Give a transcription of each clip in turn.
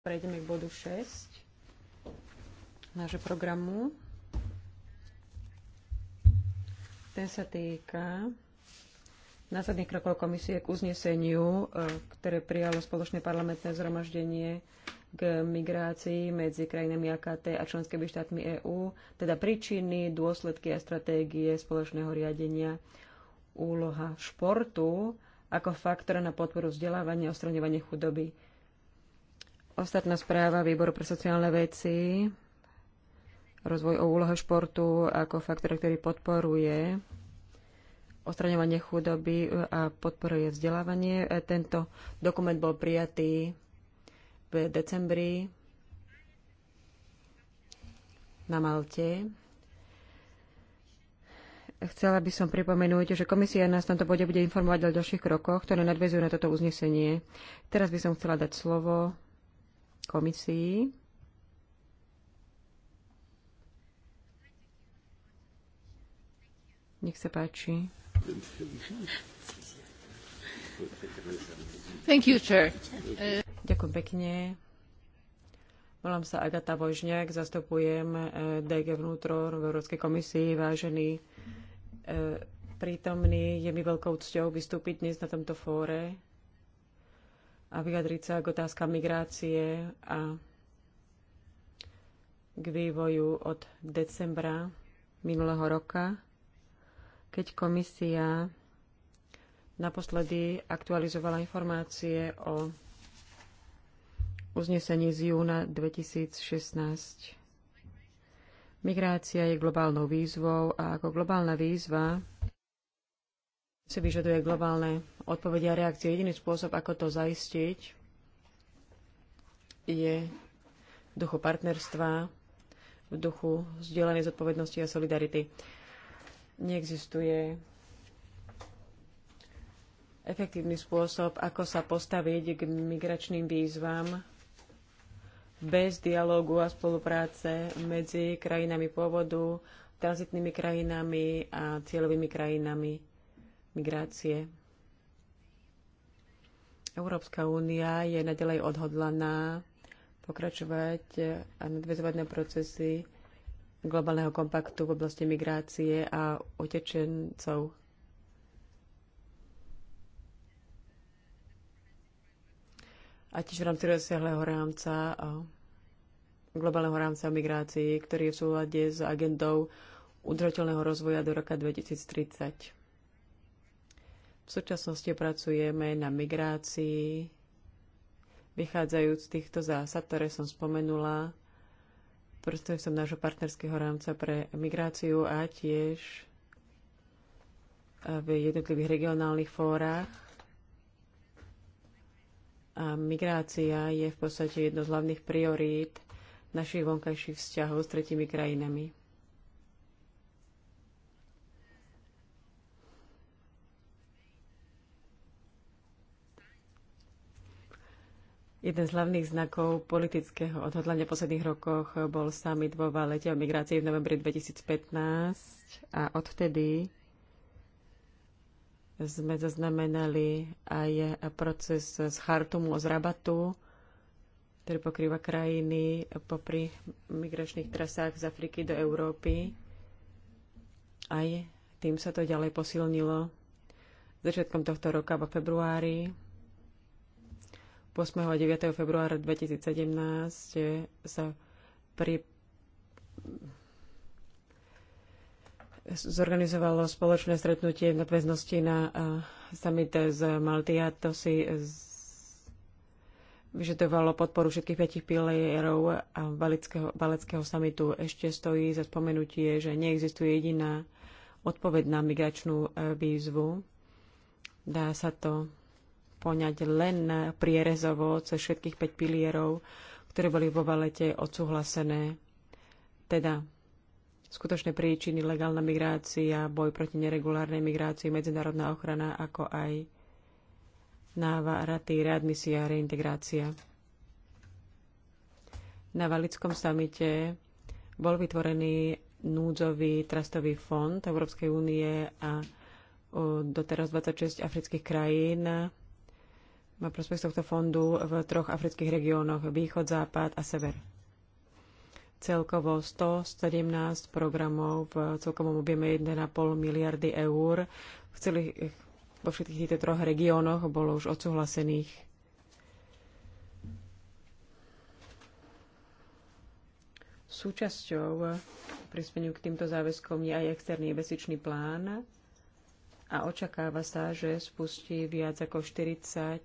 Prejdeme k bodu 6 nášho programu. Ten sa týka následných krokov komisie k uzneseniu, e, ktoré prijalo spoločné parlamentné zhromaždenie k migrácii medzi krajinami AKT a členskými štátmi EÚ, teda príčiny, dôsledky a stratégie spoločného riadenia, úloha športu ako faktora na podporu vzdelávania a ostraňovanie chudoby Ostatná správa Výboru pre sociálne veci, rozvoj o úlohe športu ako faktor, ktorý podporuje ostraňovanie chudoby a podporuje vzdelávanie. E, tento dokument bol prijatý v decembri na Malte. Chcela by som pripomenúť, že komisia nás v tomto bode bude informovať o ďalších krokoch, ktoré nadvezujú na toto uznesenie. Teraz by som chcela dať slovo komisii. Nech sa páči. Thank you, chair. Ďakujem pekne. Volám sa Agata Vožňák, zastupujem eh, DG vnútro v Európskej komisii. Vážený eh, prítomný, je mi veľkou cťou vystúpiť dnes na tomto fóre a vyjadriť sa k otázka migrácie a k vývoju od decembra minulého roka, keď komisia naposledy aktualizovala informácie o uznesení z júna 2016. Migrácia je globálnou výzvou a ako globálna výzva si vyžaduje globálne odpovede a reakcie. Jediný spôsob, ako to zaistiť, je v duchu partnerstva, v duchu zdieľanej zodpovednosti a solidarity. Neexistuje efektívny spôsob, ako sa postaviť k migračným výzvam bez dialógu a spolupráce medzi krajinami pôvodu, tranzitnými krajinami a cieľovými krajinami migrácie. Európska únia je nadalej odhodlaná pokračovať a nadvezovať na procesy globálneho kompaktu v oblasti migrácie a utečencov. A tiež v rámci rozsiahleho rámca globálneho rámca o migrácii, ktorý je v súlade s agendou udržateľného rozvoja do roka 2030. V súčasnosti pracujeme na migrácii, vychádzajúc z týchto zásad, ktoré som spomenula, som nášho partnerského rámca pre migráciu a tiež eh, v jednotlivých regionálnych fórach. A migrácia je v podstate jedno z hlavných priorít našich vonkajších vzťahov s tretimi krajinami. Jeden z hlavných znakov politického odhodlania v posledných rokoch bol summit vo Valete o migrácii v novembri 2015 a odvtedy sme zaznamenali aj proces z Chartumu z Rabatu, ktorý pokrýva krajiny popri migračných trasách z Afriky do Európy. Aj tým sa to ďalej posilnilo. Začiatkom tohto roka vo februári 8. a 9. februára 2017 eh, sa pri zorganizovalo spoločné stretnutie v nadväznosti na eh, summit z Malty a to si vyžadovalo podporu všetkých piatich pilierov a balického, balického samitu. Ešte stojí za spomenutie, že neexistuje jediná odpoveď na migračnú eh, výzvu. Dá sa to poňať len prierezovo cez všetkých 5 pilierov, ktoré boli vo valete odsúhlasené. Teda skutočné príčiny, legálna migrácia, boj proti neregulárnej migrácii, medzinárodná ochrana, ako aj návraty, readmisia, reintegrácia. Na Valickom samite bol vytvorený núdzový trastový fond Európskej únie a doteraz 26 afrických krajín na prospech tohto fondu v troch afrických regiónoch Východ, Západ a Sever. Celkovo 117 programov v celkovom objeme 1,5 miliardy eur v celých, vo všetkých týchto troch regiónoch bolo už odsúhlasených. Súčasťou prispeniu k týmto záväzkom je aj externý investičný plán, a očakáva sa, že spustí viac ako 44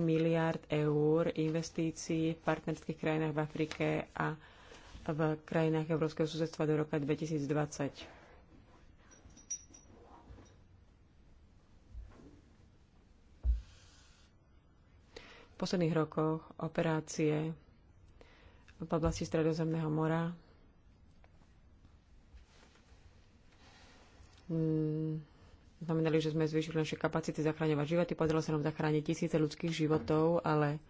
miliard eur investícií v partnerských krajinách v Afrike a v krajinách Európskeho susedstva do roka 2020. V posledných rokoch operácie v oblasti Stredozemného mora Mm, znamenali, že sme zvýšili naše kapacity zachráňovať životy. Podarilo sa nám zachrániť tisíce ľudských životov, ale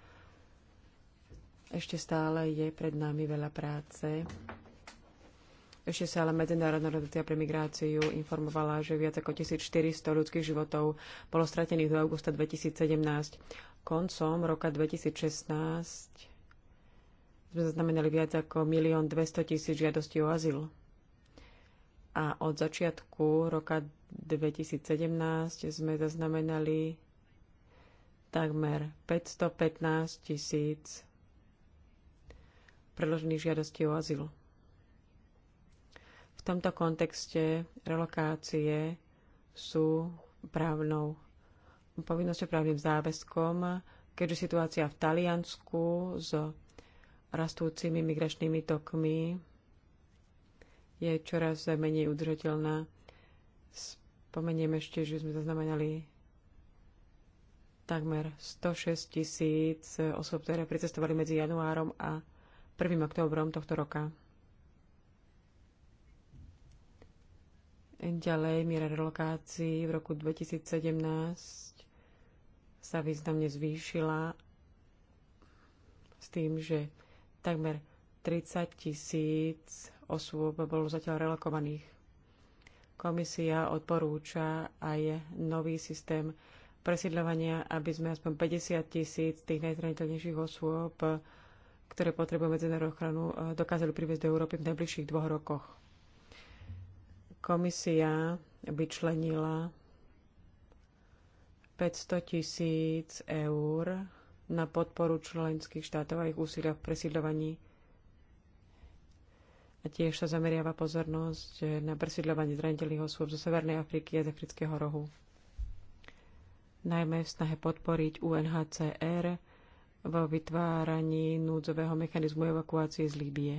ešte stále je pred nami veľa práce. Ešte sa ale Medzinárodná organizácia pre migráciu informovala, že viac ako 1400 ľudských životov bolo stratených do augusta 2017. Koncom roka 2016 sme zaznamenali viac ako 1 200 000 žiadostí o azyl. A od začiatku roka 2017 sme zaznamenali takmer 515 tisíc predložených žiadostí o azyl. V tomto kontexte relokácie sú právnou povinnosťou právnym záväzkom, keďže situácia v Taliansku s rastúcimi migračnými tokmi je čoraz menej udržateľná. Spomeniem ešte, že sme zaznamenali takmer 106 tisíc osob, ktoré pricestovali medzi januárom a 1. októbrom tohto roka. Ďalej miera relokácií v roku 2017 sa významne zvýšila s tým, že takmer 30 tisíc osôb bolo zatiaľ relokovaných. Komisia odporúča aj nový systém presídľovania, aby sme aspoň 50 tisíc tých najzraniteľnejších osôb, ktoré potrebujú medzinárodnú ochranu, eh, dokázali priviesť do Európy v najbližších dvoch rokoch. Komisia vyčlenila 500 tisíc eur na podporu členských štátov a ich úsilia v presídľovaní a tiež sa zameriava pozornosť na presídľovanie zraniteľných osôb zo Severnej Afriky a z Afrického rohu. Najmä v snahe podporiť UNHCR vo vytváraní núdzového mechanizmu evakuácie z Líbie.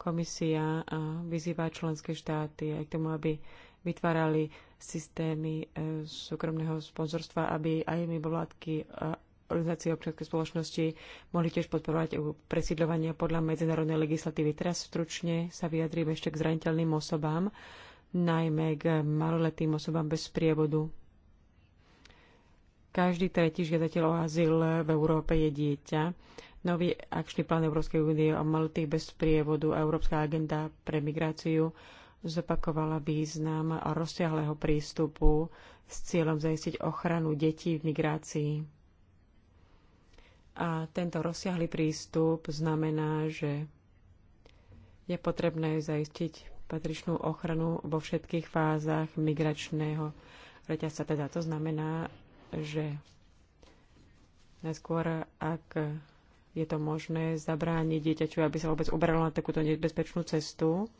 Komisia vyzýva členské štáty aj k tomu, aby vytvárali systémy e, súkromného sponzorstva, aby aj mimovládky organizácie občianskej spoločnosti mohli tiež podporovať presídľovanie podľa medzinárodnej legislatívy. Teraz stručne sa vyjadrím ešte k zraniteľným osobám, najmä k maloletým osobám bez prievodu. Každý tretí žiadateľ o azyl v Európe je dieťa. Nový akčný plán Európskej únie o maloletých bez prievodu a Európska agenda pre migráciu zopakovala význam rozsiahleho prístupu s cieľom zajistiť ochranu detí v migrácii. A tento rozsiahly prístup znamená, že je potrebné zaistiť patričnú ochranu vo všetkých fázach migračného reťazca. Teda to znamená, že najskôr, ak je to možné zabrániť dieťaťu, aby sa vôbec uberalo na takúto nebezpečnú cestu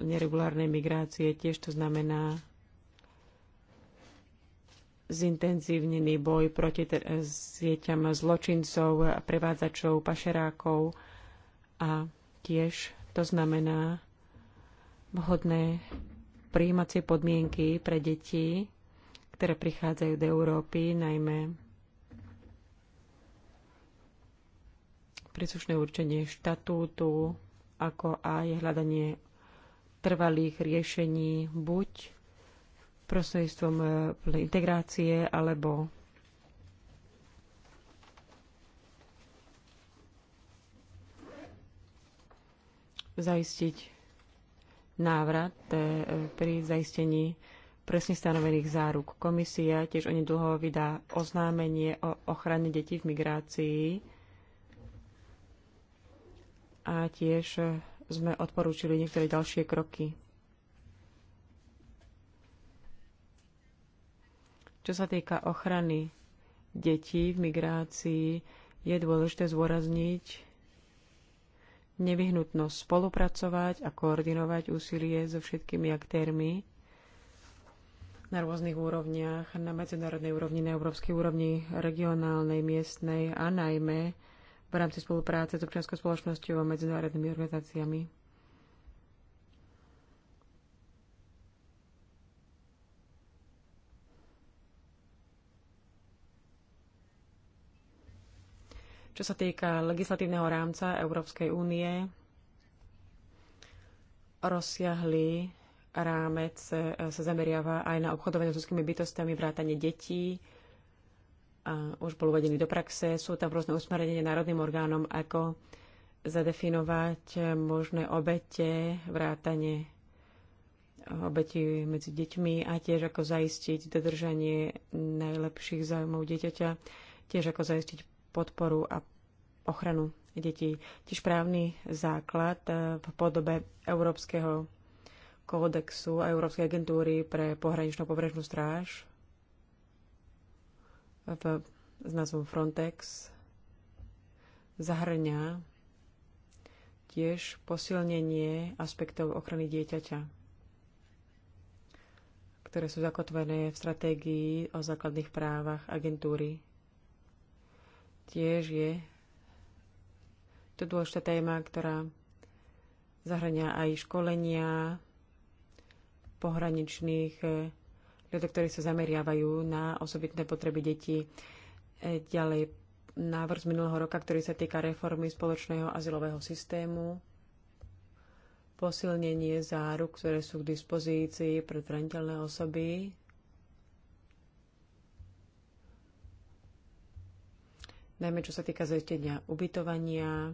neregulárnej migrácie. Tiež to znamená zintenzívnený boj proti sieťam zločincov, prevádzačov, pašerákov a tiež to znamená vhodné prijímacie podmienky pre deti, ktoré prichádzajú do Európy, najmä príslušné určenie štatútu, ako aj hľadanie trvalých riešení buď prostredníctvom e, integrácie alebo zaistiť návrat e, pri zaistení presne stanovených záruk. Komisia tiež o nedlho vydá oznámenie o ochrane detí v migrácii a tiež sme odporúčili niektoré ďalšie kroky. Čo sa týka ochrany detí v migrácii, je dôležité zdôrazniť nevyhnutnosť spolupracovať a koordinovať úsilie so všetkými aktérmi na rôznych úrovniach, na medzinárodnej úrovni, na európskej úrovni, regionálnej, miestnej a najmä v rámci spolupráce s občianskou spoločnosťou a medzinárodnými organizáciami. Čo sa týka legislatívneho rámca Európskej únie, rozsiahli rámec e, sa zameriava aj na obchodovanie s ľudskými bytostami, vrátanie detí. A už bol uvedený do praxe. Sú tam rôzne usmerenie národným orgánom, ako zadefinovať možné obete, vrátanie obeti medzi deťmi a tiež ako zaistiť dodržanie najlepších záujmov dieťaťa, tiež ako zaistiť podporu a ochranu detí. Tiež právny základ e, v podobe Európskeho kódexu a Európskej agentúry pre pohraničnú pobrežnú stráž e, v, s názvom Frontex zahrňa tiež posilnenie aspektov ochrany dieťaťa, ktoré sú zakotvené v stratégii o základných právach agentúry Tiež je to dôležitá téma, ktorá zahrania aj školenia pohraničných eh, ľudí, ktorí sa zameriavajú na osobitné potreby detí. Eh, ďalej návrh z minulého roka, ktorý sa týka reformy spoločného azylového systému, posilnenie záruk, ktoré sú k dispozícii pre zraniteľné osoby, najmä čo sa týka zaistenia ubytovania,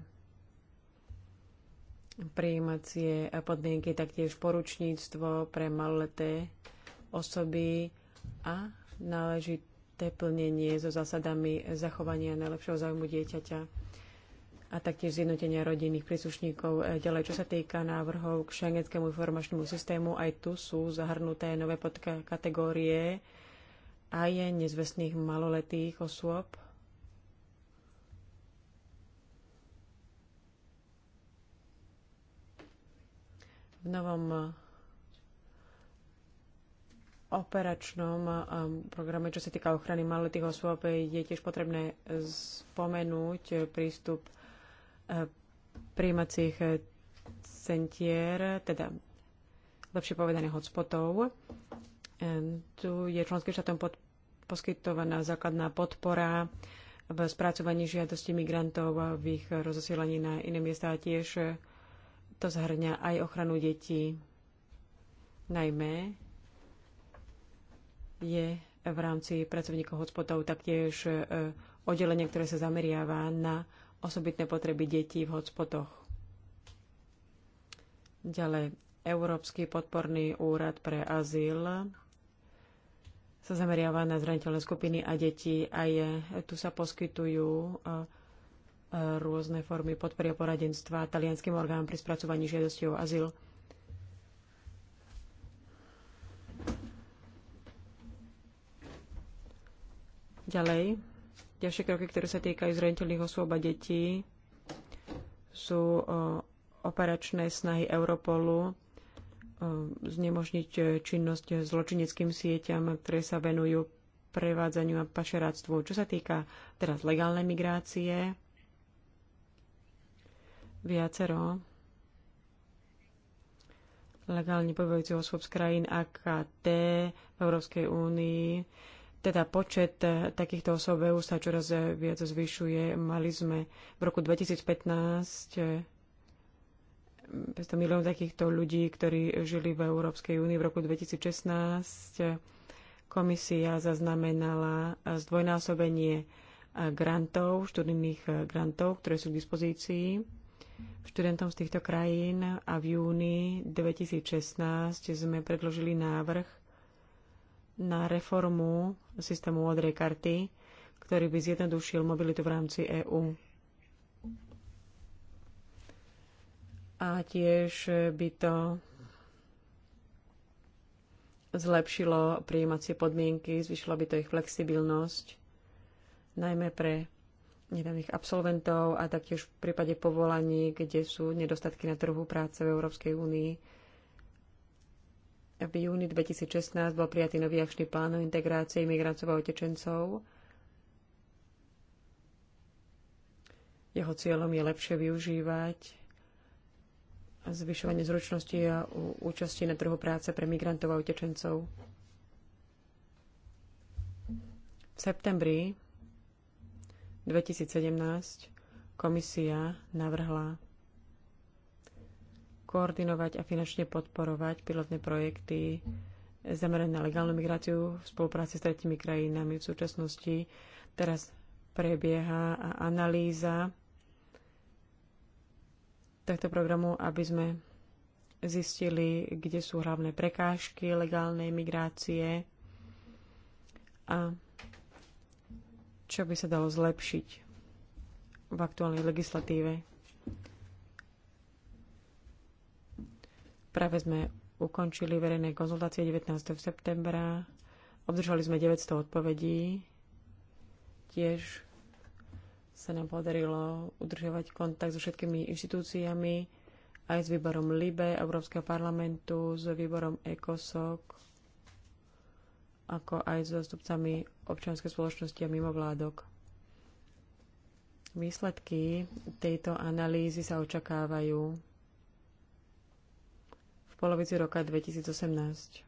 prijímacie podmienky, taktiež poručníctvo pre maloleté osoby a náležité plnenie so zásadami zachovania najlepšieho záujmu dieťaťa a taktiež zjednotenia rodinných príslušníkov. E, Ďalej, čo sa týka návrhov k šengenskému informačnému systému, aj tu sú zahrnuté nové podkategórie aj nezvestných maloletých osôb, v novom eh, operačnom eh, programe, čo sa týka ochrany maletých osôb, je tiež potrebné spomenúť prístup eh, príjmacích centier, teda lepšie povedané hotspotov. Tu je členským štátom pod, poskytovaná základná podpora v spracovaní žiadosti migrantov a v ich rozosielaní na iné miesta a tiež to zhrňa aj ochranu detí. Najmä je v rámci pracovníkov hotspotov taktiež e, oddelenie, ktoré sa zameriava na osobitné potreby detí v hotspotoch. Ďalej, Európsky podporný úrad pre azyl sa zameriava na zraniteľné skupiny a deti a je, tu sa poskytujú e, rôzne formy podpory a poradenstva talianským orgánom pri spracovaní žiadosti o azyl. Ďalej, ďalšie kroky, ktoré sa týkajú zraniteľných osôb a detí, sú operačné snahy Europolu znemožniť činnosť zločineckým sieťam, ktoré sa venujú prevádzaniu a pašeráctvu. Čo sa týka teraz legálnej migrácie, viacero legálne pobývajúcich osôb z krajín AKT v Európskej únii. Teda počet takýchto osôb EU sa čoraz viac zvyšuje. Mali sme v roku 2015 500 miliónov takýchto ľudí, ktorí žili v Európskej únii. V roku 2016 komisia zaznamenala zdvojnásobenie grantov, študijných grantov, ktoré sú k dispozícii študentom z týchto krajín a v júni 2016 sme predložili návrh na reformu systému modrej karty, ktorý by zjednodušil mobilitu v rámci EÚ. A tiež by to zlepšilo prijímacie podmienky, zvyšilo by to ich flexibilnosť, najmä pre nedaných absolventov a taktiež v prípade povolaní, kde sú nedostatky na trhu práce v Európskej únii. V júni 2016 bol prijatý nový akčný plán o integrácii migrantov a utečencov. Jeho cieľom je lepšie využívať zvyšovanie zručnosti a účasti na trhu práce pre migrantov a utečencov. V septembri 2017 komisia navrhla koordinovať a finančne podporovať pilotné projekty zamerané na legálnu migráciu v spolupráci s tretimi krajinami. V súčasnosti teraz prebieha analýza tohto programu, aby sme zistili, kde sú hlavné prekážky legálnej migrácie a čo by sa dalo zlepšiť v aktuálnej legislatíve. Práve sme ukončili verejné konzultácie 19. septembra. Obdržali sme 900 odpovedí. Tiež sa nám podarilo udržovať kontakt so všetkými inštitúciami, aj s výborom LIBE Európskeho parlamentu, s výborom ECOSOC, ako aj s zástupcami občianskej spoločnosti a mimovládok. Výsledky tejto analýzy sa očakávajú v polovici roka 2018.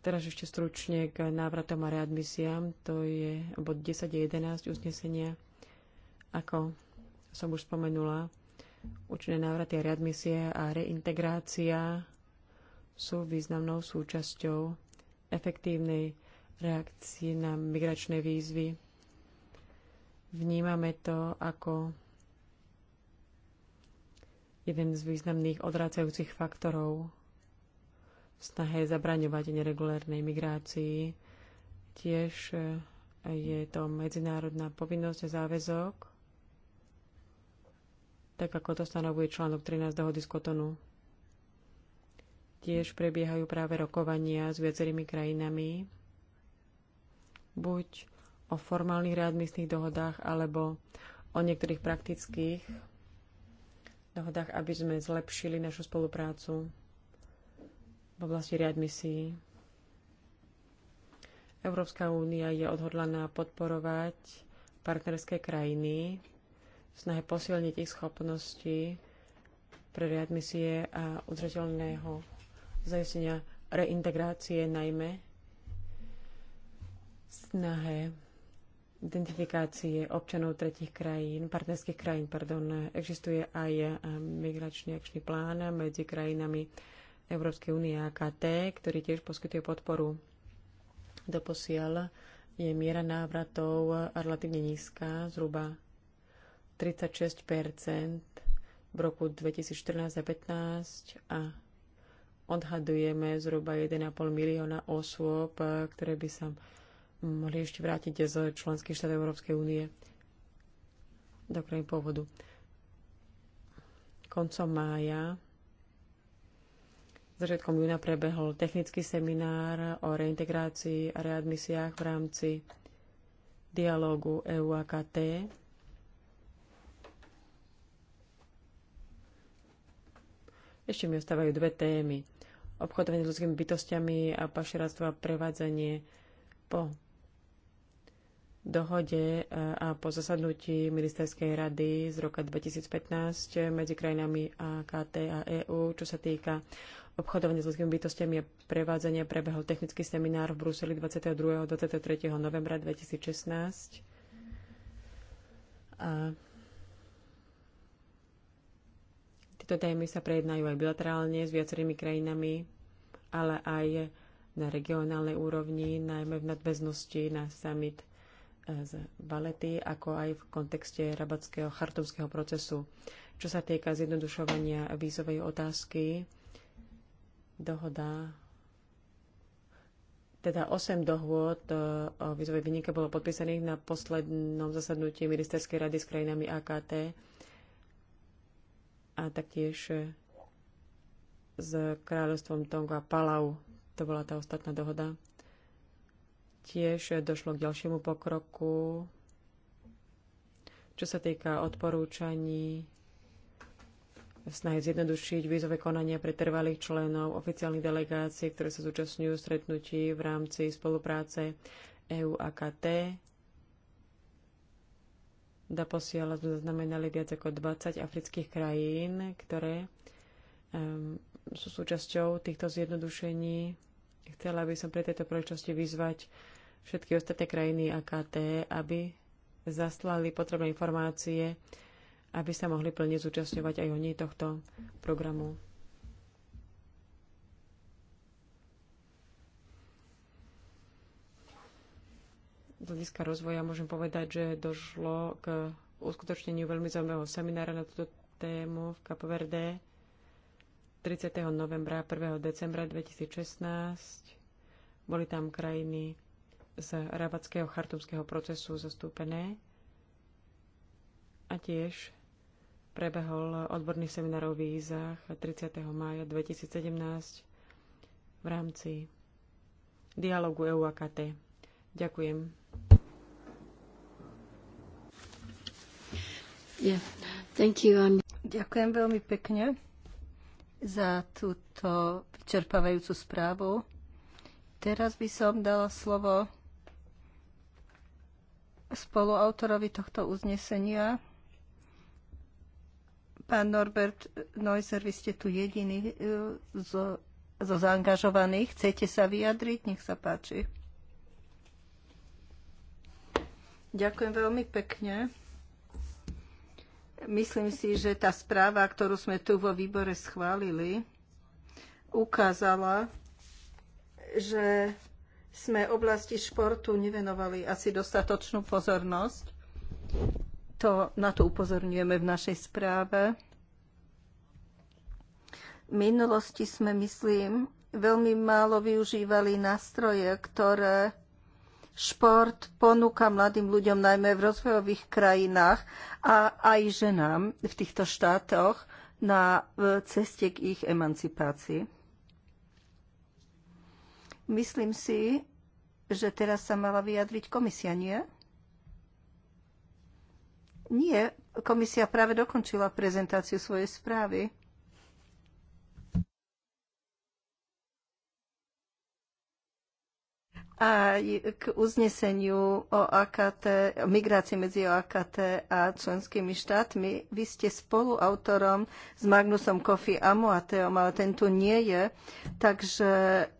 Teraz ešte stručne k návratom a readmisiám. To je bod 10 a 11 uznesenia. Ako som už spomenula, účinné návraty a readmisie a reintegrácia sú významnou súčasťou efektívnej reakcie na migračné výzvy. Vnímame to ako jeden z významných odrácajúcich faktorov v snahe zabraňovať neregulárnej migrácii. Tiež eh, je to medzinárodná povinnosť a záväzok, tak ako to stanovuje článok 13 dohody z Kotonu. Tiež prebiehajú práve rokovania s viacerými krajinami, buď o formálnych readmisných dohodách, alebo o niektorých praktických dohodách, aby sme zlepšili našu spoluprácu v oblasti readmisií. Európska únia je odhodlaná podporovať partnerské krajiny v snahe posilniť ich schopnosti pre readmisie a udržateľného zajistenia reintegrácie najmä snahe identifikácie občanov tretich krajín, partnerských krajín, pardon, existuje aj eh, migračný akčný plán medzi krajinami Európskej únie a KT, ktorý tiež poskytuje podporu. do posiel. je miera návratov relatívne nízka, zhruba 36 v roku 2014 a 15 a Odhadujeme zhruba 1,5 milióna osôb, ktoré by sa mohli ešte vrátiť z členských štátov Európskej únie do krajín pôvodu. Koncom mája začiatkom júna prebehol technický seminár o reintegrácii a readmisiách v rámci dialógu EUAKT. Ešte mi ostávajú dve témy obchodovanie s ľudskými bytostiami a pašeráctvo a prevádzanie po dohode eh, a po zasadnutí ministerskej rady z roka 2015 medzi krajinami AKT a EÚ, čo sa týka obchodovania s ľudskými bytostiami a prevádzania, prebehol technický seminár v Bruseli 22. a 23. novembra 2016. A Tieto témy sa prejednajú aj bilaterálne s viacerými krajinami, ale aj na regionálnej úrovni, najmä v nadväznosti na summit eh, z Valety, ako aj v kontexte rabatského chartumského procesu. Čo sa týka zjednodušovania vízovej otázky, dohoda teda 8 dohôd eh, o vízovej výnike bolo podpísaných na poslednom zasadnutí ministerskej rady s krajinami AKT a taktiež e, s kráľovstvom Tonga Palau. To bola tá ostatná dohoda. Tiež e, došlo k ďalšiemu pokroku, čo sa týka odporúčaní snahy zjednodušiť vízové konania pre trvalých členov oficiálnych delegácií, ktoré sa zúčastňujú stretnutí v rámci spolupráce EU a KT. Doposiaľ sme zaznamenali viac ako 20 afrických krajín, ktoré um, sú súčasťou týchto zjednodušení. Chcela by som pre tejto príležitosti vyzvať všetky ostatné krajiny AKT, aby zaslali potrebné informácie, aby sa mohli plne zúčastňovať aj oni tohto programu. Z hľadiska rozvoja môžem povedať, že došlo k uskutočneniu veľmi zaujímavého seminára na túto tému v Kapoverde 30. novembra a 1. decembra 2016. Boli tam krajiny z rabatského chartumského procesu zastúpené a tiež prebehol odborný seminár o vízach 30. mája 2017 v rámci dialogu EU a KT. Ďakujem. Yeah. Thank you. Um, Ďakujem veľmi pekne za túto vyčerpávajúcu správu. Teraz by som dala slovo spoluautorovi tohto uznesenia. Pán Norbert Neuser, vy ste tu jediný e, zo, zo zaangažovaných. Chcete sa vyjadriť? Nech sa páči. Ďakujem veľmi pekne. Myslím si, že tá správa, ktorú sme tu vo výbore schválili, ukázala, že sme oblasti športu nevenovali asi dostatočnú pozornosť. To, na to upozorňujeme v našej správe. V minulosti sme, myslím, veľmi málo využívali nástroje, ktoré šport ponúka mladým ľuďom najmä v rozvojových krajinách a aj ženám v týchto štátoch na ceste k ich emancipácii. Myslím si, že teraz sa mala vyjadriť komisia, nie? Nie, komisia práve dokončila prezentáciu svojej správy. aj k uzneseniu o AKT, o migrácii medzi OakT a členskými štátmi. Vy ste spoluautorom s Magnusom Kofi Amoateom, ale ten tu nie je, takže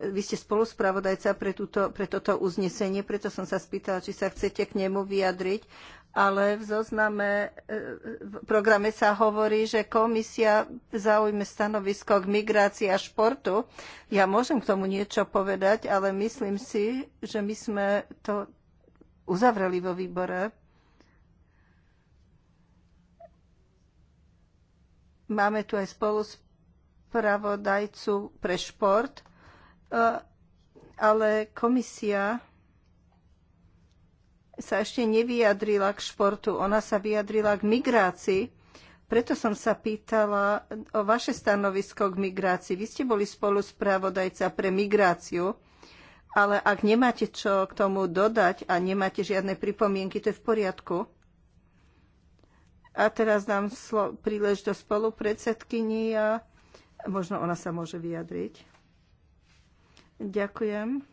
vy ste spoluspravodajca pre, túto, pre toto uznesenie, preto som sa spýtala, či sa chcete k nemu vyjadriť ale v zozname, e, v programe sa hovorí, že komisia zaujme stanovisko k migrácii a športu. Ja môžem k tomu niečo povedať, ale myslím si, že my sme to uzavreli vo výbore. Máme tu aj spoluspravodajcu pre šport, e, ale komisia sa ešte nevyjadrila k športu, ona sa vyjadrila k migrácii. Preto som sa pýtala o vaše stanovisko k migrácii. Vy ste boli spolu správodajca pre migráciu, ale ak nemáte čo k tomu dodať a nemáte žiadne pripomienky, to je v poriadku. A teraz dám slo- príležitosť spolupredsedkyni a možno ona sa môže vyjadriť. Ďakujem.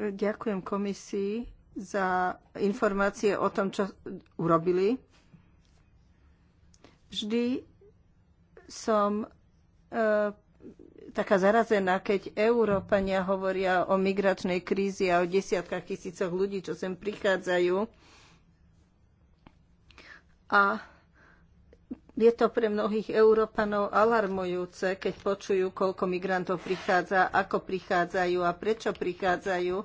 Ďakujem komisii za informácie o tom, čo urobili. Vždy som e, taká zarazená, keď Európania hovoria o migračnej krízi a o desiatkách tisícoch ľudí, čo sem prichádzajú. A je to pre mnohých Európanov alarmujúce, keď počujú, koľko migrantov prichádza, ako prichádzajú a prečo prichádzajú.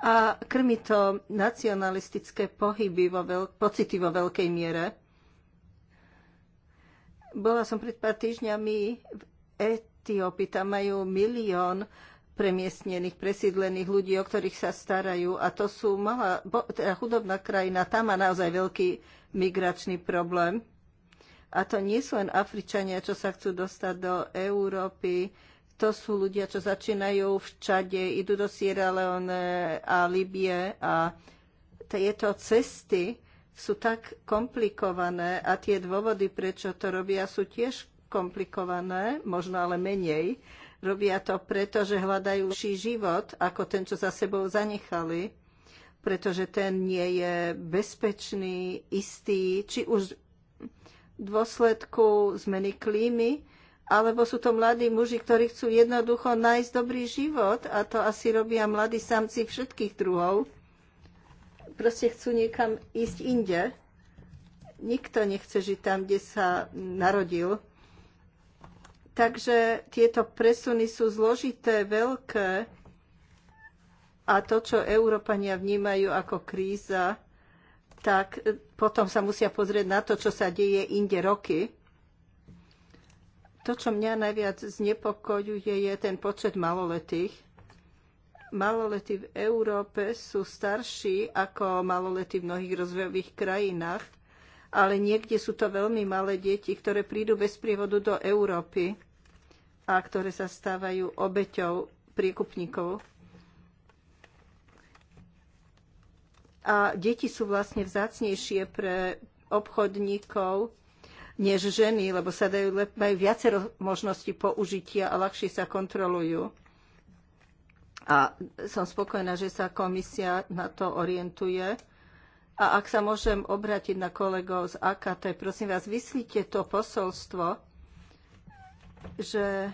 A krmi to nacionalistické pohyby, vo veľ- pocity vo veľkej miere. Bola som pred pár týždňami v Etiópii, tam majú milión premiestnených, presídlených ľudí, o ktorých sa starajú. A to sú malá, teda chudobná krajina, tam má naozaj veľký migračný problém. A to nie sú len Afričania, čo sa chcú dostať do Európy, to sú ľudia, čo začínajú v Čade, idú do Sierra Leone a Libie a tieto cesty sú tak komplikované a tie dôvody, prečo to robia, sú tiež komplikované, možno ale menej. Robia to preto, že hľadajú lepší život ako ten, čo za sebou zanechali, pretože ten nie je bezpečný, istý, či už dôsledku zmeny klímy, alebo sú to mladí muži, ktorí chcú jednoducho nájsť dobrý život a to asi robia mladí samci všetkých druhov. Proste chcú niekam ísť inde. Nikto nechce žiť tam, kde sa narodil. Takže tieto presuny sú zložité, veľké a to, čo Európania vnímajú ako kríza, tak e, potom sa musia pozrieť na to, čo sa deje inde roky. To, čo mňa najviac znepokojuje, je ten počet maloletých. Malolety v Európe sú starší ako malolety v mnohých rozvojových krajinách, ale niekde sú to veľmi malé deti, ktoré prídu bez prievodu do Európy a ktoré sa stávajú obeťou priekupníkov a deti sú vlastne vzácnejšie pre obchodníkov než ženy, lebo sa dajú, majú viacero možností použitia a ľahšie sa kontrolujú. A som spokojná, že sa komisia na to orientuje. A ak sa môžem obrátiť na kolegov z AKT, prosím vás, vyslíte to posolstvo, že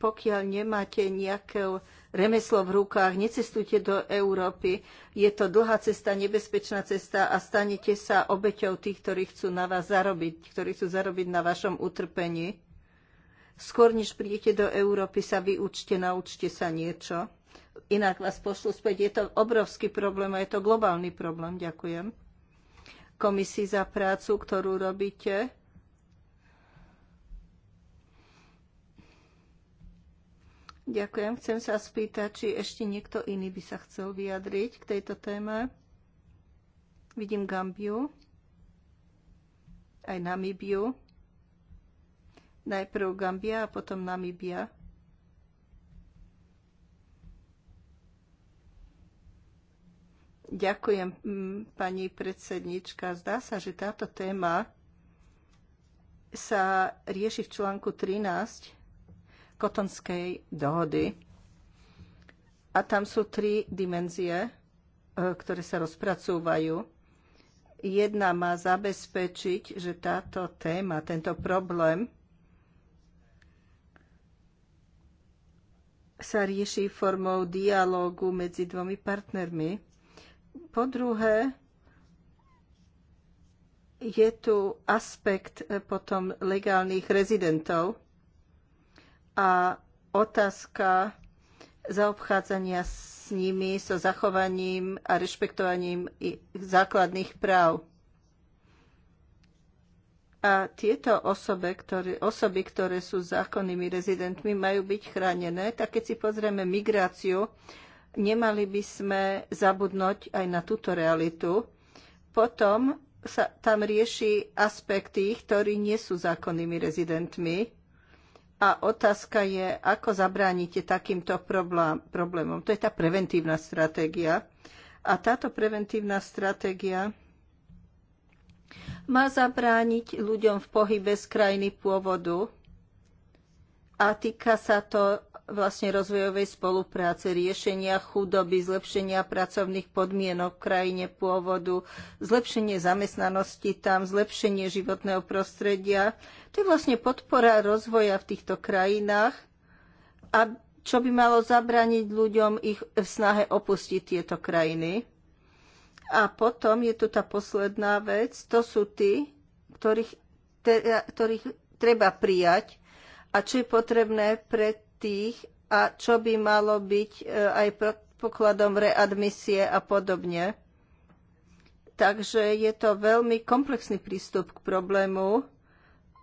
pokiaľ nemáte nejakú remeslo v rukách, necestujte do Európy. Je to dlhá cesta, nebezpečná cesta a stanete sa obeťou tých, ktorí chcú na vás zarobiť, ktorí chcú zarobiť na vašom utrpení. Skôr, než prídete do Európy, sa vyučte, naučte sa niečo. Inak vás pošlu späť. Je to obrovský problém a je to globálny problém. Ďakujem komisii za prácu, ktorú robíte Ďakujem. Chcem sa spýtať, či ešte niekto iný by sa chcel vyjadriť k tejto téme. Vidím Gambiu, aj Namibiu. Najprv Gambia a potom Namibia. Ďakujem, mm, pani predsednička. Zdá sa, že táto téma sa rieši v článku 13 kotonskej dohody. A tam sú tri dimenzie, e, ktoré sa rozpracúvajú. Jedna má zabezpečiť, že táto téma, tento problém sa rieši formou dialógu medzi dvomi partnermi. Po druhé, je tu aspekt e, potom legálnych rezidentov, a otázka zaobchádzania s nimi, so zachovaním a rešpektovaním ich základných práv. A tieto osobe, ktoré, osoby, ktoré sú zákonnými rezidentmi, majú byť chránené. Tak keď si pozrieme migráciu, nemali by sme zabudnúť aj na túto realitu. Potom sa tam rieši aspekt tých, ktorí nie sú zákonnými rezidentmi a otázka je, ako zabránite takýmto problémom. To je tá preventívna stratégia. A táto preventívna stratégia má zabrániť ľuďom v pohybe z krajiny pôvodu a týka sa to vlastne rozvojovej spolupráce, riešenia chudoby, zlepšenia pracovných podmienok v krajine pôvodu, zlepšenie zamestnanosti tam, zlepšenie životného prostredia. To je vlastne podpora rozvoja v týchto krajinách, a čo by malo zabrániť ľuďom ich v snahe opustiť tieto krajiny. A potom je tu tá posledná vec, to sú tí, ktorých, te, ktorých treba prijať a čo je potrebné pre tých a čo by malo byť e, aj pokladom readmisie a podobne. Takže je to veľmi komplexný prístup k problému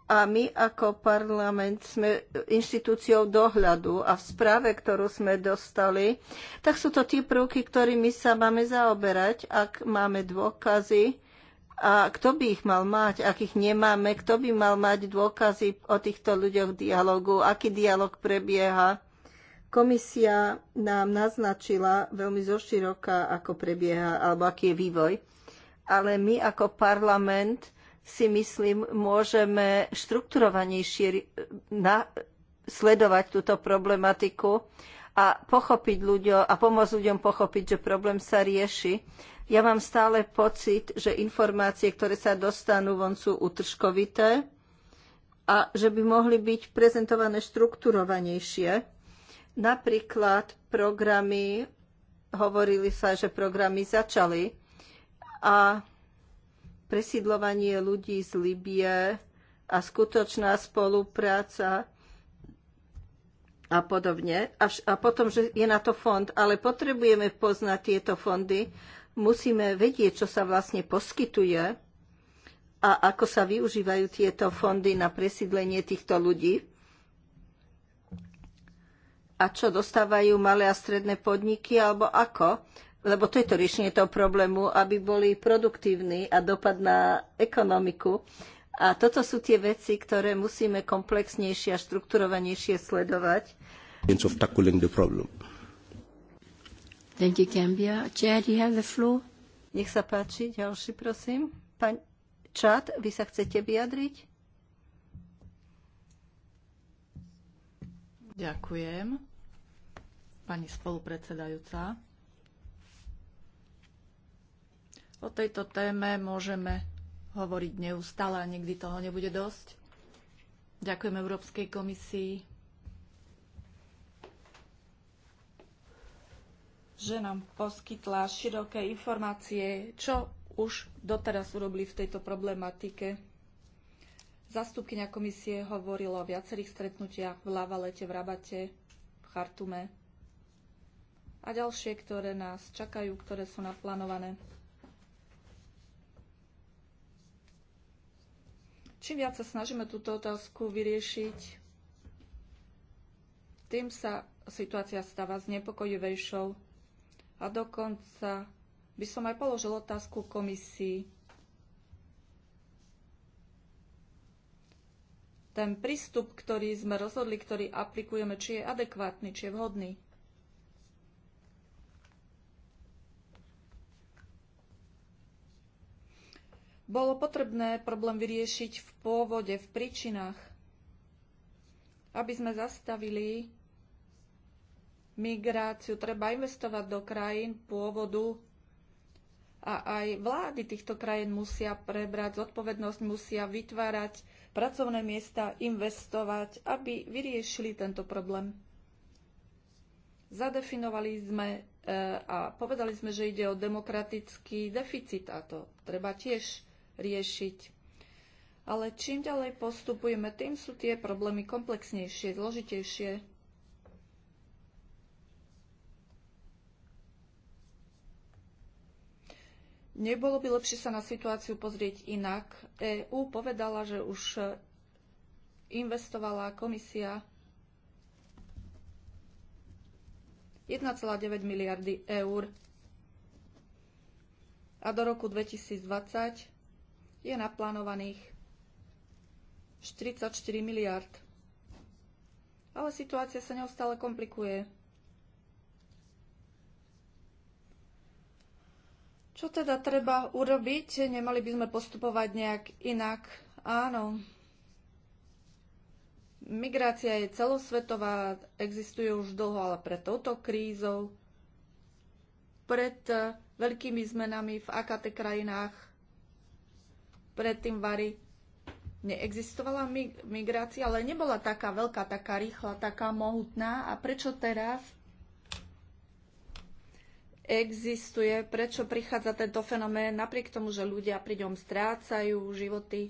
a my ako parlament sme inštitúciou dohľadu a v správe, ktorú sme dostali, tak sú to tie prvky, ktorými sa máme zaoberať, ak máme dôkazy, a kto by ich mal mať? Ak ich nemáme, kto by mal mať dôkazy o týchto ľuďoch dialogu? Aký dialog prebieha? Komisia nám naznačila veľmi zoširoka, ako prebieha, alebo aký je vývoj. Ale my ako parlament si myslím, môžeme štrukturovanejšie sledovať túto problematiku a pochopiť ľuďom a pomôcť ľuďom pochopiť, že problém sa rieši ja mám stále pocit, že informácie, ktoré sa dostanú von, sú utržkovité a že by mohli byť prezentované štrukturovanejšie. Napríklad programy, hovorili sa, že programy začali a presídlovanie ľudí z Libie a skutočná spolupráca a podobne. A, a potom, že je na to fond, ale potrebujeme poznať tieto fondy, Musíme vedieť, čo sa vlastne poskytuje a ako sa využívajú tieto fondy na presídlenie týchto ľudí a čo dostávajú malé a stredné podniky alebo ako lebo to je to riešenie toho problému, aby boli produktívni a dopad na ekonomiku. A toto sú tie veci, ktoré musíme komplexnejšie a štrukturovanejšie sledovať. Thank you, Gambia. Chair, you have the floor? Nech sa páči, ďalší prosím. Pán Čad, vy sa chcete vyjadriť? Ďakujem. Pani spolupredsedajúca. O tejto téme môžeme hovoriť neustále a nikdy toho nebude dosť. Ďakujem Európskej komisii že nám poskytla široké informácie, čo už doteraz urobili v tejto problematike. Zastupkynia komisie hovorila o viacerých stretnutiach v Lavalete, v Rabate, v Chartume a ďalšie, ktoré nás čakajú, ktoré sú naplánované. Čím viac sa snažíme túto otázku vyriešiť, tým sa situácia stáva znepokojivejšou a dokonca by som aj položil otázku komisii. Ten prístup, ktorý sme rozhodli, ktorý aplikujeme, či je adekvátny, či je vhodný. Bolo potrebné problém vyriešiť v pôvode, v príčinách, aby sme zastavili migráciu, treba investovať do krajín pôvodu a aj vlády týchto krajín musia prebrať zodpovednosť, musia vytvárať pracovné miesta, investovať, aby vyriešili tento problém. Zadefinovali sme e, a povedali sme, že ide o demokratický deficit a to treba tiež riešiť. Ale čím ďalej postupujeme, tým sú tie problémy komplexnejšie, zložitejšie. Nebolo by lepšie sa na situáciu pozrieť inak? EÚ povedala, že už investovala komisia 1,9 miliardy eur a do roku 2020 je naplánovaných 44 miliard. Ale situácia sa neustále komplikuje. Čo teda treba urobiť? Nemali by sme postupovať nejak inak? Áno. Migrácia je celosvetová, existuje už dlho, ale pred touto krízou, pred eh, veľkými zmenami v AKT krajinách, predtým Vary neexistovala migrácia, ale nebola taká veľká, taká rýchla, taká mohutná. A prečo teraz existuje, prečo prichádza tento fenomén, napriek tomu, že ľudia pri ňom strácajú životy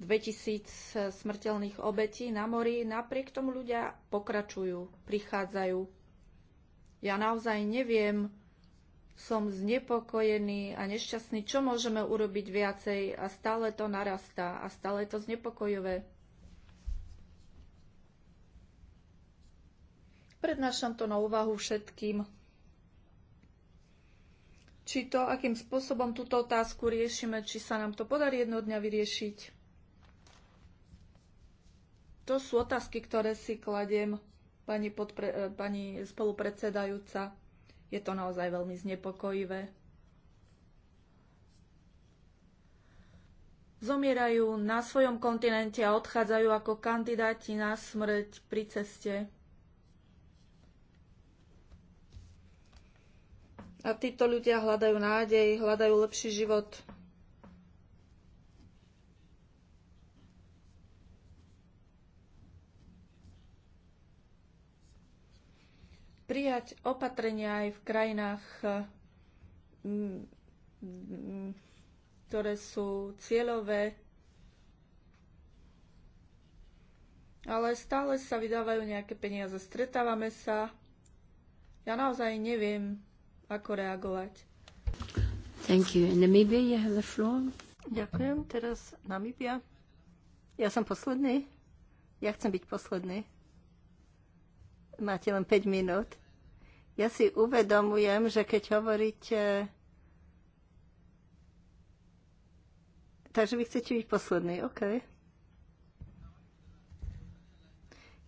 2000 smrteľných obetí na mori, napriek tomu ľudia pokračujú, prichádzajú. Ja naozaj neviem, som znepokojený a nešťastný, čo môžeme urobiť viacej a stále to narastá a stále je to znepokojové. Prednášam to na úvahu všetkým či to, akým spôsobom túto otázku riešime, či sa nám to podarí jedno dňa vyriešiť. To sú otázky, ktoré si kladiem, pani, podpre, eh, pani spolupredsedajúca. Je to naozaj veľmi znepokojivé. Zomierajú na svojom kontinente a odchádzajú ako kandidáti na smrť pri ceste A títo ľudia hľadajú nádej, hľadajú lepší život. Prijať opatrenia aj v krajinách, mm, ktoré sú cieľové, ale stále sa vydávajú nejaké peniaze. Stretávame sa. Ja naozaj neviem, ako reagovať. Thank you. And Namibia, you have the floor. Ďakujem. Teraz Namibia. Ja som posledný. Ja chcem byť posledný. Máte len 5 minút. Ja si uvedomujem, že keď hovoríte... Takže vy chcete byť posledný, OK.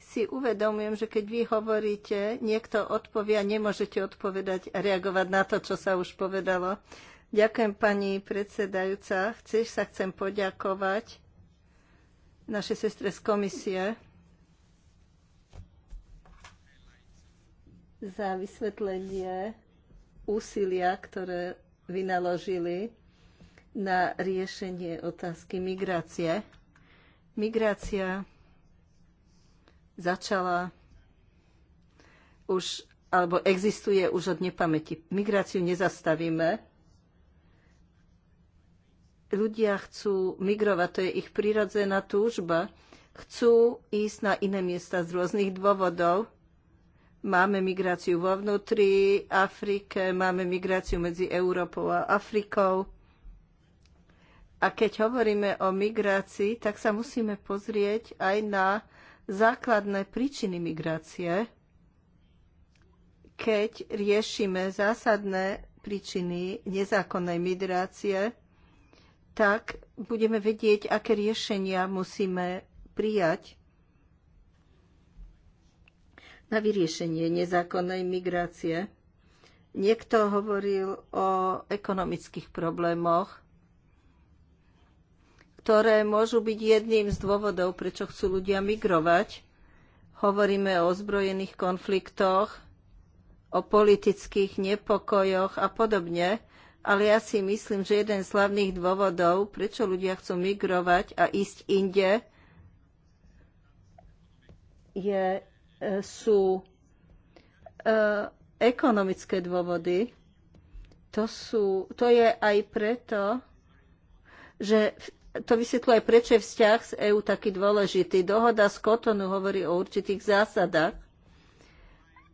si uvedomujem, že keď vy hovoríte, niekto odpovia, nemôžete odpovedať a reagovať na to, čo sa už povedalo. Ďakujem, pani predsedajúca. Chceš sa chcem poďakovať našej sestre z komisie za vysvetlenie úsilia, ktoré vynaložili na riešenie otázky migrácie. Migrácia začala už, alebo existuje už od nepamäti. Migráciu nezastavíme. Ľudia chcú migrovať, to je ich prirodzená túžba. Chcú ísť na iné miesta z rôznych dôvodov. Máme migráciu vo vnútri Afrike, máme migráciu medzi Európou a Afrikou. A keď hovoríme o migrácii, tak sa musíme pozrieť aj na základné príčiny migrácie, keď riešime zásadné príčiny nezákonnej migrácie, tak budeme vedieť, aké riešenia musíme prijať na vyriešenie nezákonnej migrácie. Niekto hovoril o ekonomických problémoch ktoré môžu byť jedným z dôvodov, prečo chcú ľudia migrovať. Hovoríme o ozbrojených konfliktoch, o politických nepokojoch a podobne, ale ja si myslím, že jeden z hlavných dôvodov, prečo ľudia chcú migrovať a ísť inde, je, e, sú e, ekonomické dôvody. To, sú, to je aj preto, že to vysvetľuje, prečo je vzťah s EÚ taký dôležitý. Dohoda z Kotonu hovorí o určitých zásadách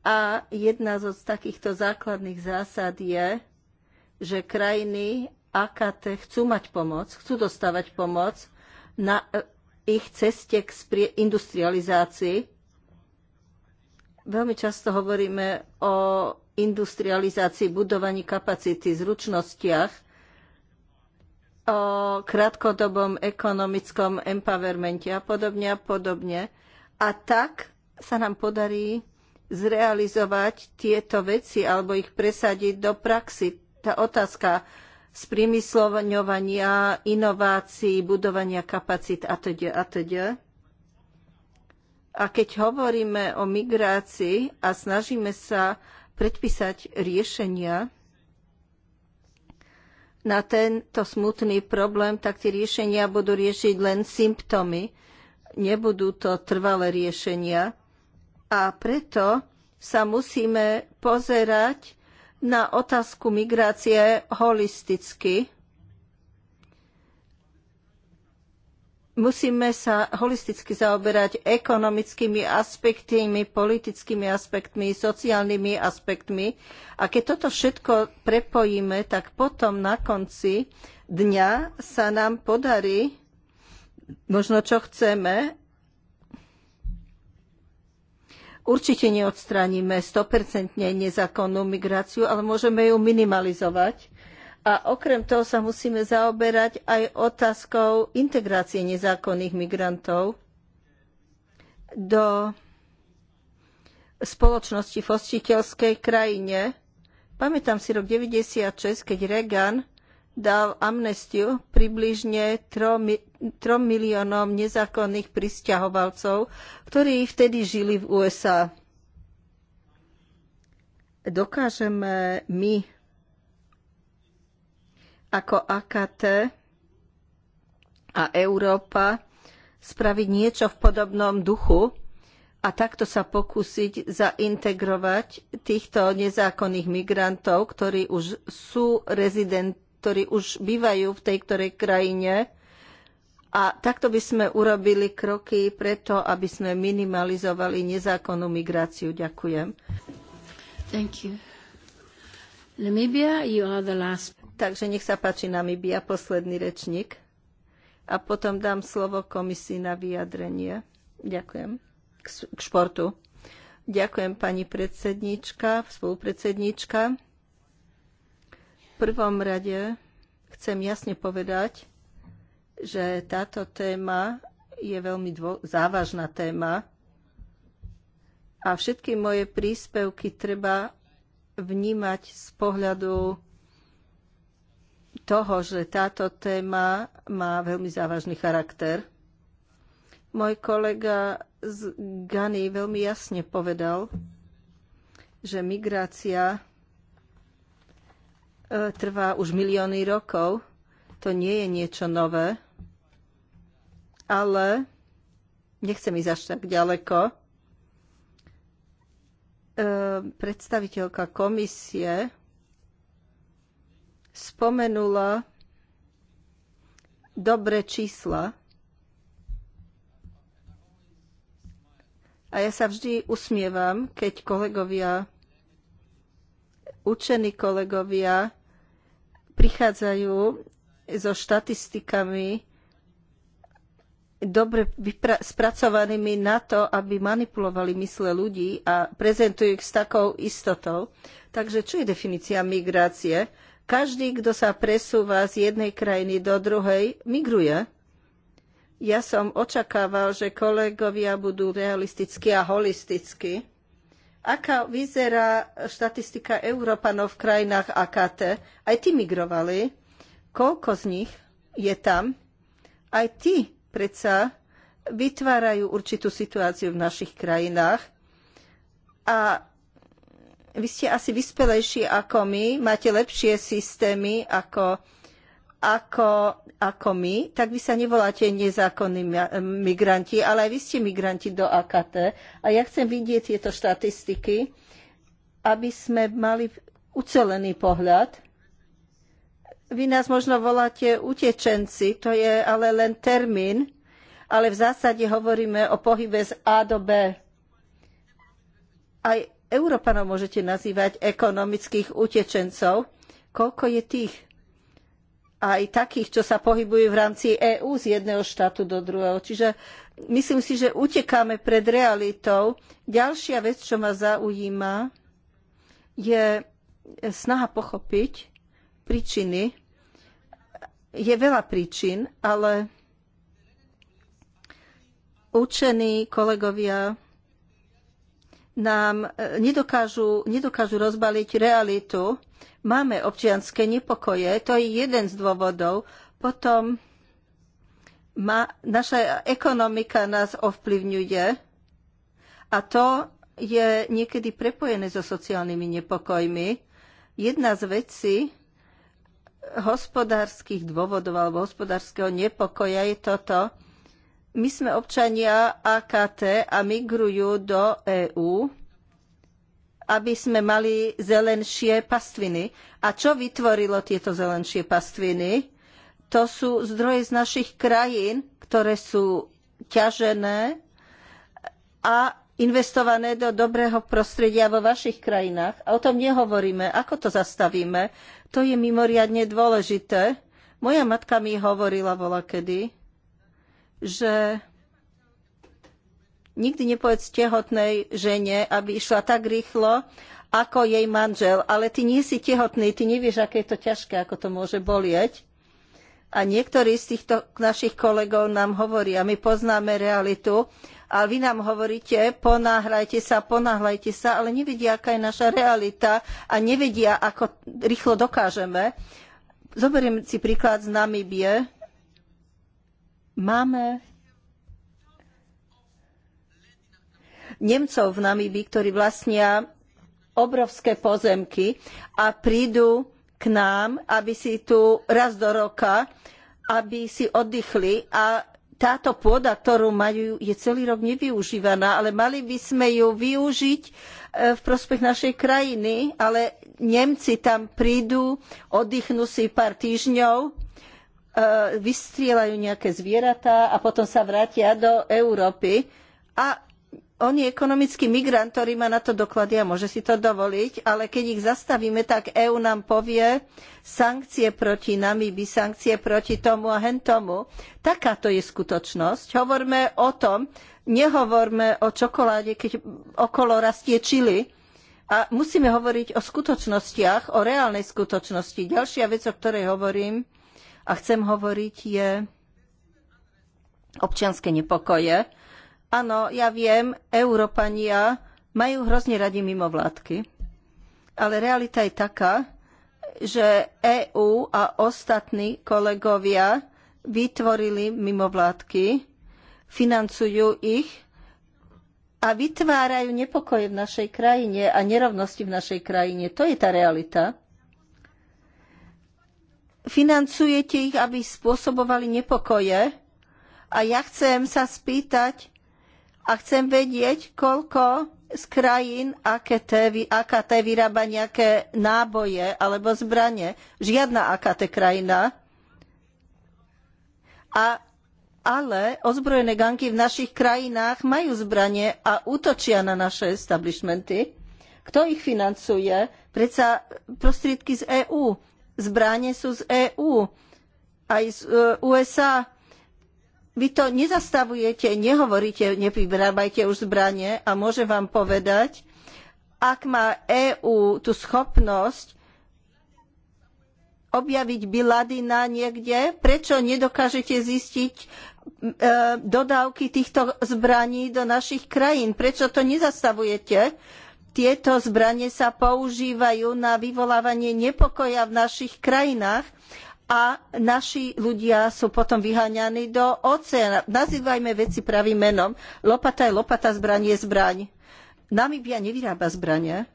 a jedna zo takýchto základných zásad je, že krajiny AKT chcú mať pomoc, chcú dostávať pomoc na e, ich ceste k industrializácii. Veľmi často hovoríme o industrializácii, budovaní kapacity, zručnostiach o krátkodobom ekonomickom empowermente a podobne a podobne. A tak sa nám podarí zrealizovať tieto veci alebo ich presadiť do praxi. Tá otázka sprímyslovňovania, inovácií, budovania kapacít a atď. A keď hovoríme o migrácii a snažíme sa predpísať riešenia, na tento smutný problém, tak tie riešenia budú riešiť len symptómy. Nebudú to trvalé riešenia. A preto sa musíme pozerať na otázku migrácie holisticky. musíme sa holisticky zaoberať ekonomickými aspektmi, politickými aspektmi, sociálnymi aspektmi. A keď toto všetko prepojíme, tak potom na konci dňa sa nám podarí možno čo chceme. Určite neodstraníme 100% nezákonnú migráciu, ale môžeme ju minimalizovať. A okrem toho sa musíme zaoberať aj otázkou integrácie nezákonných migrantov do spoločnosti v hostiteľskej krajine. Pamätám si rok 96, keď Reagan dal amnestiu približne 3, 3 miliónom nezákonných prisťahovalcov, ktorí vtedy žili v USA. Dokážeme my ako AKT a Európa spraviť niečo v podobnom duchu a takto sa pokúsiť zaintegrovať týchto nezákonných migrantov, ktorí už sú rezident, ktorí už bývajú v tej ktorej krajine. A takto by sme urobili kroky preto, aby sme minimalizovali nezákonnú migráciu. Ďakujem. Namibia, Takže nech sa páči Namibia, posledný rečník. A potom dám slovo komisii na vyjadrenie. Ďakujem. K, k športu. Ďakujem pani predsednička, spolupredsednička. V prvom rade chcem jasne povedať, že táto téma je veľmi závažná téma a všetky moje príspevky treba vnímať z pohľadu toho, že táto téma má veľmi závažný charakter. Môj kolega z Gany veľmi jasne povedal, že migrácia e, trvá už milióny rokov. To nie je niečo nové, ale nechcem ísť až tak ďaleko. E, predstaviteľka komisie spomenula dobré čísla. A ja sa vždy usmievam, keď kolegovia, učení kolegovia prichádzajú so štatistikami dobre spracovanými na to, aby manipulovali mysle ľudí a prezentujú ich s takou istotou. Takže čo je definícia migrácie? Každý, kto sa presúva z jednej krajiny do druhej, migruje. Ja som očakával, že kolegovia budú realistickí a holistickí. Aká vyzerá štatistika Európanov v krajinách AKT? Aj tí migrovali. Koľko z nich je tam? Aj tí predsa vytvárajú určitú situáciu v našich krajinách. A vy ste asi vyspelejší ako my, máte lepšie systémy ako, ako, ako my, tak vy sa nevoláte nezákonní migranti, ale aj vy ste migranti do AKT. A ja chcem vidieť tieto štatistiky, aby sme mali ucelený pohľad. Vy nás možno voláte utečenci, to je ale len termín, ale v zásade hovoríme o pohybe z A do B. Aj Európanov môžete nazývať ekonomických utečencov. Koľko je tých? Aj takých, čo sa pohybujú v rámci EÚ z jedného štátu do druhého. Čiže myslím si, že utekáme pred realitou. Ďalšia vec, čo ma zaujíma, je snaha pochopiť príčiny. Je veľa príčin, ale učení kolegovia nám e, nedokážu, nedokážu rozbaliť realitu. Máme občianské nepokoje, to je jeden z dôvodov. Potom ma, naša ekonomika nás ovplyvňuje a to je niekedy prepojené so sociálnymi nepokojmi. Jedna z vecí hospodárskych dôvodov alebo hospodárskeho nepokoja je toto, my sme občania AKT a migrujú do EÚ, aby sme mali zelenšie pastviny. A čo vytvorilo tieto zelenšie pastviny? To sú zdroje z našich krajín, ktoré sú ťažené a investované do dobrého prostredia vo vašich krajinách. A o tom nehovoríme. Ako to zastavíme? To je mimoriadne dôležité. Moja matka mi hovorila volakedy, že nikdy nepovedz tehotnej žene, aby išla tak rýchlo, ako jej manžel. Ale ty nie si tehotný, ty nevieš, aké je to ťažké, ako to môže bolieť. A niektorí z týchto našich kolegov nám hovoria, my poznáme realitu, a vy nám hovoríte, ponáhľajte sa, ponáhľajte sa, ale nevedia, aká je naša realita a nevedia, ako rýchlo dokážeme. Zoberiem si príklad z Namibie, Máme Nemcov v Namibii, ktorí vlastnia obrovské pozemky a prídu k nám, aby si tu raz do roka, aby si oddychli a táto pôda, ktorú majú, je celý rok nevyužívaná, ale mali by sme ju využiť e, v prospech našej krajiny, ale Nemci tam prídu, oddychnú si pár týždňov E, vystrieľajú nejaké zvieratá a potom sa vrátia do Európy. A on je ekonomický migrant, ktorý má na to doklady a môže si to dovoliť, ale keď ich zastavíme, tak EÚ nám povie sankcie proti by sankcie proti tomu a hentomu. Takáto je skutočnosť. Hovorme o tom, nehovorme o čokoláde, keď okolo rastie čili. A musíme hovoriť o skutočnostiach, o reálnej skutočnosti. Ďalšia vec, o ktorej hovorím, a chcem hovoriť, je občianske nepokoje. Áno, ja viem, Európania majú hrozne radi mimovládky, ale realita je taká, že EÚ a ostatní kolegovia vytvorili mimovládky, financujú ich a vytvárajú nepokoje v našej krajine a nerovnosti v našej krajine. To je tá realita financujete ich, aby spôsobovali nepokoje. A ja chcem sa spýtať a chcem vedieť, koľko z krajín AKT, AKT vyrába nejaké náboje alebo zbranie. Žiadna AKT krajina. A, ale ozbrojené gangy v našich krajinách majú zbranie a útočia na naše establishmenty. Kto ich financuje? Predsa prostriedky z EÚ Zbranie sú z EÚ, aj z e, USA. Vy to nezastavujete, nehovoríte, nevyrábajte už zbranie a môžem vám povedať, ak má EÚ tú schopnosť objaviť Biladina niekde, prečo nedokážete zistiť e, dodávky týchto zbraní do našich krajín? Prečo to nezastavujete? Tieto zbranie sa používajú na vyvolávanie nepokoja v našich krajinách a naši ľudia sú potom vyháňaní do oceána. Nazývajme veci pravým menom. Lopata je lopata, zbraň je zbraň. Namibia nevyrába zbranie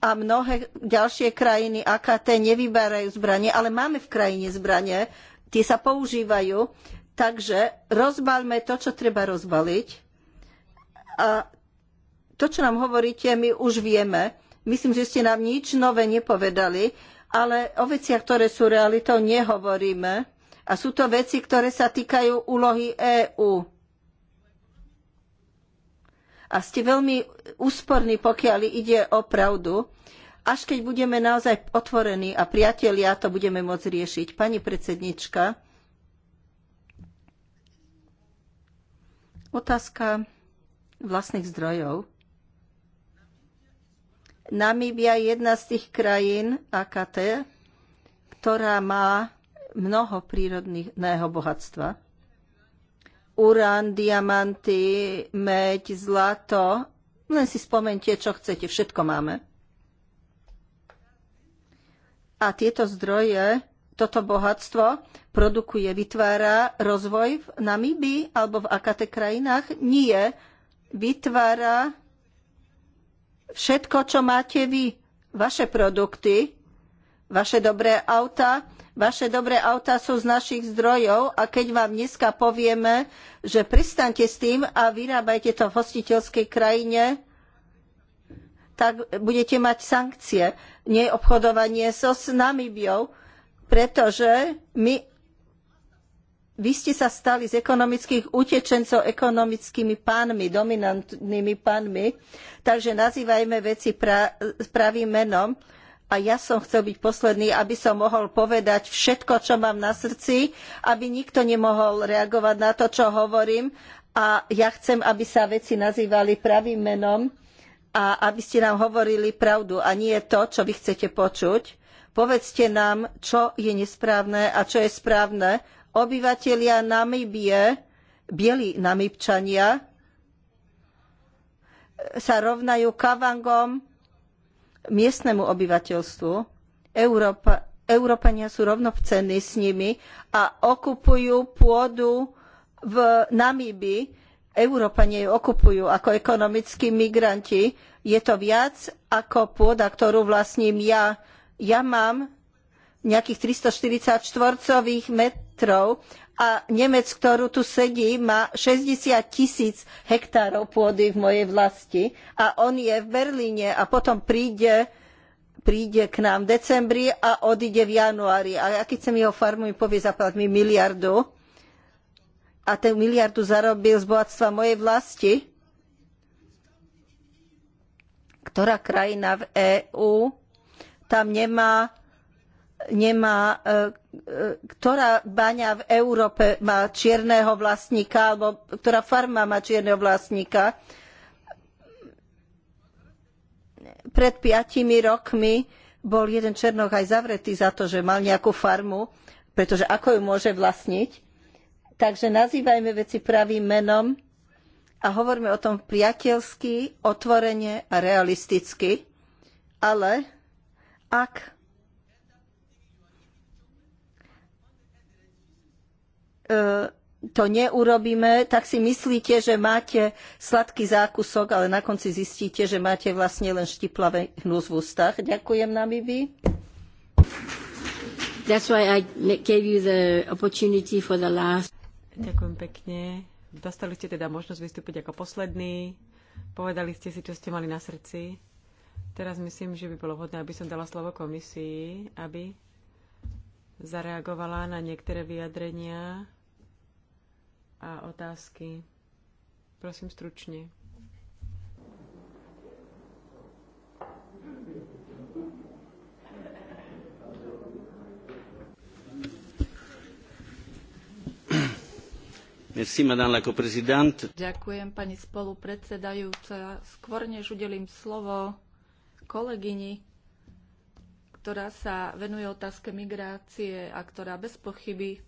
a mnohé ďalšie krajiny AKT nevyberajú zbranie, ale máme v krajine zbranie, tie sa používajú, takže rozbalme to, čo treba rozbaliť. A to, čo nám hovoríte, my už vieme. Myslím, že ste nám nič nové nepovedali, ale o veciach, ktoré sú realitou, nehovoríme. A sú to veci, ktoré sa týkajú úlohy EÚ. A ste veľmi úsporní, pokiaľ ide o pravdu. Až keď budeme naozaj otvorení a priatelia, to budeme môcť riešiť. Pani predsednička, otázka vlastných zdrojov. Namíbia je jedna z tých krajín AKT, ktorá má mnoho prírodného bohatstva. Urán, diamanty, meď, zlato. Len si spomente, čo chcete, všetko máme. A tieto zdroje, toto bohatstvo produkuje, vytvára rozvoj v Namíbii alebo v AKT krajinách? Nie. Vytvára všetko, čo máte vy, vaše produkty, vaše dobré auta, vaše dobré auta sú z našich zdrojov a keď vám dneska povieme, že pristante s tým a vyrábajte to v hostiteľskej krajine, tak budete mať sankcie. Nie obchodovanie so s Namibiou, pretože my vy ste sa stali z ekonomických utečencov ekonomickými pánmi, dominantnými pánmi, takže nazývajme veci pra, pravým menom. A ja som chcel byť posledný, aby som mohol povedať všetko, čo mám na srdci, aby nikto nemohol reagovať na to, čo hovorím. A ja chcem, aby sa veci nazývali pravým menom a aby ste nám hovorili pravdu a nie to, čo vy chcete počuť. Povedzte nám, čo je nesprávne a čo je správne Obyvatelia Namibie, bieli Namibčania, sa rovnajú kavangom miestnemu obyvateľstvu. Európa, Európania sú rovnocenní s nimi a okupujú pôdu v Namíbi. Európania ju okupujú ako ekonomickí migranti. Je to viac ako pôda, ktorú vlastním ja. Ja mám nejakých 340 štvorcových met- metrov a Nemec, ktorú tu sedí, má 60 tisíc hektárov pôdy v mojej vlasti a on je v Berlíne a potom príde príde k nám v decembri a odíde v januári. A ja keď chcem jeho farmu, mi povie zaplať mi miliardu. A tú miliardu zarobil z bohatstva mojej vlasti. Ktorá krajina v EÚ tam nemá nemá, e, e, ktorá baňa v Európe má čierneho vlastníka, alebo ktorá farma má čierneho vlastníka. Pred piatimi rokmi bol jeden Černoch aj zavretý za to, že mal nejakú farmu, pretože ako ju môže vlastniť. Takže nazývajme veci pravým menom a hovorme o tom priateľsky, otvorene a realisticky. Ale ak E, to neurobíme, tak si myslíte, že máte sladký zákusok, ale na konci zistíte, že máte vlastne len štiplavé hnus v ústach. Ďakujem, Namibi. That's why I gave you the opportunity for the last. Ďakujem pekne. Dostali ste teda možnosť vystúpiť ako posledný. Povedali ste si, čo ste mali na srdci. Teraz myslím, že by bolo vhodné, aby som dala slovo komisii, aby zareagovala na niektoré vyjadrenia a otázky. Prosím stručne. Merci, Ďakujem, pani spolupredsedajúca. Skôr než udelím slovo kolegyni, ktorá sa venuje otázke migrácie a ktorá bez pochyby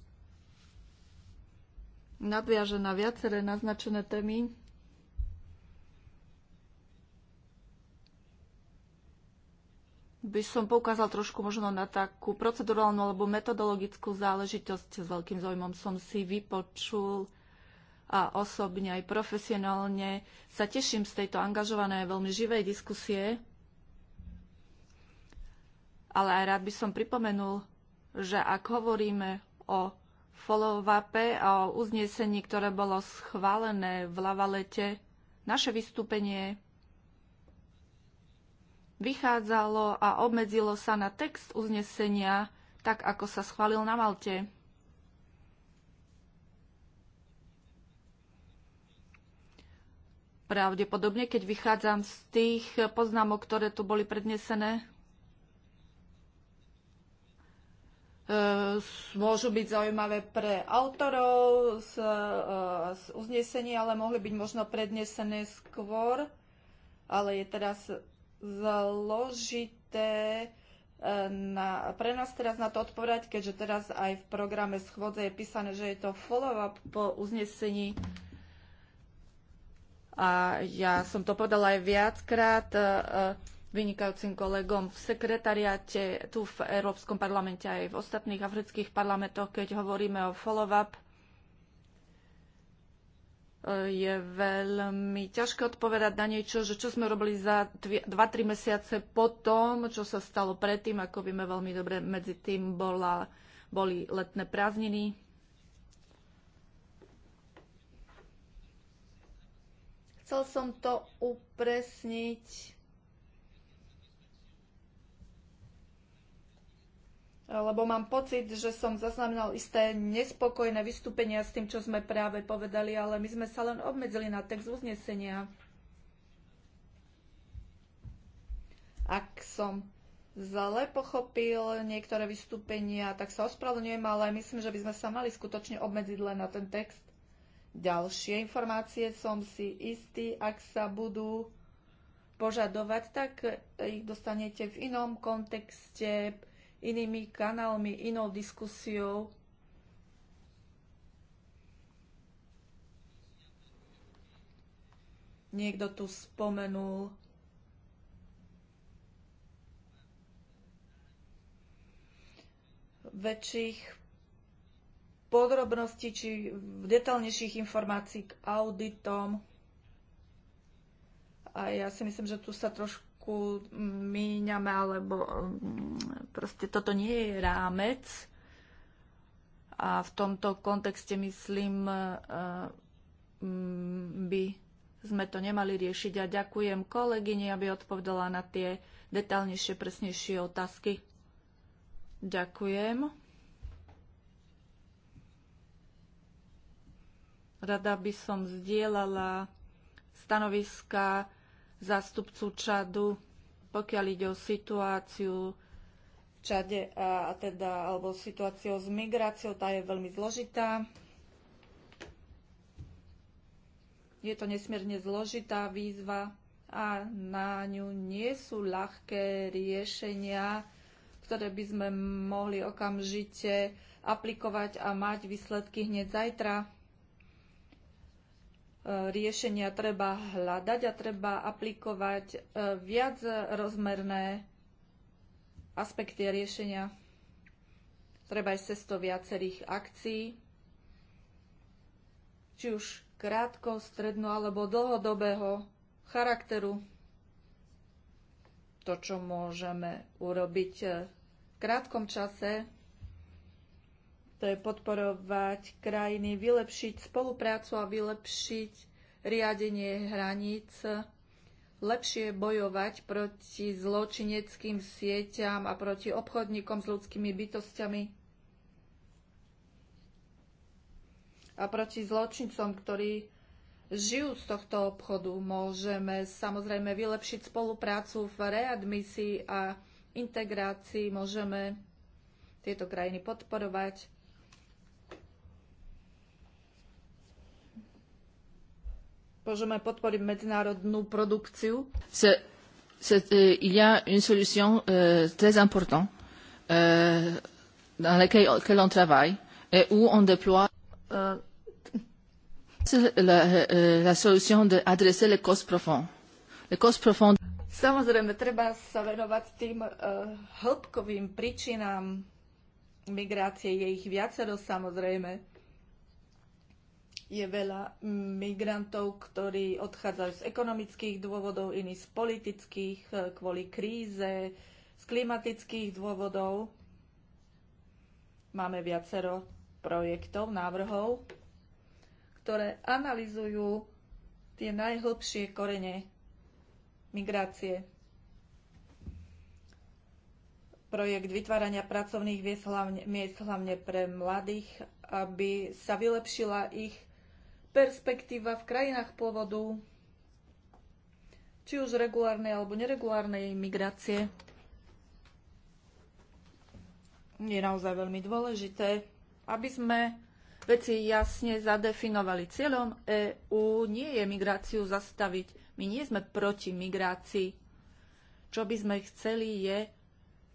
nadviaže na viaceré naznačené témy. by som poukázal trošku možno na takú procedurálnu alebo metodologickú záležitosť. S veľkým zaujímom som si vypočul a osobne aj profesionálne sa teším z tejto angažované veľmi živej diskusie. Ale aj rád by som pripomenul, že ak hovoríme o follow-upe o uznesení, ktoré bolo schválené v Lavalete, naše vystúpenie vychádzalo a obmedzilo sa na text uznesenia, tak ako sa schválil na Malte. Pravdepodobne, keď vychádzam z tých poznámok, ktoré tu boli prednesené, Eh, môžu byť zaujímavé pre autorov z, eh, z uznesení, ale mohli byť možno prednesené skôr, ale je teraz zložité eh, na, pre nás teraz na to odpovedať, keďže teraz aj v programe schôdze je písané, že je to follow-up po uznesení a ja som to povedala aj viackrát vynikajúcim kolegom v sekretariate tu v Európskom parlamente aj v ostatných afrických parlamentoch, keď hovoríme o follow-up. Je veľmi ťažké odpovedať na niečo, že čo sme robili za 2-3 mesiace potom, čo sa stalo predtým, ako vieme veľmi dobre, medzi tým bola, boli letné prázdniny, Chcel som to upresniť. lebo mám pocit, že som zaznamenal isté nespokojné vystúpenia s tým, čo sme práve povedali, ale my sme sa len obmedzili na text uznesenia. Ak som zle pochopil niektoré vystúpenia, tak sa ospravedlňujem, ale myslím, že by sme sa mali skutočne obmedziť len na ten text. Ďalšie informácie som si istý, ak sa budú požadovať, tak ich dostanete v inom kontexte inými kanálmi, inou diskusiou. Niekto tu spomenul väčších podrobností či detálnejších informácií k auditom. A ja si myslím, že tu sa trošku trošku míňame, alebo mm, proste toto nie je rámec. A v tomto kontexte myslím, e, mm, by sme to nemali riešiť. A ďakujem kolegyni, aby odpovedala na tie detálnejšie, presnejšie otázky. Ďakujem. Rada by som zdieľala stanoviska zástupcu Čadu, pokiaľ ide o situáciu v Čade a, a teda, alebo situáciu s migráciou, tá je veľmi zložitá. Je to nesmierne zložitá výzva a na ňu nie sú ľahké riešenia, ktoré by sme mohli okamžite aplikovať a mať výsledky hneď zajtra. E, riešenia treba hľadať a treba aplikovať e, viac rozmerné aspekty a riešenia. Treba aj cesto viacerých akcií, či už krátko, stredno alebo dlhodobého charakteru. To, čo môžeme urobiť e, v krátkom čase, to je podporovať krajiny, vylepšiť spoluprácu a vylepšiť riadenie hraníc, lepšie bojovať proti zločineckým sieťam a proti obchodníkom s ľudskými bytostiami a proti zločincom, ktorí žijú z tohto obchodu. Môžeme samozrejme vylepšiť spoluprácu v readmisii a integrácii, môžeme tieto krajiny podporovať Môžeme podporiť medzinárodnú produkciu? C'est, e, il y a une solution euh, très importante euh, dans laquelle on travaille et où on déploie euh, la, euh, la solution d'adresser les causes profondes. Les causes profondes. Samozrejme, treba sa venovať tým uh, hĺbkovým príčinám migrácie. Je ich viacero, samozrejme je veľa migrantov, ktorí odchádzajú z ekonomických dôvodov, iní z politických, e, kvôli kríze, z klimatických dôvodov. Máme viacero projektov, návrhov, ktoré analizujú tie najhlbšie korene migrácie. Projekt vytvárania pracovných miest hlavne, miest hlavne pre mladých aby sa vylepšila ich perspektíva v krajinách pôvodu, či už regulárnej alebo neregulárnej migrácie, je naozaj veľmi dôležité, aby sme veci jasne zadefinovali. Cieľom EÚ nie je migráciu zastaviť. My nie sme proti migrácii. Čo by sme chceli je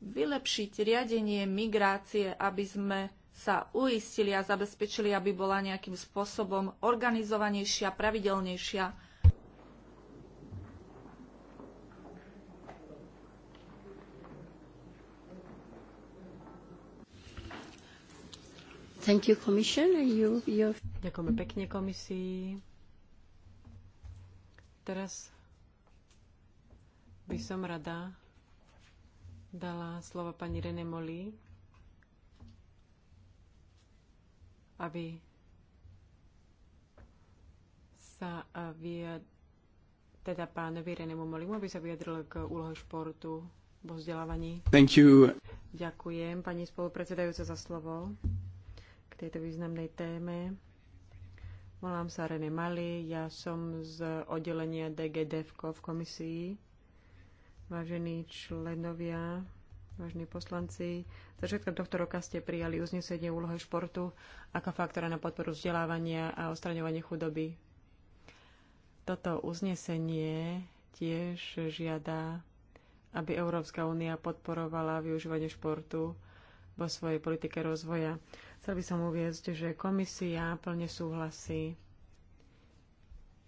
vylepšiť riadenie migrácie, aby sme sa uistili a zabezpečili, aby bola nejakým spôsobom organizovanejšia, pravidelnejšia. Thank you, Commission. You, Ďakujeme pekne komisii. Teraz by som rada dala slovo pani René Molí aby sa eh, vyjad... teda pánovi Renemu Molimu, aby sa vyjadril k úlohe športu vo vzdelávaní. Thank you. Ďakujem, pani spolupredsedajúca, za slovo k tejto významnej téme. Volám sa René Mali, ja som z oddelenia DGDFko v komisii. Vážení členovia vážni poslanci. Začiatkom tohto roka ste prijali uznesenie úlohy športu ako faktora na podporu vzdelávania a ostraňovanie chudoby. Toto uznesenie tiež žiada, aby Európska únia podporovala využívanie športu vo svojej politike rozvoja. Chcel by som uviezť, že komisia plne súhlasí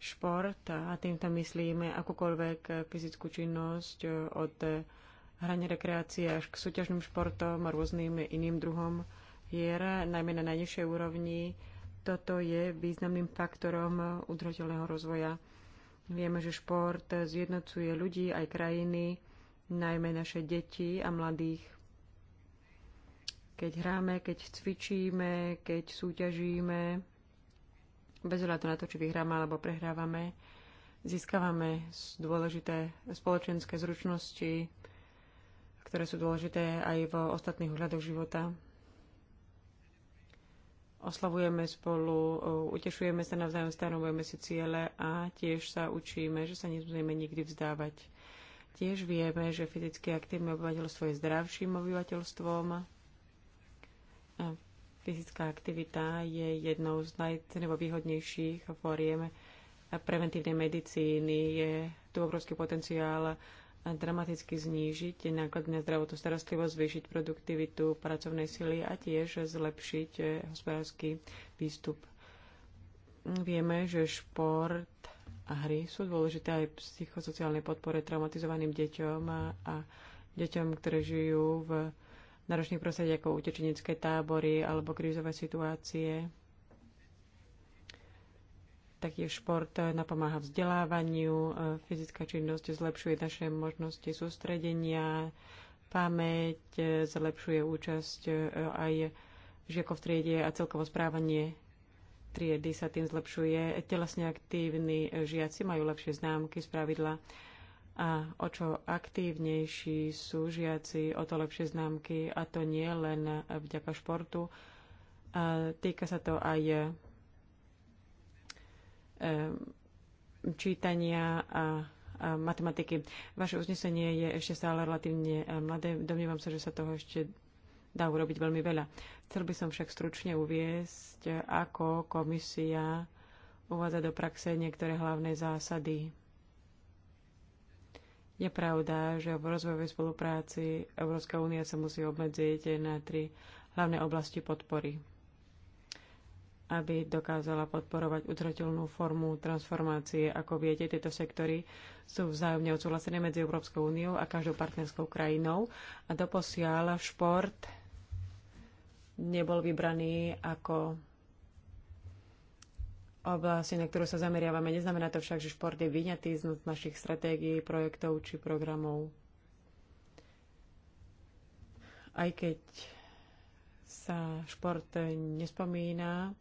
šport a týmto myslíme akúkoľvek fyzickú činnosť od hranie rekreácie až k súťažným športom a rôznym iným druhom hier, najmä na najnižšej úrovni. Toto je významným faktorom udržateľného rozvoja. Vieme, že šport zjednocuje ľudí aj krajiny, najmä naše deti a mladých. Keď hráme, keď cvičíme, keď súťažíme, bez hľadu na to, či vyhráme alebo prehrávame, získavame dôležité spoločenské zručnosti, ktoré sú dôležité aj v ostatných hľadoch života. Oslavujeme spolu, utešujeme sa navzájom, stanovujeme si ciele a tiež sa učíme, že sa nesmieme nikdy vzdávať. Tiež vieme, že fyzicky aktívne obyvateľstvo je zdravším obyvateľstvom. A fyzická aktivita je jednou z najvýhodnejších fóriem preventívnej medicíny. Je tu obrovský potenciál dramaticky znížiť náklady na zdravotnú starostlivosť, zvýšiť produktivitu pracovnej sily a tiež zlepšiť eh, hospodársky výstup. Vieme, že šport a hry sú dôležité aj v psychosociálnej podpore traumatizovaným deťom a, a deťom, ktoré žijú v náročných prostrediach ako utečenecké tábory alebo krízové situácie. Taktiež šport eh, napomáha vzdelávaniu, eh, fyzická činnosť zlepšuje naše možnosti sústredenia, pamäť, eh, zlepšuje účasť aj žiakov v triede a celkovo správanie triedy sa tým zlepšuje. Telesne aktívni žiaci majú lepšie známky z pravidla a o čo aktívnejší sú žiaci, o to lepšie známky a to nie len vďaka športu. A týka sa to aj čítania a matematiky. Vaše uznesenie je ešte stále relatívne eh, mladé. Domnievam sa, že sa toho ešte dá urobiť veľmi veľa. Chcel by som však stručne uviesť, ako komisia uvádza do praxe niektoré hlavné zásady. Je pravda, že v rozvojovej spolupráci Európska únia sa musí obmedziť na tri hlavné oblasti podpory aby dokázala podporovať udržateľnú formu transformácie. Ako viete, tieto sektory sú vzájomne odsúhlasené medzi Európskou úniou a každou partnerskou krajinou a doposiaľ šport nebol vybraný ako oblasti, na ktorú sa zameriavame. Neznamená to však, že šport je vyňatý z našich stratégií, projektov či programov. Aj keď sa šport nespomína,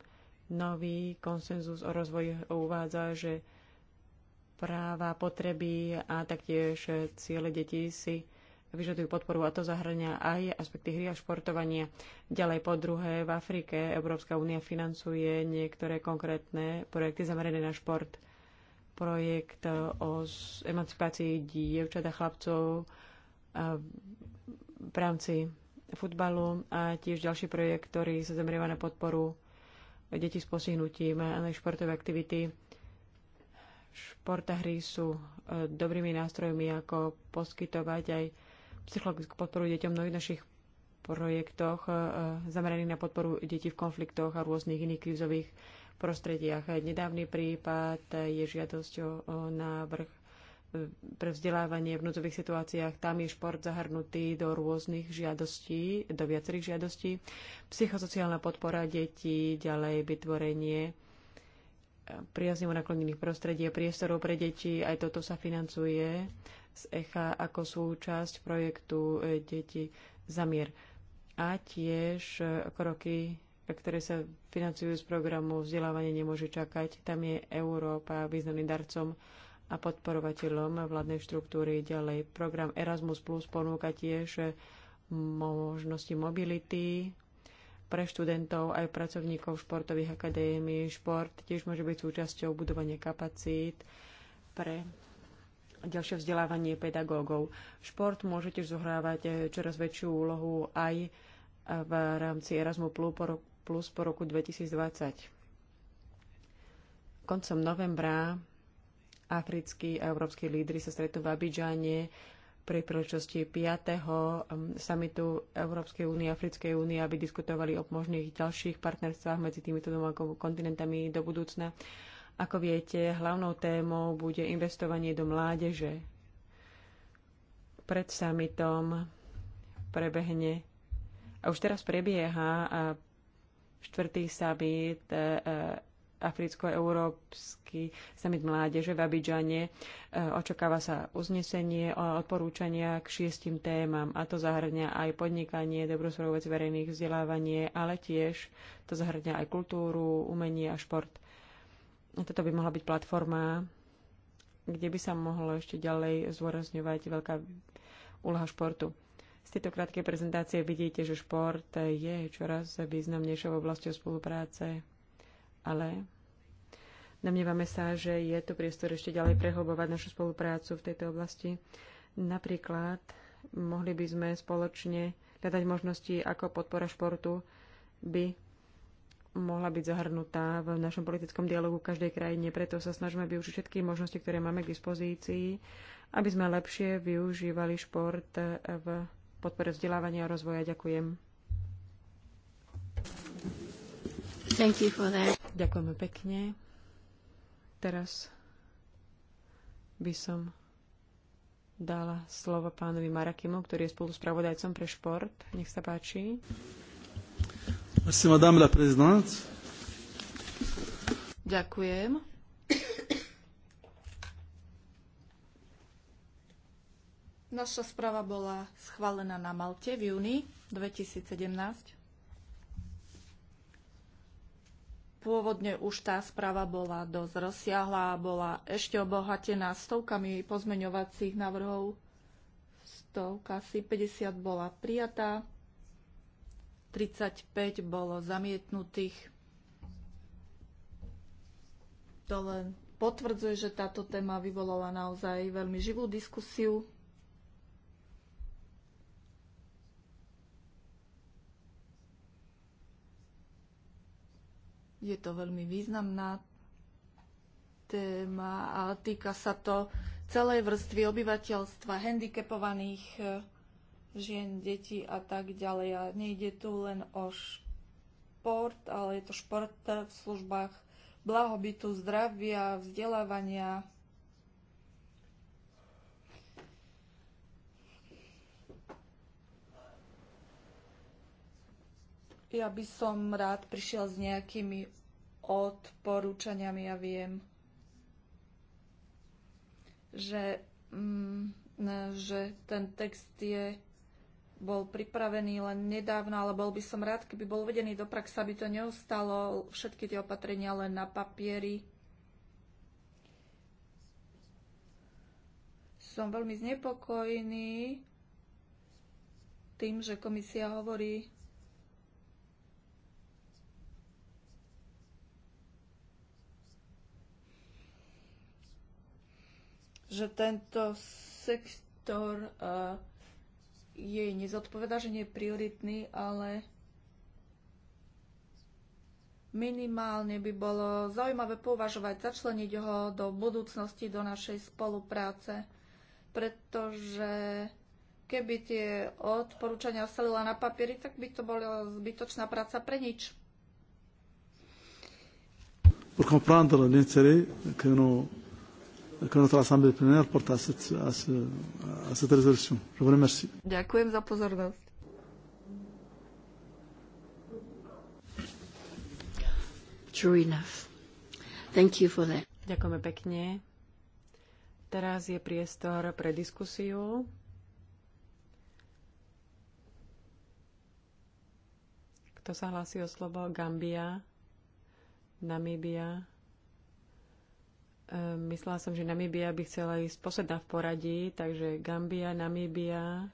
Nový konsenzus o rozvoji uvádza, že práva, potreby a taktiež ciele detí si vyžadujú podporu a to zahrania aj aspekty hry a športovania. Ďalej po druhé, v Afrike Európska únia financuje niektoré konkrétne projekty zamerané na šport. Projekt o emancipácii dievčat a chlapcov v rámci futbalu a tiež ďalší projekt, ktorý sa zameriava na podporu deti s postihnutím na športové aktivity. Šport a hry sú e, dobrými nástrojmi, ako poskytovať aj psychologickú podporu deťom v mnohých našich projektoch e, zameraných na podporu detí v konfliktoch a rôznych iných krízových prostrediach. Nedávny prípad je žiadosť o návrh pre vzdelávanie v núdzových situáciách. Tam je šport zahrnutý do rôznych žiadostí, do viacerých žiadostí. Psychosociálna podpora detí, ďalej vytvorenie eh, priaznivo naklonených a priestorov pre deti. Aj toto sa financuje z ECHA ako súčasť projektu eh, Deti za mier. A tiež eh, kroky, ktoré sa financujú z programu Vzdelávanie nemôže čakať. Tam je Európa významným darcom a podporovateľom vládnej štruktúry ďalej. Program Erasmus Plus ponúka tiež možnosti mobility pre študentov aj pracovníkov športových akadémií. Šport tiež môže byť súčasťou budovania kapacít pre ďalšie vzdelávanie pedagógov. Šport môže tiež zohrávať čoraz väčšiu úlohu aj v rámci Erasmu Plus po roku 2020. Koncom novembra Africkí a európsky lídry sa stretnú v Abidžane pri príležitosti 5. Um, samitu Európskej únie a Africkej únie, aby diskutovali o možných ďalších partnerstvách medzi týmito dvoma kontinentami do budúcna. Ako viete, hlavnou témou bude investovanie do mládeže. Pred samitom prebehne a už teraz prebieha štvrtý summit e, e, africko-európsky summit mládeže v Abidžane. E, očakáva sa uznesenie a odporúčania k šiestim témam a to zahrňa aj podnikanie, dobrosvojú vec verejných vzdelávanie, ale tiež to zahrňa aj kultúru, umenie a šport. Toto by mohla byť platforma, kde by sa mohlo ešte ďalej zdôrazňovať veľká úloha športu. Z tejto krátkej prezentácie vidíte, že šport je čoraz významnejšou oblasťou spolupráce ale Namnievame sa, že je to priestor ešte ďalej prehlbovať našu spoluprácu v tejto oblasti. Napríklad mohli by sme spoločne hľadať možnosti, ako podpora športu by mohla byť zahrnutá v našom politickom dialogu v každej krajine. Preto sa snažíme využiť všetky možnosti, ktoré máme k dispozícii, aby sme lepšie využívali šport v podpore vzdelávania a rozvoja. Ďakujem. Thank you for that. Ďakujeme pekne. Teraz by som dala slovo pánovi Marakimu, ktorý je spoluspravodajcom pre šport. Nech sa páči. Merci, madame la présidente. Ďakujem. Naša správa bola schválená na Malte v júni 2017. Pôvodne už tá správa bola dosť rozsiahla a bola ešte obohatená stovkami pozmeňovacích návrhov. Stovka asi 50 bola prijatá, 35 bolo zamietnutých. To len potvrdzuje, že táto téma vyvolala naozaj veľmi živú diskusiu. Je to veľmi významná téma a týka sa to celej vrstvy obyvateľstva, handicapovaných e, žien, detí a tak ďalej. A nejde tu len o šport, ale je to šport v službách blahobytu, zdravia, vzdelávania, Ja by som rád prišiel s nejakými odporúčaniami. Ja viem, že, mm, že ten text je bol pripravený len nedávno, ale bol by som rád, keby bol vedený do praxe, aby to neostalo všetky tie opatrenia len na papieri. Som veľmi znepokojený tým, že komisia hovorí že tento sektor uh, jej nezodpoveda, že nie je prioritný, ale minimálne by bolo zaujímavé považovať, začleniť ho do budúcnosti, do našej spolupráce, pretože keby tie odporúčania ostali na papieri, tak by to bola zbytočná práca pre nič. Por comprendre l'intérêt que nous Ďakujem za pozornosť. True enough. Thank you for that. Ďakujeme pekne. Teraz je priestor pre diskusiu. Kto sa hlási o slovo? Gambia, Namíbia. Ehm, myslela som, že Namíbia by chcela ísť posledná v poradí, takže Gambia, Namíbia.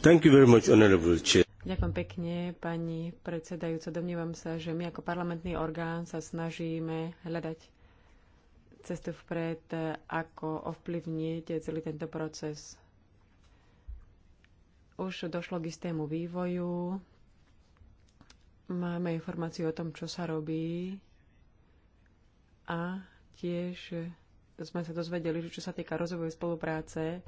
Thank you very much, honorable chair. Ďakujem pekne, pani predsedajúca. Domnívam sa, že my ako parlamentný orgán sa snažíme hľadať cestu vpred, ako ovplyvniť celý tento proces. Už došlo k istému vývoju Máme informáciu o tom, čo sa robí a tiež sme sa dozvedeli, že čo sa týka rozvojovej spolupráce,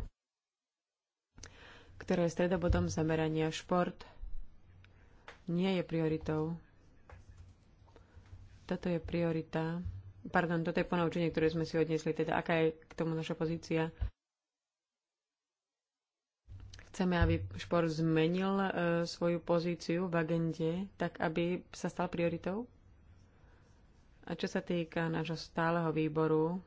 ktoré je stredobodom zamerania šport, nie je prioritou. Toto je priorita. Pardon, toto je ponaučenie, ktoré sme si odnesli, teda aká je k tomu naša pozícia. Chceme, aby šport zmenil uh, svoju pozíciu v agende, tak aby sa stal prioritou? A čo sa týka nášho stáleho výboru,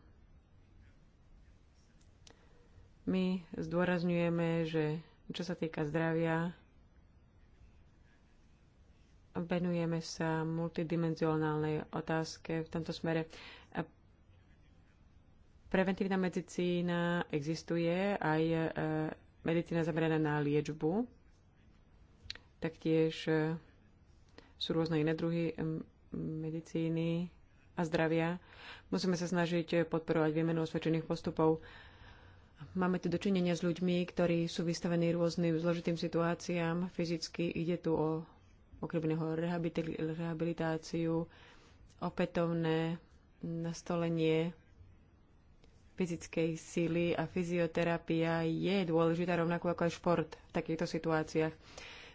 my zdôrazňujeme, že čo sa týka zdravia, venujeme sa multidimenzionálnej otázke v tomto smere. Preventívna medicína existuje, aj e, medicína zameraná na liečbu, taktiež e, sú rôzne iné druhy medicíny a zdravia. Musíme sa snažiť podporovať výmenu osvedčených postupov. Máme tu dočinenia s ľuďmi, ktorí sú vystavení rôznym zložitým situáciám. Fyzicky ide tu o okrebného rehabilitáciu, opätovné nastolenie fyzickej síly a fyzioterapia je dôležitá rovnako ako aj šport v takýchto situáciách.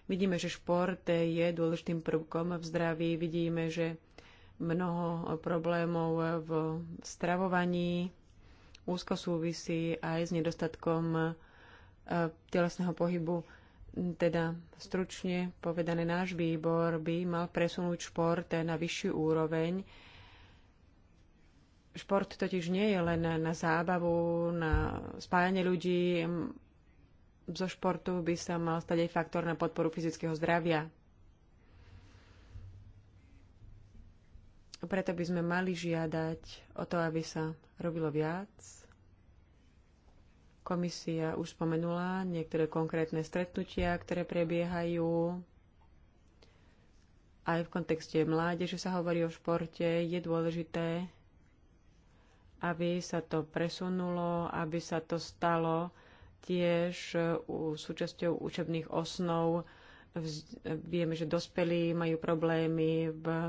Vidíme, že šport je dôležitým prvkom v zdraví, vidíme, že mnoho problémov v stravovaní úzko súvisí aj s nedostatkom e, telesného pohybu. Teda stručne povedané, náš výbor by mal presunúť šport na vyššiu úroveň, Šport totiž nie je len na zábavu, na spájanie ľudí. Zo športu by sa mal stať aj faktor na podporu fyzického zdravia. Preto by sme mali žiadať o to, aby sa robilo viac. Komisia už spomenula niektoré konkrétne stretnutia, ktoré prebiehajú. Aj v kontexte mládeže sa hovorí o športe. Je dôležité aby sa to presunulo, aby sa to stalo tiež súčasťou učebných osnov. Vieme, že dospelí majú problémy v e,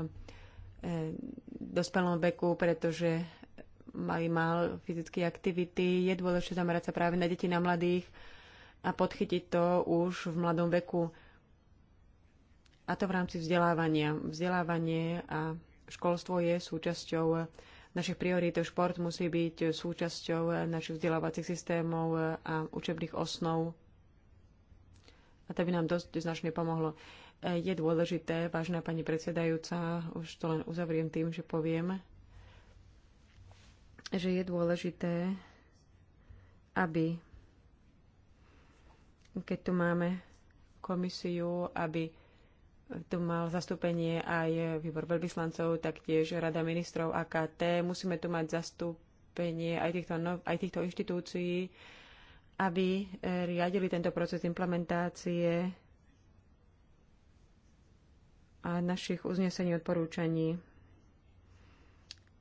dospelom veku, pretože mali málo fyzické aktivity. Je dôležité zamerať sa práve na deti, na mladých a podchytiť to už v mladom veku. A to v rámci vzdelávania. Vzdelávanie a školstvo je súčasťou našich priorít. Šport musí byť súčasťou našich vzdelávacích systémov a učebných osnov. A to by nám dosť značne pomohlo. Je dôležité, vážna pani predsedajúca, už to len uzavriem tým, že poviem, že je dôležité, aby keď tu máme komisiu, aby tu mal zastúpenie aj výbor veľvyslancov, taktiež Rada ministrov AKT. Musíme tu mať zastúpenie aj týchto, no, aj týchto inštitúcií, aby e, riadili tento proces implementácie a našich uznesení odporúčaní.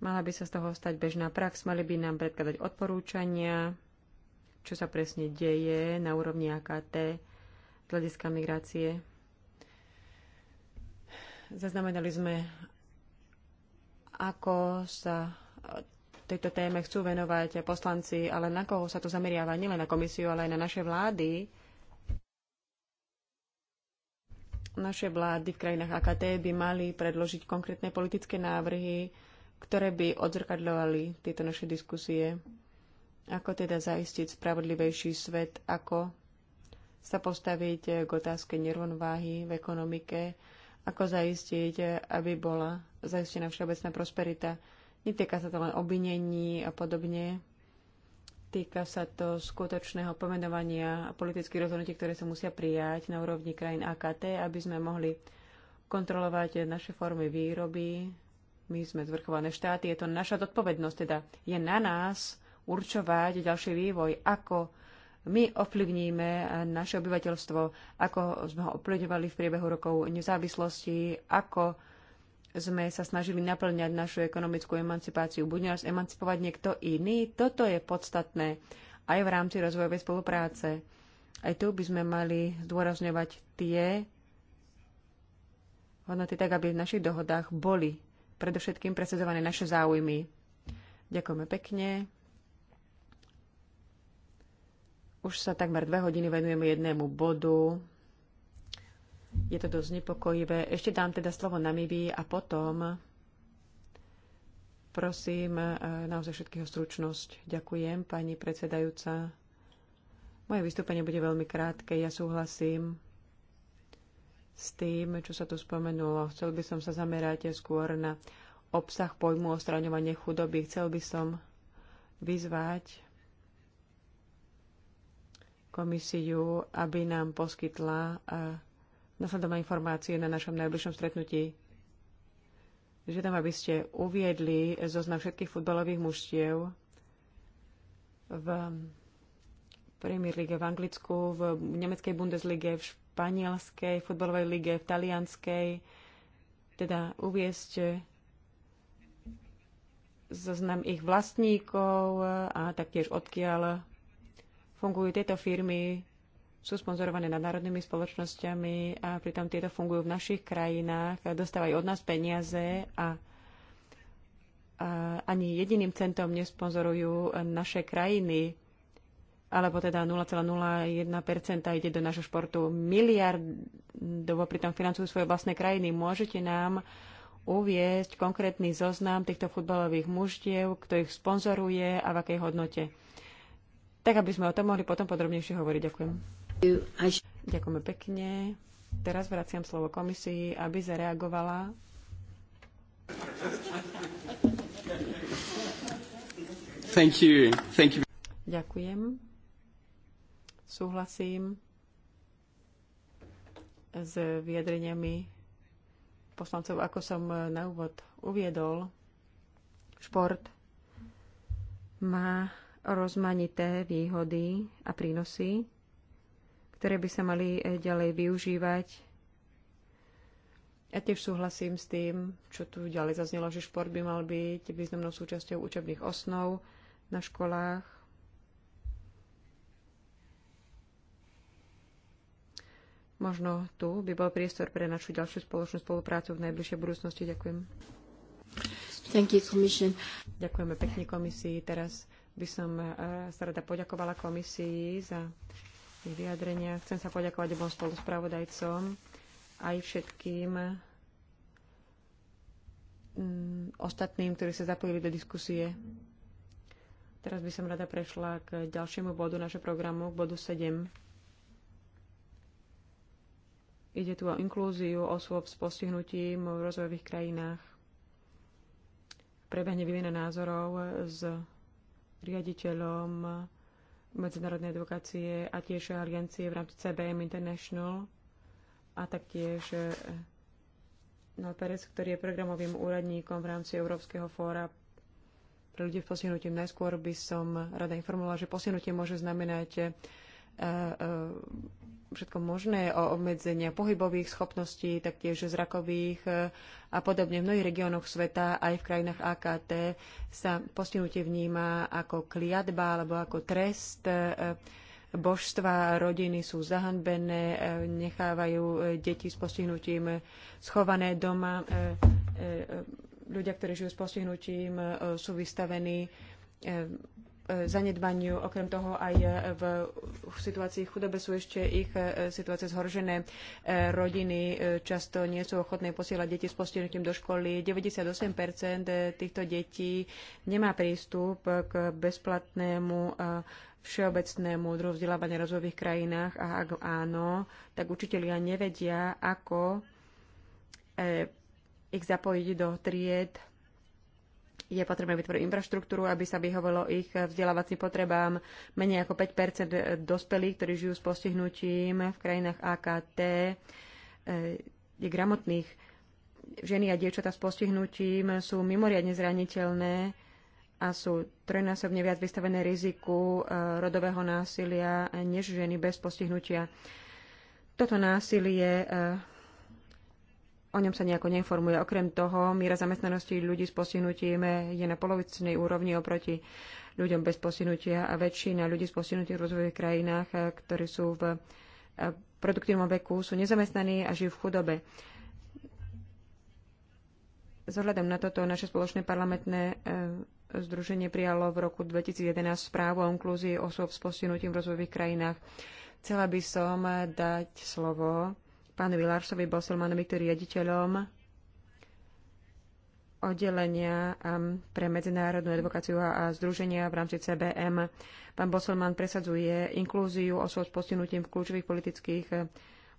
Mala by sa z toho stať bežná prax, mali by nám predkladať odporúčania, čo sa presne deje na úrovni AKT z hľadiska migrácie. Zaznamenali sme, ako sa tejto téme chcú venovať poslanci, ale na koho sa to zameriava, nielen na komisiu, ale aj na naše vlády. Naše vlády v krajinách AKT by mali predložiť konkrétne politické návrhy, ktoré by odzrkadľovali tieto naše diskusie. Ako teda zaistiť spravodlivejší svet, ako sa postaviť k otázke nerovnováhy v ekonomike, ako zaistiť, aby bola zaistená všeobecná prosperita. Netýka sa to len obvinení a podobne. Týka sa to skutočného pomenovania a politických rozhodnutí, ktoré sa musia prijať na úrovni krajín AKT, aby sme mohli kontrolovať naše formy výroby. My sme zvrchované štáty, je to naša zodpovednosť, teda je na nás určovať ďalší vývoj, ako my ovplyvníme naše obyvateľstvo, ako sme ho ovplyvňovali v priebehu rokov nezávislosti, ako sme sa snažili naplňať našu ekonomickú emancipáciu. Bude nás emancipovať niekto iný? Toto je podstatné aj v rámci rozvojovej spolupráce. Aj tu by sme mali zdôrazňovať tie hodnoty tak, aby v našich dohodách boli predovšetkým presedzované naše záujmy. Ďakujeme pekne. Už sa takmer dve hodiny venujeme jednému bodu. Je to dosť nepokojivé. Ešte dám teda slovo Namibí a potom prosím e, naozaj všetkého stručnosť. Ďakujem, pani predsedajúca. Moje vystúpenie bude veľmi krátke. Ja súhlasím s tým, čo sa tu spomenulo. Chcel by som sa zamerať skôr na obsah pojmu o chudoby. Chcel by som vyzvať komisiu, aby nám poskytla nasledovné informácie na našom najbližšom stretnutí. Žiadam, aby ste uviedli zoznam všetkých futbalových mužstiev v Premier League v Anglicku, v nemeckej Bundeslige, v španielskej futbalovej lige, v talianskej. Teda uviesť zoznam ich vlastníkov a taktiež odkiaľ fungujú tieto firmy, sú sponzorované nadnárodnými spoločnosťami a pritom tieto fungujú v našich krajinách, dostávajú od nás peniaze a, a ani jediným centom nesponzorujú naše krajiny, alebo teda 0,01% ide do nášho športu. Miliardovo pritom financujú svoje vlastné krajiny. Môžete nám uviesť konkrétny zoznam týchto futbalových mužtiev, kto ich sponzoruje a v akej hodnote tak aby sme o tom mohli potom podrobnejšie hovoriť. Ďakujem. Ďakujeme pekne. Teraz vraciam slovo komisii, aby zareagovala. Thank you. Thank you. Ďakujem. Súhlasím s vyjadreniami poslancov, ako som na úvod uviedol. Šport má rozmanité výhody a prínosy, ktoré by sa mali e, ďalej využívať. Ja tiež súhlasím s tým, čo tu ďalej zaznelo, že šport by mal byť významnou súčasťou učebných osnov na školách. Možno tu by bol priestor pre našu ďalšiu spoločnú spoluprácu v najbližšej budúcnosti. Ďakujem. Thank you, Ďakujeme pekne komisii. Teraz by som e, sa rada poďakovala komisii za ich vyjadrenia. Chcem sa poďakovať obom spoluspravodajcom aj všetkým ostatným, ktorí sa zapojili do diskusie. Teraz by som rada prešla k ďalšiemu bodu našho programu, k bodu 7. Ide tu o inklúziu osôb s postihnutím v rozvojových krajinách. Prebehne výmena názorov z riaditeľom medzinárodnej advokácie a tiež aliancie v rámci CBM International a taktiež eh, no, Perez, ktorý je programovým úradníkom v rámci Európskeho fóra pre ľudí s postihnutím. Najskôr by som rada informovala, že posunutie môže znamenať uh, uh, všetko možné, o obmedzenia pohybových schopností, taktiež zrakových e, a podobne. V mnohých regiónoch sveta, aj v krajinách AKT, sa postihnutie vníma ako kliatba alebo ako trest. E, božstva rodiny sú zahanbené, e, nechávajú deti s postihnutím schované doma. Ľudia, ktorí žijú s postihnutím, sú vystavení E, zanedbaniu. Okrem toho aj e, v situácii chudobe sú ešte ich e, situácie zhoržené. Rodiny často nie sú ochotné posielať deti s postihnutím do školy. 98% týchto detí nemá prístup k bezplatnému všeobecnému druhu vzdelávania v rozvojových krajinách a ak áno, tak učitelia nevedia, ako ich zapojiť do tried je potrebné vytvoriť infraštruktúru, aby sa vyhovelo ich vzdelávacím potrebám. Menej ako 5 dospelých, ktorí žijú s postihnutím v krajinách AKT, eh, je gramotných. Ženy a dievčatá s postihnutím sú mimoriadne zraniteľné a sú trojnásobne viac vystavené riziku eh, rodového násilia než ženy bez postihnutia. Toto násilie eh, o ňom sa nejako neinformuje. Okrem toho, míra zamestnanosti ľudí s postihnutím je na polovicnej úrovni oproti ľuďom bez postihnutia a väčšina ľudí s postihnutím v rozvojových krajinách, eh, ktorí sú v eh, produktívnom veku, sú nezamestnaní a žijú v chudobe. Zohľadom na toto naše spoločné parlamentné eh, združenie prijalo v roku 2011 správu o inklúzii osôb s postihnutím v rozvojových krajinách. Chcela by som dať slovo pánovi Larsovi Boselmanovi, ktorý je riaditeľom oddelenia um, pre medzinárodnú advokáciu a združenia v rámci CBM. Pán Boselman presadzuje inklúziu osôb s postihnutím v kľúčových politických eh,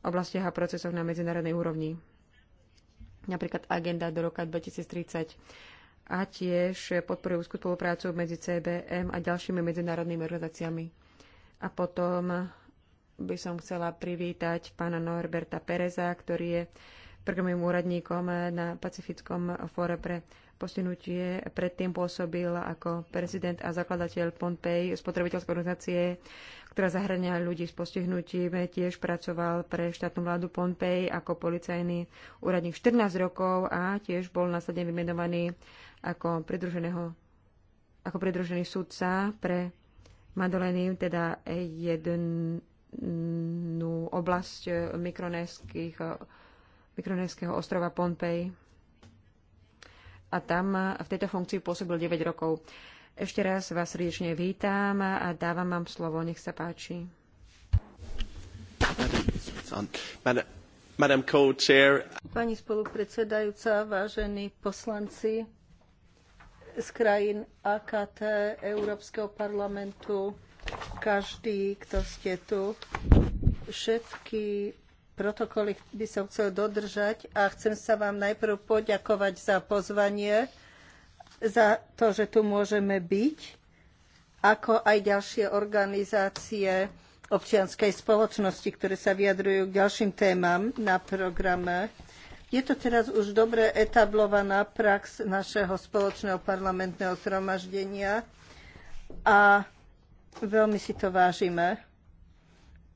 oblastiach a procesoch na medzinárodnej úrovni. Napríklad agenda do roka 2030 a tiež podporujú úzkú spoluprácu medzi CBM a ďalšími medzinárodnými organizáciami. A potom by som chcela privítať pána Norberta Pereza, ktorý je prvým úradníkom na Pacifickom fóre pre postihnutie. Predtým pôsobil ako prezident a zakladateľ Pompej, spotrebiteľskej organizácie, ktorá zahrania ľudí s postihnutím. Tiež pracoval pre štátnu vládu Pompej ako policajný úradník 14 rokov a tiež bol následne vymenovaný ako, ako pridružený sudca pre Madoleny, teda jeden, severný mm, oblasť eh, mikronéskeho eh, ostrova Pompej. A tam eh, v tejto funkcii pôsobil 9 rokov. Ešte raz vás srdečne vítam a dávam vám slovo. Nech sa páči. Pani spolupredsedajúca, vážení poslanci z krajín AKT Európskeho parlamentu, každý, kto ste tu. Všetky protokoly by som chcel dodržať a chcem sa vám najprv poďakovať za pozvanie, za to, že tu môžeme byť, ako aj ďalšie organizácie občianskej spoločnosti, ktoré sa vyjadrujú k ďalším témam na programe. Je to teraz už dobre etablovaná prax našeho spoločného parlamentného zhromaždenia a Veľmi si to vážime.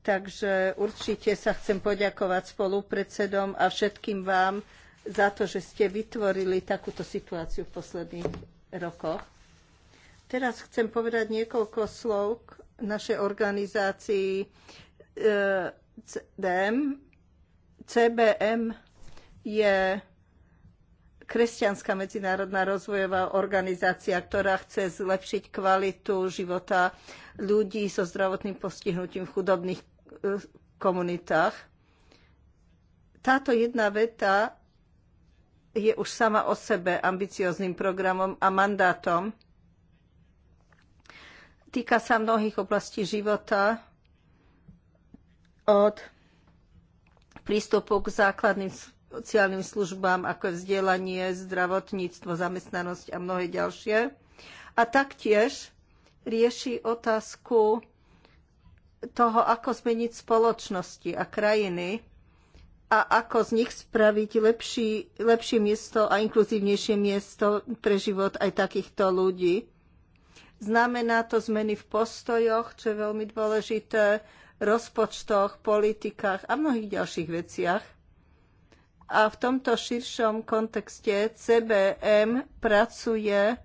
Takže určite sa chcem poďakovať spolupredsedom a všetkým vám za to, že ste vytvorili takúto situáciu v posledných rokoch. Teraz chcem povedať niekoľko slov k našej organizácii e, CDM. CBM je kresťanská medzinárodná rozvojová organizácia, ktorá chce zlepšiť kvalitu života ľudí so zdravotným postihnutím v chudobných eh, komunitách. Táto jedna veta je už sama o sebe ambicióznym programom a mandátom. Týka sa mnohých oblastí života od prístupu k základným sociálnym službám, ako je vzdelanie, zdravotníctvo, zamestnanosť a mnohé ďalšie. A taktiež rieši otázku toho, ako zmeniť spoločnosti a krajiny a ako z nich spraviť lepší, lepšie miesto a inkluzívnejšie miesto pre život aj takýchto ľudí. Znamená to zmeny v postojoch, čo je veľmi dôležité, rozpočtoch, politikách a mnohých ďalších veciach. A v tomto širšom kontexte CBM pracuje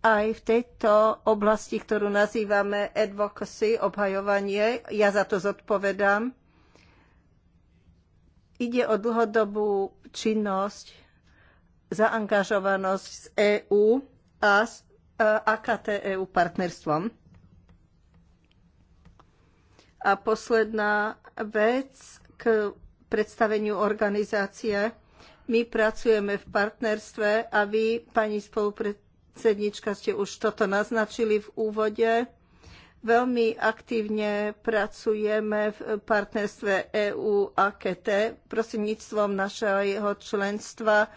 aj v tejto oblasti, ktorú nazývame advocacy, obhajovanie. Ja za to zodpovedám. Ide o dlhodobú činnosť, zaangažovanosť z EÚ a s e, AKT EU partnerstvom. A posledná vec k predstaveniu organizácie. My pracujeme v partnerstve a vy, pani spolupredsednička, ste už toto naznačili v úvode. Veľmi aktívne pracujeme v partnerstve EU a KT prostredníctvom našeho členstva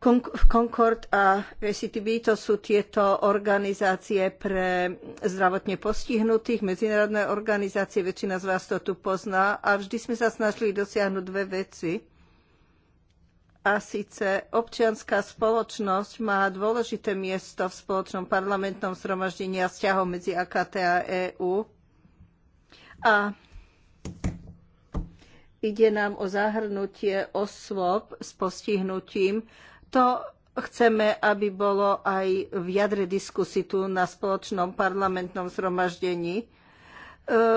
Concord a ACTB to sú tieto organizácie pre zdravotne postihnutých, medzinárodné organizácie, väčšina z vás to tu pozná a vždy sme sa snažili dosiahnuť dve veci. A síce občianská spoločnosť má dôležité miesto v spoločnom parlamentnom zhromaždení a vzťahov medzi AKT a EÚ. A ide nám o zahrnutie osôb s postihnutím to chceme, aby bolo aj v jadre diskusy tu na spoločnom parlamentnom zhromaždení. E,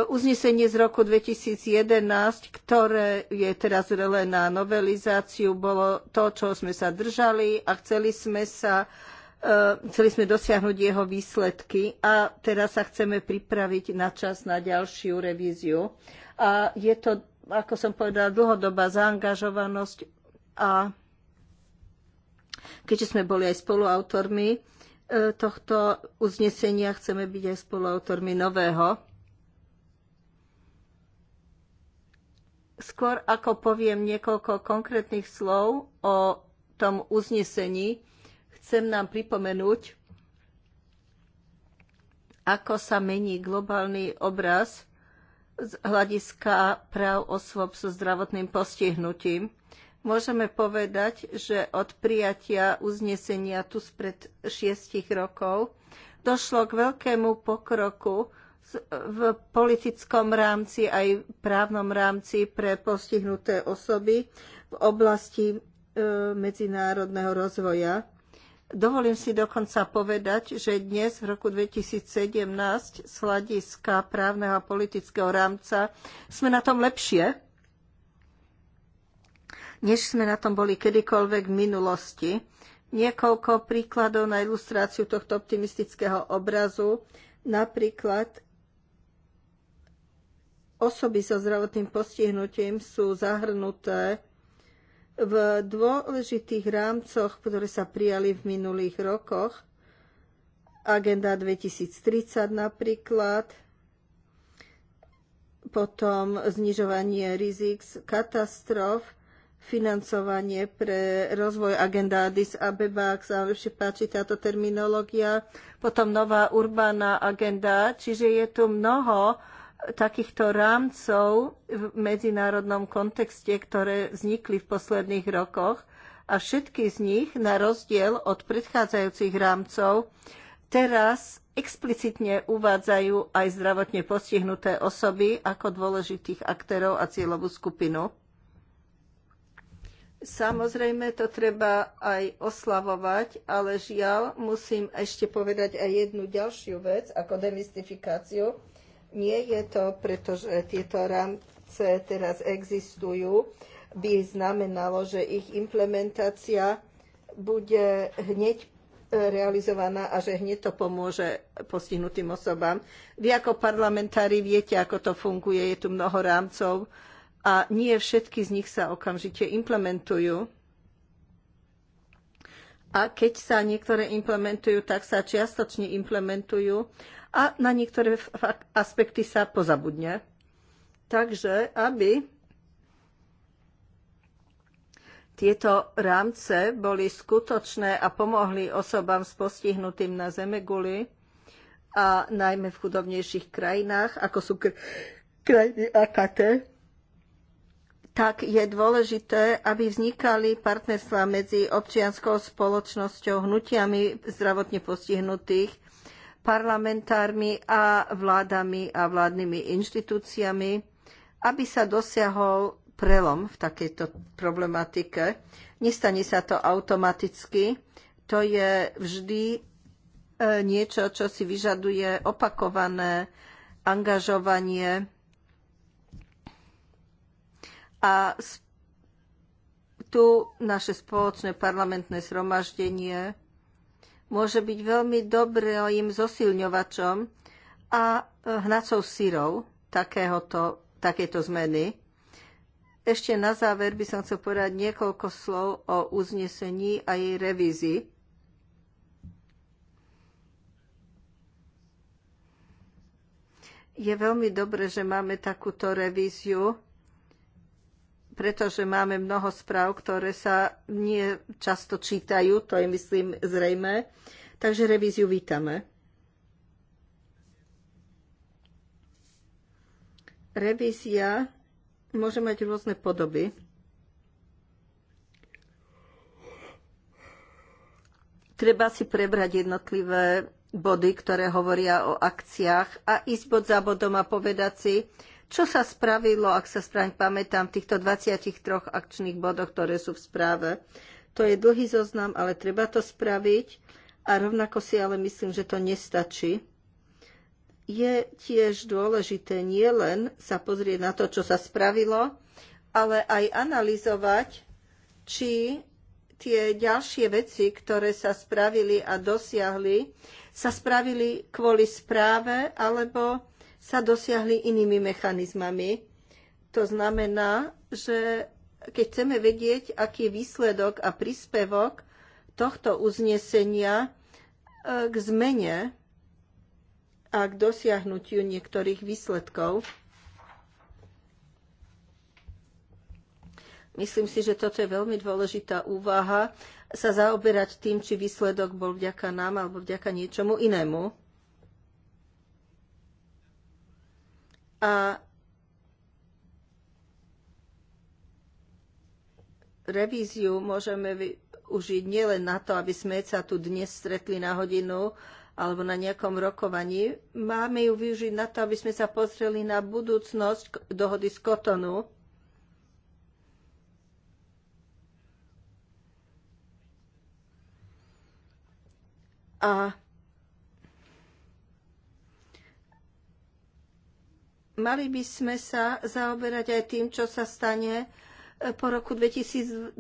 uznesenie z roku 2011, ktoré je teraz zrelé na novelizáciu, bolo to, čo sme sa držali a chceli sme sa e, chceli sme dosiahnuť jeho výsledky a teraz sa chceme pripraviť na čas na ďalšiu revíziu. A je to, ako som povedala, dlhodobá zaangažovanosť a Keďže sme boli aj spoluautormi e, tohto uznesenia, chceme byť aj spoluautormi nového. Skôr ako poviem niekoľko konkrétnych slov o tom uznesení, chcem nám pripomenúť, ako sa mení globálny obraz z hľadiska práv osôb so zdravotným postihnutím. Môžeme povedať, že od prijatia uznesenia tu spred šiestich rokov došlo k veľkému pokroku v politickom rámci aj v právnom rámci pre postihnuté osoby v oblasti e, medzinárodného rozvoja. Dovolím si dokonca povedať, že dnes v roku 2017 z hľadiska právneho a politického rámca sme na tom lepšie, než sme na tom boli kedykoľvek v minulosti. Niekoľko príkladov na ilustráciu tohto optimistického obrazu. Napríklad osoby so zdravotným postihnutím sú zahrnuté v dôležitých rámcoch, ktoré sa prijali v minulých rokoch, Agenda 2030 napríklad, potom znižovanie rizik z katastrof financovanie pre rozvoj agenda Addis Abeba, ak sa vám páči táto terminológia, potom nová urbána agenda, čiže je tu mnoho takýchto rámcov v medzinárodnom kontexte, ktoré vznikli v posledných rokoch a všetky z nich, na rozdiel od predchádzajúcich rámcov, teraz explicitne uvádzajú aj zdravotne postihnuté osoby ako dôležitých aktérov a cieľovú skupinu. Samozrejme, to treba aj oslavovať, ale žiaľ, musím ešte povedať aj jednu ďalšiu vec, ako demystifikáciu. Nie je to, pretože tieto rámce teraz existujú, by znamenalo, že ich implementácia bude hneď e, realizovaná a že hneď to pomôže postihnutým osobám. Vy ako parlamentári viete, ako to funguje, je tu mnoho rámcov, a nie všetky z nich sa okamžite implementujú. A keď sa niektoré implementujú, tak sa čiastočne implementujú a na niektoré aspekty sa pozabudne. Takže, aby tieto rámce boli skutočné a pomohli osobám s postihnutým na Zemeguli a najmä v chudobnejších krajinách, ako sú krajiny AKT, tak je dôležité, aby vznikali partnerstva medzi občianskou spoločnosťou, hnutiami zdravotne postihnutých, parlamentármi a vládami a vládnymi inštitúciami, aby sa dosiahol prelom v takejto problematike. Nestane sa to automaticky, to je vždy e, niečo, čo si vyžaduje opakované angažovanie a tu naše spoločné parlamentné zhromaždenie môže byť veľmi dobrým zosilňovačom a hnacou sírou takéhoto, takéto zmeny. Ešte na záver by som chcel povedať niekoľko slov o uznesení a jej revízii. Je veľmi dobré, že máme takúto revíziu pretože máme mnoho správ, ktoré sa nie často čítajú, to je myslím zrejme, takže revíziu vítame. Revízia môže mať rôzne podoby. Treba si prebrať jednotlivé body, ktoré hovoria o akciách a ísť bod za bodom a povedať si, čo sa spravilo, ak sa správne pamätám, v týchto 23 akčných bodoch, ktoré sú v správe? To je dlhý zoznam, ale treba to spraviť a rovnako si ale myslím, že to nestačí. Je tiež dôležité nielen sa pozrieť na to, čo sa spravilo, ale aj analyzovať, či tie ďalšie veci, ktoré sa spravili a dosiahli, sa spravili kvôli správe alebo sa dosiahli inými mechanizmami. To znamená, že keď chceme vedieť, aký je výsledok a príspevok tohto uznesenia e, k zmene a k dosiahnutiu niektorých výsledkov. Myslím si, že toto je veľmi dôležitá úvaha sa zaoberať tým, či výsledok bol vďaka nám alebo vďaka niečomu inému. A revíziu môžeme užiť nielen na to, aby sme sa tu dnes stretli na hodinu alebo na nejakom rokovaní. Máme ju využiť na to, aby sme sa pozreli na budúcnosť dohody z Kotonu. A Mali by sme sa zaoberať aj tým, čo sa stane e, po roku 2020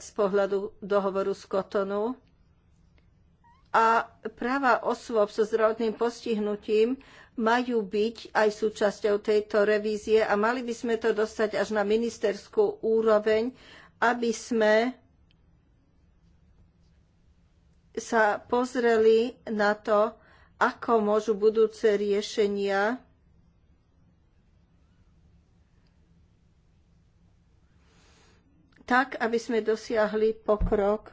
z pohľadu dohovoru z Kotonu a práva osôb so zdravotným postihnutím majú byť aj súčasťou tejto revízie a mali by sme to dostať až na ministerskú úroveň, aby sme sa pozreli na to, ako môžu budúce riešenia tak, aby sme dosiahli pokrok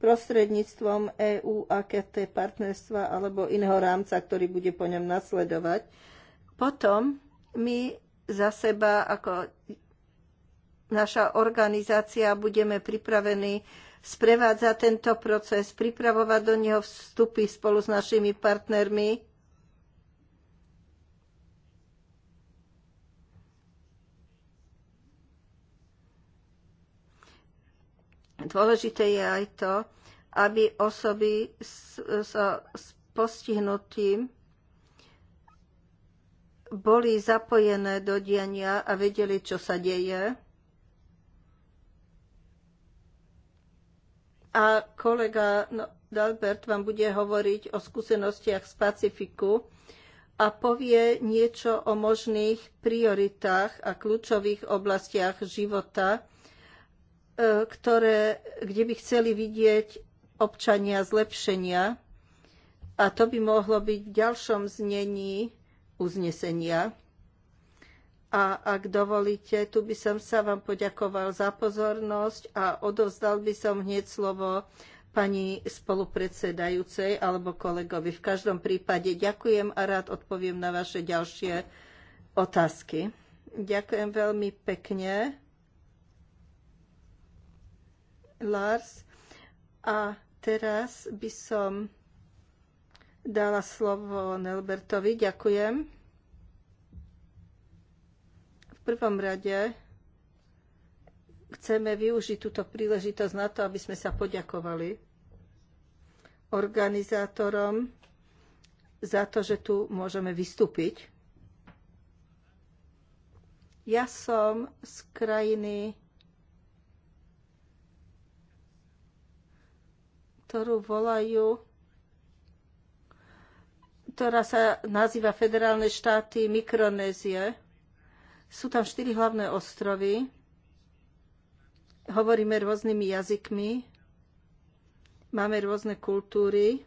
prostredníctvom EÚ a KT partnerstva alebo iného rámca, ktorý bude po ňom nasledovať. Potom my za seba ako naša organizácia budeme pripravení sprevádzať tento proces, pripravovať do neho vstupy spolu s našimi partnermi Dôležité je aj to, aby osoby s, s, s boli zapojené do diania a vedeli, čo sa deje. A kolega no, Dalbert vám bude hovoriť o skúsenostiach z Pacifiku a povie niečo o možných prioritách a kľúčových oblastiach života, E, ktoré, kde by chceli vidieť občania zlepšenia. A to by mohlo byť v ďalšom znení uznesenia. A ak dovolíte, tu by som sa vám poďakoval za pozornosť a odovzdal by som hneď slovo pani spolupredsedajúcej alebo kolegovi. V každom prípade ďakujem a rád odpoviem na vaše ďalšie otázky. Ďakujem veľmi pekne. Lars. A teraz by som dala slovo Nelbertovi. Ďakujem. V prvom rade chceme využiť túto príležitosť na to, aby sme sa poďakovali organizátorom za to, že tu môžeme vystúpiť. Ja som z krajiny ktorú volajú ktorá sa nazýva Federálne štáty Mikronézie. Sú tam štyri hlavné ostrovy. Hovoríme rôznymi jazykmi. Máme rôzne kultúry.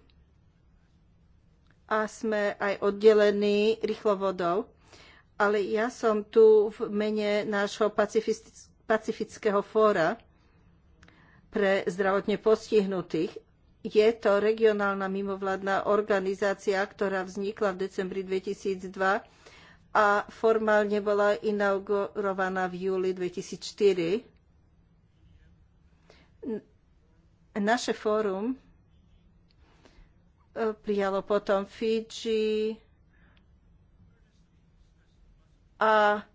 A sme aj oddelení rýchlovodou. Ale ja som tu v mene nášho pacifického fóra pre zdravotne postihnutých je to regionálna mimovládna organizácia, ktorá vznikla v decembri 2002 a formálne bola inaugurovaná v júli 2004. Naše fórum e, prijalo potom Fidži a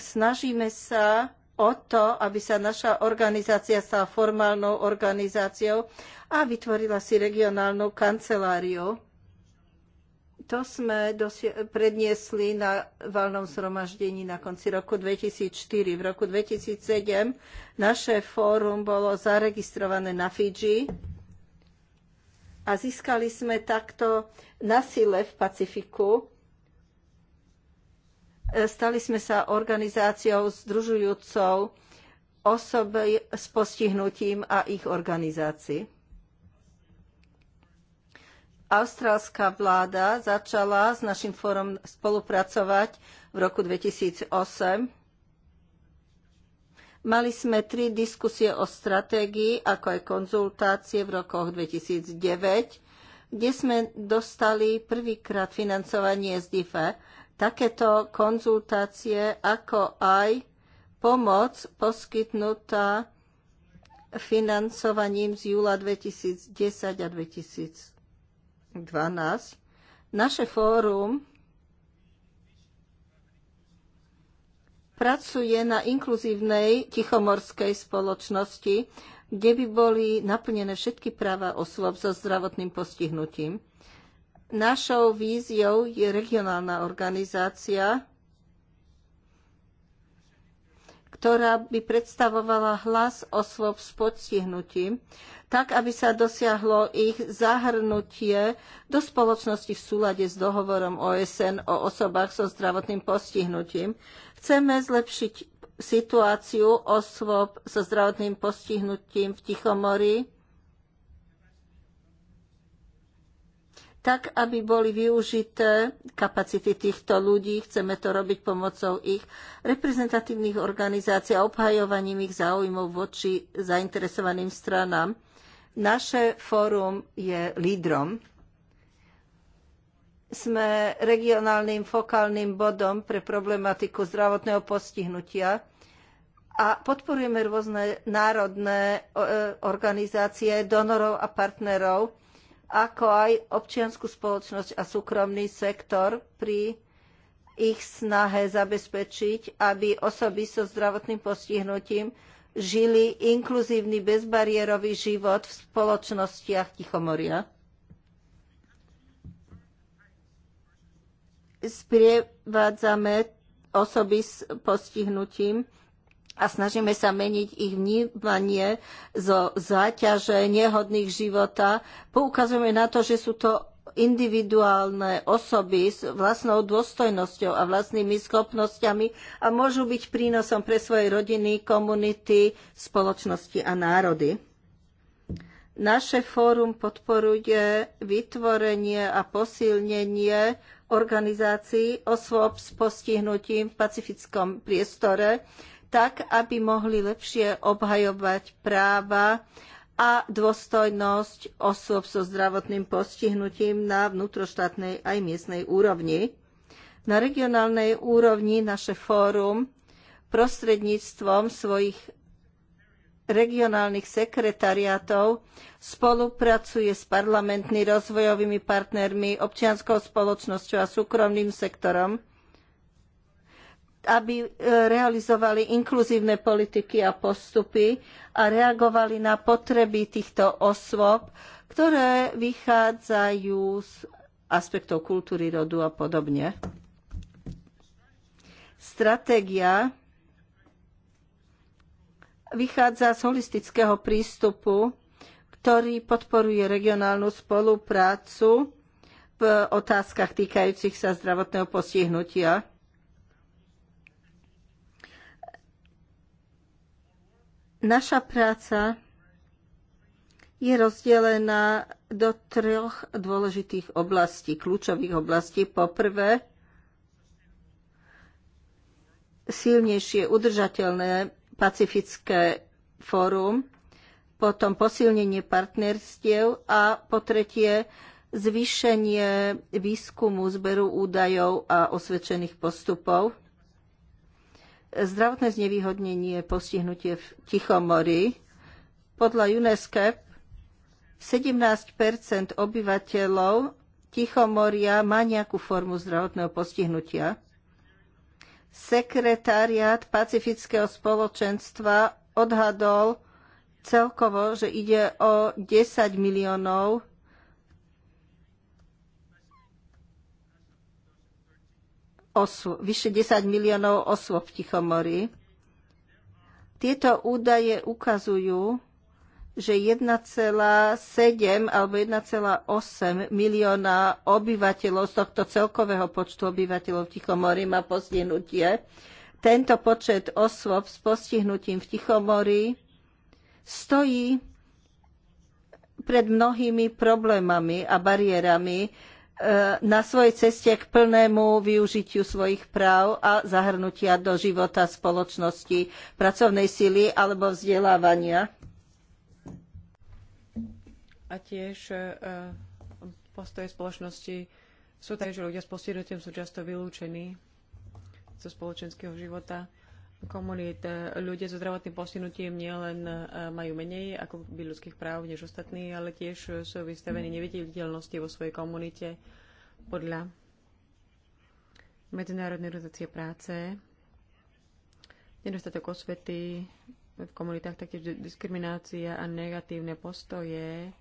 snažíme sa o to, aby sa naša organizácia stala formálnou organizáciou a vytvorila si regionálnu kanceláriu. To sme predniesli na valnom zhromaždení na konci roku 2004. V roku 2007 naše fórum bolo zaregistrované na Fidži a získali sme takto na sile v Pacifiku Stali sme sa organizáciou združujúcou osoby s postihnutím a ich organizácií. Austrálska vláda začala s našim fórom spolupracovať v roku 2008. Mali sme tri diskusie o stratégii, ako aj konzultácie v rokoch 2009, kde sme dostali prvýkrát financovanie z DIFE Takéto konzultácie, ako aj pomoc poskytnutá financovaním z júla 2010 a 2012. Naše fórum pracuje na inkluzívnej tichomorskej spoločnosti, kde by boli naplnené všetky práva osôb so zdravotným postihnutím. Našou víziou je regionálna organizácia, ktorá by predstavovala hlas osôb s postihnutím, tak aby sa dosiahlo ich zahrnutie do spoločnosti v súlade s dohovorom OSN o osobách so zdravotným postihnutím. Chceme zlepšiť situáciu osôb so zdravotným postihnutím v Tichomorí tak, aby boli využité kapacity týchto ľudí. Chceme to robiť pomocou ich reprezentatívnych organizácií a obhajovaním ich záujmov voči zainteresovaným stranám. Naše fórum je lídrom. Sme regionálnym fokálnym bodom pre problematiku zdravotného postihnutia a podporujeme rôzne národné e, organizácie, donorov a partnerov ako aj občianskú spoločnosť a súkromný sektor pri ich snahe zabezpečiť, aby osoby so zdravotným postihnutím žili inkluzívny, bezbariérový život v spoločnostiach Tichomoria. Sprievádzame osoby s postihnutím a snažíme sa meniť ich vnímanie zo záťaže nehodných života. Poukazujeme na to, že sú to individuálne osoby s vlastnou dôstojnosťou a vlastnými schopnosťami a môžu byť prínosom pre svoje rodiny, komunity, spoločnosti a národy. Naše fórum podporuje vytvorenie a posilnenie organizácií osôb s postihnutím v pacifickom priestore, tak aby mohli lepšie obhajovať práva a dôstojnosť osôb so zdravotným postihnutím na vnútroštátnej aj miestnej úrovni. Na regionálnej úrovni naše fórum prostredníctvom svojich regionálnych sekretariátov spolupracuje s parlamentnými rozvojovými partnermi, občianskou spoločnosťou a súkromným sektorom aby e, realizovali inkluzívne politiky a postupy a reagovali na potreby týchto osôb, ktoré vychádzajú z aspektov kultúry, rodu a podobne. Stratégia vychádza z holistického prístupu, ktorý podporuje regionálnu spoluprácu v otázkach týkajúcich sa zdravotného postihnutia Naša práca je rozdelená do troch dôležitých oblastí, kľúčových oblastí. Po prvé, silnejšie udržateľné pacifické fórum, potom posilnenie partnerstiev a po tretie zvýšenie výskumu, zberu údajov a osvedčených postupov zdravotné znevýhodnenie postihnutie v Tichomori. Podľa UNESCO 17 obyvateľov Tichomoria má nejakú formu zdravotného postihnutia. Sekretariat Pacifického spoločenstva odhadol celkovo, že ide o 10 miliónov osôb, vyše 10 miliónov osôb v Tichomori. Tieto údaje ukazujú, že 1,7 alebo 1,8 milióna obyvateľov z tohto celkového počtu obyvateľov v Tichomorí má postihnutie. Tento počet osôb s postihnutím v Tichomori stojí pred mnohými problémami a bariérami, E, na svojej ceste k plnému využitiu svojich práv a zahrnutia do života spoločnosti, pracovnej sily alebo vzdelávania. A tiež e, postoje spoločnosti sú také, že ľudia s postihnutím sú často vylúčení zo spoločenského života komunít. E, ľudia so zdravotným postihnutím nielen e, majú menej ako by ľudských práv než ostatní, ale tiež sú vystavení neviditeľnosti vo svojej komunite podľa Medzinárodnej organizácie práce. Nedostatok osvety v komunitách, taktiež diskriminácia a negatívne postoje,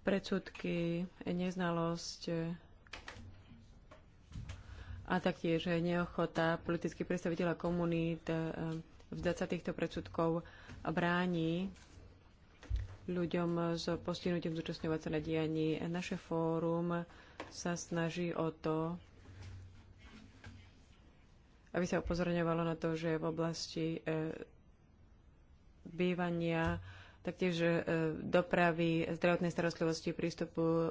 predsudky, neznalosť a taktiež neochota politických predstaviteľov komunít e, vzdať sa týchto predsudkov bráni ľuďom s postihnutím zúčastňovať sa na dianí. Naše fórum sa snaží o to, aby sa upozorňovalo na to, že v oblasti e, bývania taktiež e, dopravy, zdravotnej starostlivosti, prístupu e,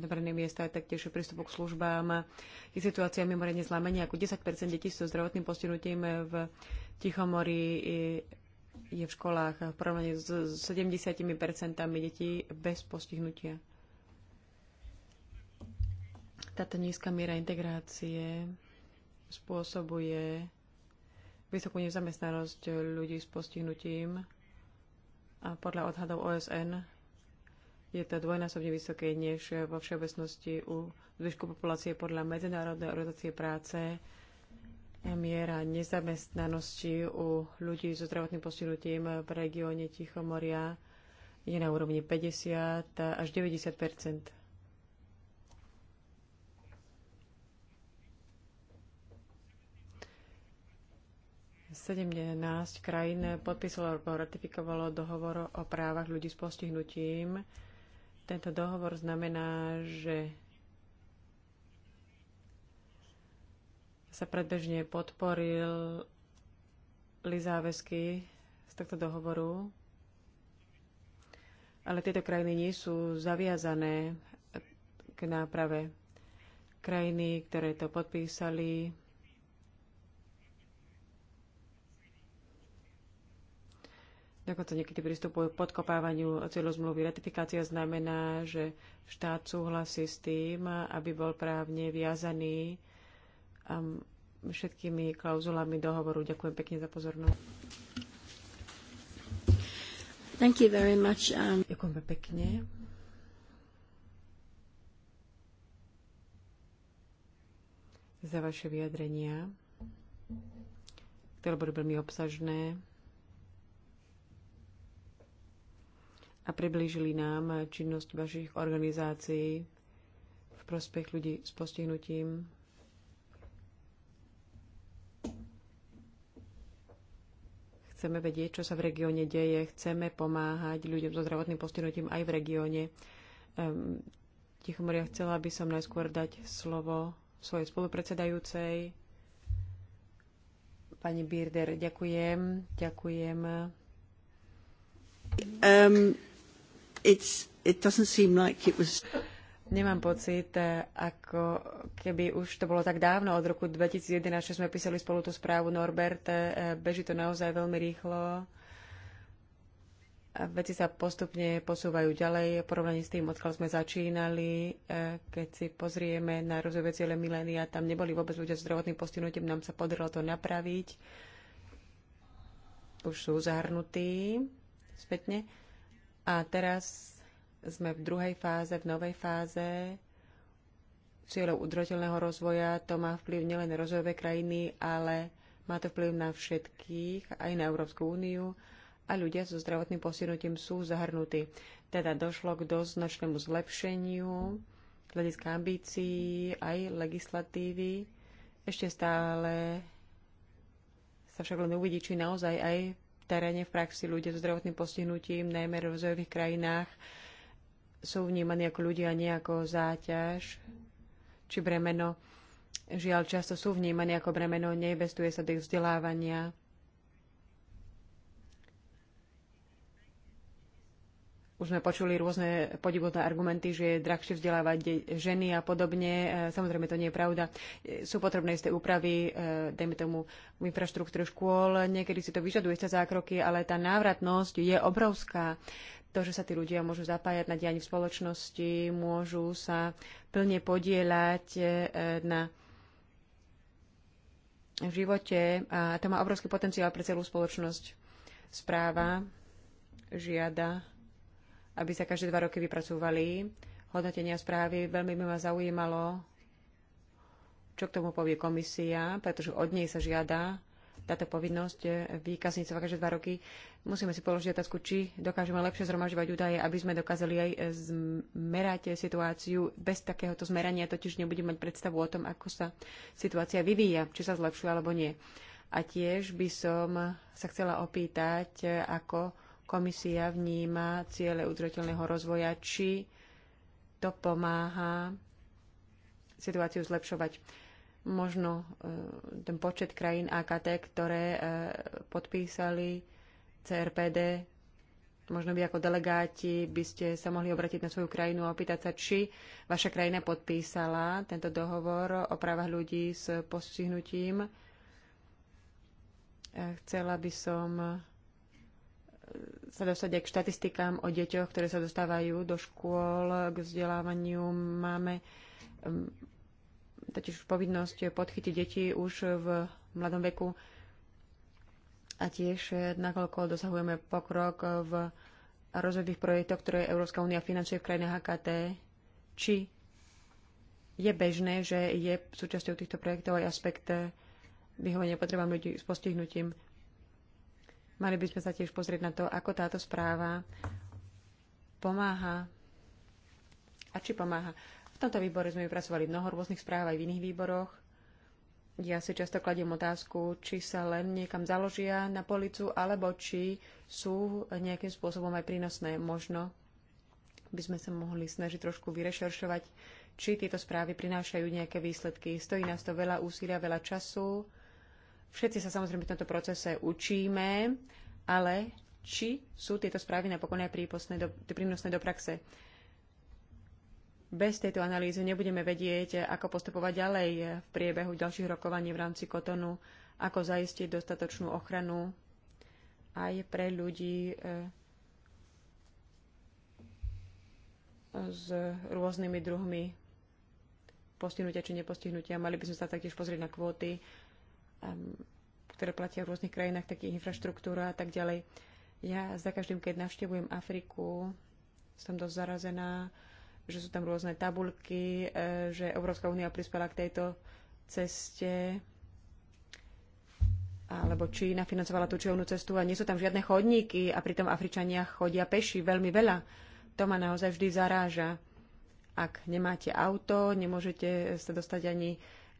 na verejné miesta, taktiež prístupu k službám. Je situácia mimoriadne zlá. ako 10 detí so zdravotným postihnutím v Tichomori je v školách v porovnaní s 70 detí bez postihnutia. Táto nízka miera integrácie spôsobuje vysokú nezamestnanosť ľudí s postihnutím a podľa odhadov OSN je to dvojnásobne vysoké než vo všeobecnosti u zvyšku populácie podľa Medzinárodnej organizácie práce. Miera nezamestnanosti u ľudí so zdravotným postihnutím v regióne Tichomoria je na úrovni 50 až 90 17 krajín podpísalo alebo ratifikovalo dohovor o právach ľudí s postihnutím. Tento dohovor znamená, že sa predbežne podporili záväzky z tohto dohovoru, ale tieto krajiny nie sú zaviazané k náprave. Krajiny, ktoré to podpísali, Dokonca niekedy pristupujú k podkopávaniu cieľu zmluvy. Ratifikácia znamená, že štát súhlasí s tým, aby bol právne viazaný um, všetkými klauzulami dohovoru. Ďakujem pekne za pozornosť. Thank you very much. Um... Ďakujem pekne. za vaše vyjadrenia, ktoré boli veľmi obsažné. a priblížili nám činnosť vašich organizácií v prospech ľudí s postihnutím. Chceme vedieť, čo sa v regióne deje. Chceme pomáhať ľuďom so zdravotným postihnutím aj v regióne. Ehm, Tichomoria, chcela by som najskôr dať slovo svojej spolupredsedajúcej. Pani Birder, ďakujem. Ďakujem. Um, it's, it doesn't seem like it was... Nemám pocit, eh, ako keby už to bolo tak dávno, od roku 2011, čo sme písali spolu tú správu Norbert, eh, beží to naozaj veľmi rýchlo. A veci sa postupne posúvajú ďalej v porovnaní s tým, odkiaľ sme začínali. Eh, keď si pozrieme na rozvoj cieľe milénia, tam neboli vôbec ľudia s zdravotným postihnutím, nám sa podarilo to napraviť. Už sú zahrnutí spätne. A teraz sme v druhej fáze, v novej fáze cieľov udržateľného rozvoja. To má vplyv nielen na rozvojové krajiny, ale má to vplyv na všetkých, aj na Európsku úniu a ľudia so zdravotným postihnutím sú zahrnutí. Teda došlo k dosť značnému zlepšeniu hľadiska ambícií aj legislatívy. Ešte stále sa však len uvidí, či naozaj aj teréne, v praxi ľudia so zdravotným postihnutím, najmä v rozvojových krajinách, sú vnímaní ako ľudia, nie ako záťaž či bremeno. Žiaľ, často sú vnímaní ako bremeno, neinvestuje sa do ich vzdelávania, Už sme počuli rôzne podivodné argumenty, že je drahšie vzdelávať ženy a podobne. E, samozrejme, to nie je pravda. E, sú potrebné isté úpravy, e, dajme tomu, infraštruktúru infraštruktúre škôl. Niekedy si to vyžaduje sa zákroky, ale tá návratnosť je obrovská. To, že sa tí ľudia môžu zapájať na dianí v spoločnosti, môžu sa plne podielať na v živote a to má obrovský potenciál pre celú spoločnosť. Správa žiada aby sa každé dva roky vypracúvali hodnotenia správy. Veľmi by ma zaujímalo, čo k tomu povie komisia, pretože od nej sa žiada táto povinnosť výkazníctva každé dva roky. Musíme si položiť otázku, či dokážeme lepšie zhromažďovať údaje, aby sme dokázali aj zmerať situáciu. Bez takéhoto zmerania totiž nebudeme mať predstavu o tom, ako sa situácia vyvíja, či sa zlepšuje alebo nie. A tiež by som sa chcela opýtať, ako komisia vníma ciele udržateľného rozvoja, či to pomáha situáciu zlepšovať. Možno e, ten počet krajín AKT, ktoré e, podpísali CRPD, možno by ako delegáti by ste sa mohli obratiť na svoju krajinu a opýtať sa, či vaša krajina podpísala tento dohovor o právach ľudí s postihnutím. E, chcela by som sa dostať aj k štatistikám o deťoch, ktoré sa dostávajú do škôl, k vzdelávaniu. Máme um, totiž povinnosť podchytiť deti už v mladom veku a tiež eh, nakoľko dosahujeme pokrok v rozvojových projektoch, ktoré Európska únia financuje v krajinách HKT, či je bežné, že je súčasťou týchto projektov aj aspekt eh, vyhovenia potrebám ľudí s postihnutím. Mali by sme sa tiež pozrieť na to, ako táto správa pomáha a či pomáha. V tomto výbore sme vypracovali mnoho rôznych správ aj v iných výboroch. Ja si často kladiem otázku, či sa len niekam založia na policu, alebo či sú nejakým spôsobom aj prínosné. Možno by sme sa mohli snažiť trošku vyrešeršovať, či tieto správy prinášajú nejaké výsledky. Stojí nás to veľa úsilia, veľa času Všetci sa samozrejme v tomto procese učíme, ale či sú tieto správy napokon aj prínosné do, do praxe. Bez tejto analýzy nebudeme vedieť, ako postupovať ďalej v priebehu ďalších rokovaní v rámci Kotonu, ako zaistiť dostatočnú ochranu aj pre ľudí eh, s rôznymi druhmi postihnutia či nepostihnutia. Mali by sme sa taktiež pozrieť na kvóty ktoré platia v rôznych krajinách, tak infraštruktúra a tak ďalej. Ja za každým, keď navštevujem Afriku, som dosť zarazená, že sú tam rôzne tabulky, e, že Európska únia prispela k tejto ceste, alebo Čína financovala tú čiovnú cestu a nie sú tam žiadne chodníky a pritom Afričania chodia peši veľmi veľa. To ma naozaj vždy zaráža. Ak nemáte auto, nemôžete sa dostať ani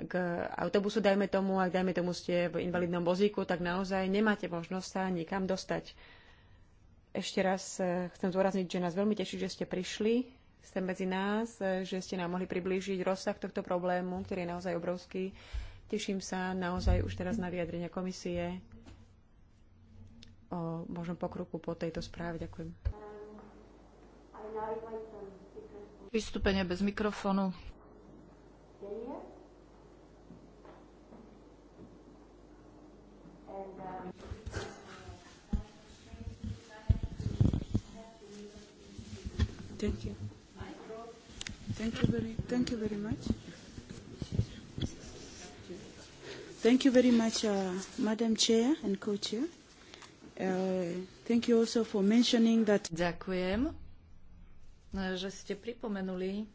k autobusu, dajme tomu, ak dajme tomu ste v invalidnom vozíku, tak naozaj nemáte možnosť sa nikam dostať. Ešte raz e, chcem zdôrazniť, že nás veľmi teší, že ste prišli ste medzi nás, e, že ste nám mohli priblížiť rozsah tohto problému, ktorý je naozaj obrovský. Teším sa naozaj už teraz na vyjadrenie komisie o možnom pokruku po tejto správe. Ďakujem. Vystúpenie bez mikrofónu. Yeah. Thank you. Thank you very, thank you very much. Thank you very much, uh, Madam Chair and Co-Chair. Uh, thank you also for mentioning that. Ďakujem, že ste pripomenuli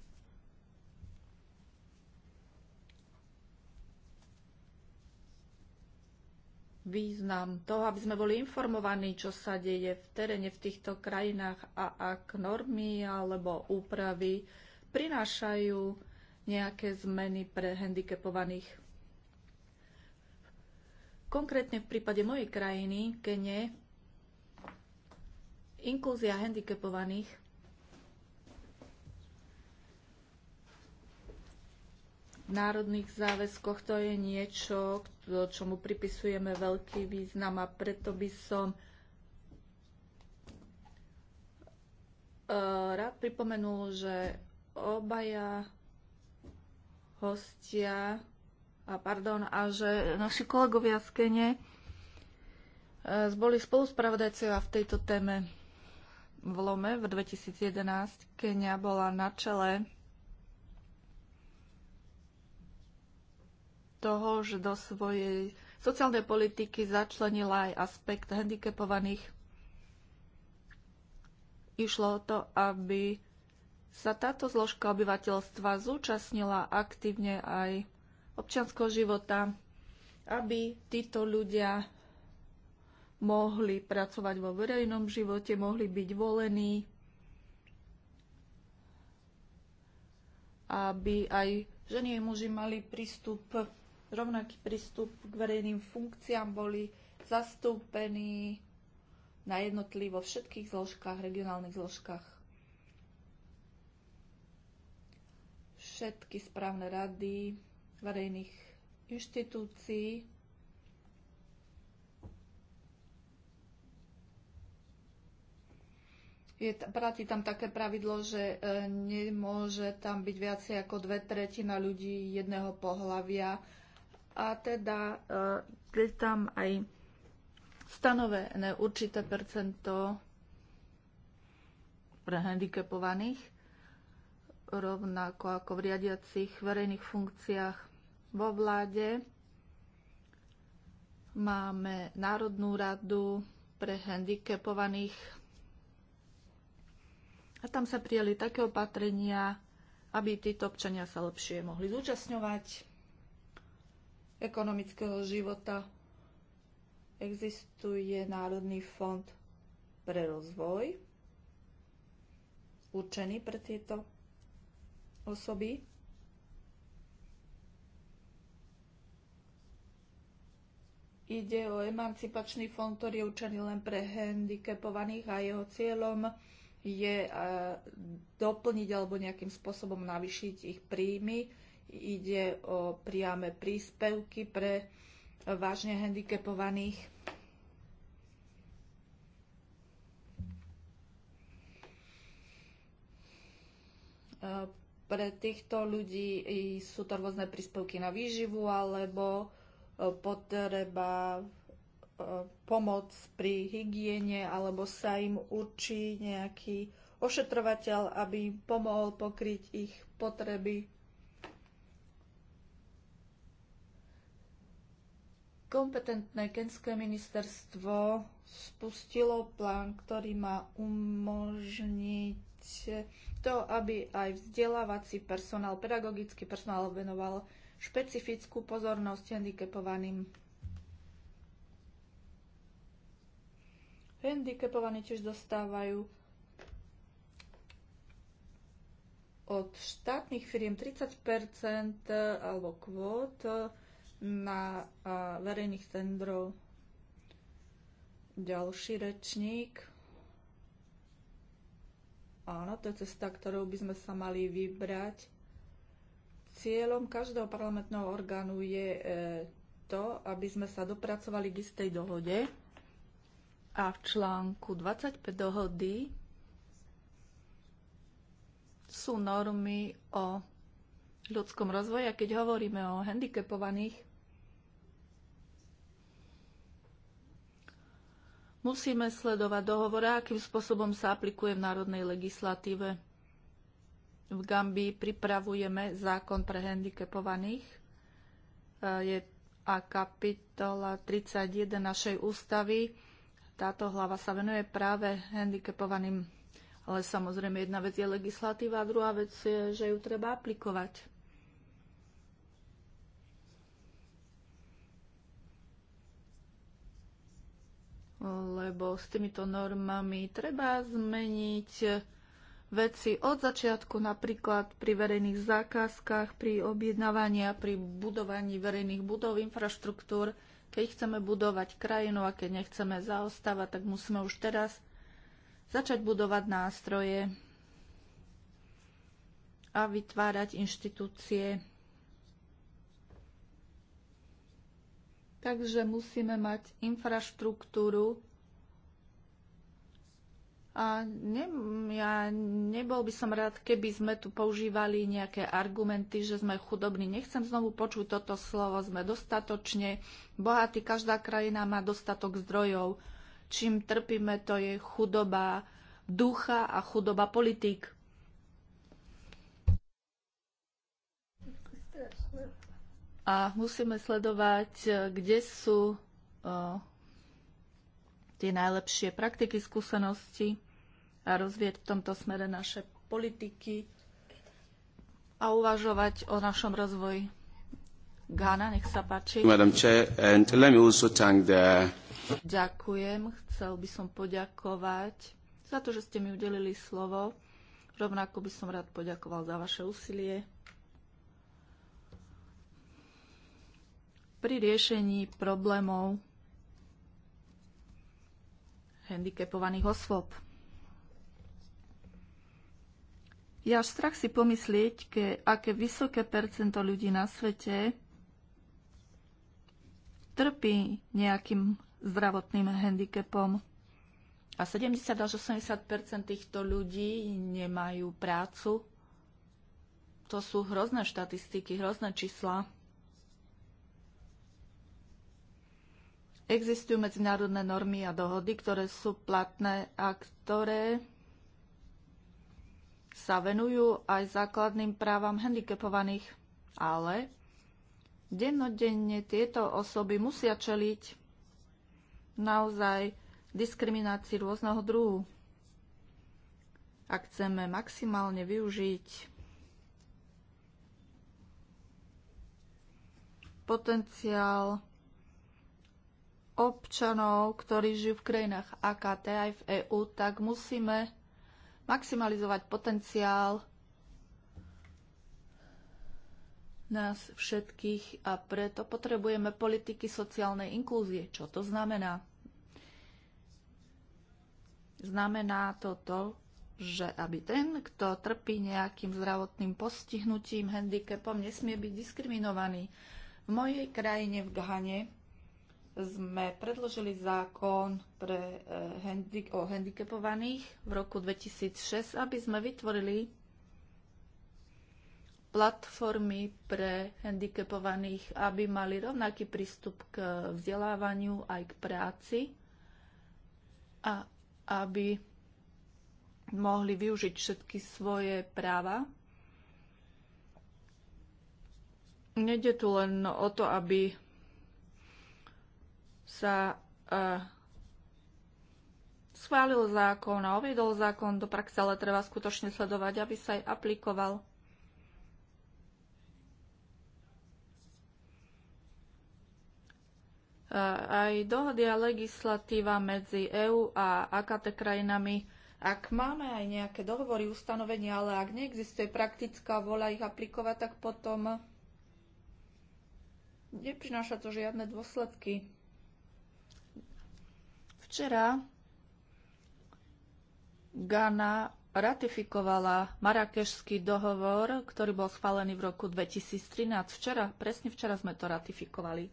význam toho, aby sme boli informovaní, čo sa deje v teréne v týchto krajinách a ak normy alebo úpravy prinášajú nejaké zmeny pre handicapovaných. Konkrétne v prípade mojej krajiny, Kene, inklúzia handicapovaných národných záväzkoch, to je niečo, čomu pripisujeme veľký význam a preto by som e, rád pripomenul, že obaja hostia a, pardon, a že naši kolegovia z Kene e, boli spoluspravodajcovia v tejto téme v Lome v 2011. Kenia bola na čele toho, že do svojej sociálnej politiky začlenila aj aspekt handicapovaných. Išlo o to, aby sa táto zložka obyvateľstva zúčastnila aktívne aj občianského života, aby títo ľudia mohli pracovať vo verejnom živote, mohli byť volení, aby aj ženy a muži mali prístup rovnaký prístup k verejným funkciám, boli zastúpení na jednotlivo všetkých zložkách, regionálnych zložkách. Všetky správne rady verejných inštitúcií Je platí tam také pravidlo, že e, nemôže tam byť viacej ako dve tretina ľudí jedného pohľavia a teda je tam aj stanovené určité percento pre handicapovaných, rovnako ako v riadiacich verejných funkciách vo vláde. Máme Národnú radu pre handicapovaných a tam sa prijali také opatrenia, aby títo občania sa lepšie mohli zúčastňovať ekonomického života. Existuje Národný fond pre rozvoj, určený pre tieto osoby. Ide o emancipačný fond, ktorý je určený len pre handicapovaných a jeho cieľom je eh, doplniť alebo nejakým spôsobom navyšiť ich príjmy Ide o priame príspevky pre vážne handicapovaných. E, pre týchto ľudí sú to rôzne príspevky na výživu alebo e, potreba e, pomoc pri hygiene alebo sa im určí nejaký ošetrovateľ, aby pomohol pokryť ich potreby Kompetentné kenské ministerstvo spustilo plán, ktorý má umožniť to, aby aj vzdelávací personál, pedagogický personál venoval špecifickú pozornosť handicapovaným. Handicapovaní tiež dostávajú od štátnych firiem 30 eh, alebo kvót eh, na verejných tendrov. Ďalší rečník. Áno, to je cesta, ktorou by sme sa mali vybrať. Cieľom každého parlamentného orgánu je e, to, aby sme sa dopracovali k istej dohode. A v článku 25 dohody sú normy o ľudskom rozvoji a keď hovoríme o handicapovaných, Musíme sledovať dohovor akým spôsobom sa aplikuje v národnej legislatíve. V Gambii pripravujeme zákon pre handicapovaných. E, je a kapitola 31 našej ústavy. Táto hlava sa venuje práve handicapovaným. Ale samozrejme jedna vec je legislatíva a druhá vec je, že ju treba aplikovať. lebo s týmito normami treba zmeniť veci od začiatku, napríklad pri verejných zákazkách, pri objednávaní a pri budovaní verejných budov, infraštruktúr. Keď chceme budovať krajinu a keď nechceme zaostávať, tak musíme už teraz začať budovať nástroje a vytvárať inštitúcie Takže musíme mať infraštruktúru a ne, ja nebol by som rád, keby sme tu používali nejaké argumenty, že sme chudobní. Nechcem znovu počuť toto slovo. Sme dostatočne bohatí, každá krajina má dostatok zdrojov. Čím trpíme, to je chudoba ducha a chudoba politik a musíme sledovať, e, kde sú e, tie najlepšie praktiky, skúsenosti a rozvieť v tomto smere naše politiky a uvažovať o našom rozvoji. Ghana, nech sa páči. Madam Chair, and let me also thank the... Ďakujem. Chcel by som poďakovať za to, že ste mi udelili slovo. Rovnako by som rád poďakoval za vaše úsilie pri riešení problémov handicapovaných osôb. Je až strach si pomyslieť, ke, aké vysoké percento ľudí na svete trpí nejakým zdravotným handicapom. A 70 až 80 týchto ľudí nemajú prácu. To sú hrozné štatistiky, hrozné čísla. Existujú medzinárodné normy a dohody, ktoré sú platné a ktoré sa venujú aj základným právam handicapovaných, ale dennodenne tieto osoby musia čeliť naozaj diskriminácii rôzneho druhu. Ak chceme maximálne využiť potenciál občanov, ktorí žijú v krajinách AKT aj v EÚ, tak musíme maximalizovať potenciál nás všetkých a preto potrebujeme politiky sociálnej inklúzie. Čo to znamená? Znamená to to, že aby ten, kto trpí nejakým zdravotným postihnutím, handicapom, nesmie byť diskriminovaný. V mojej krajine v Ghane sme predložili zákon pre e, handi- o handicapovaných v roku 2006, aby sme vytvorili platformy pre handicapovaných, aby mali rovnaký prístup k vzdelávaniu aj k práci a aby mohli využiť všetky svoje práva. Nede tu len o to, aby sa uh, schválil zákon a uviedol zákon do praxe, ale treba skutočne sledovať, aby sa aj aplikoval. E, aj dohody a legislatíva medzi EÚ a AKT krajinami, ak máme aj nejaké dohovory, ustanovenia, ale ak neexistuje praktická vola ich aplikovať, tak potom neprináša to žiadne dôsledky. Včera Ghana ratifikovala marakešský dohovor, ktorý bol schválený v roku 2013. Včera, presne včera sme to ratifikovali.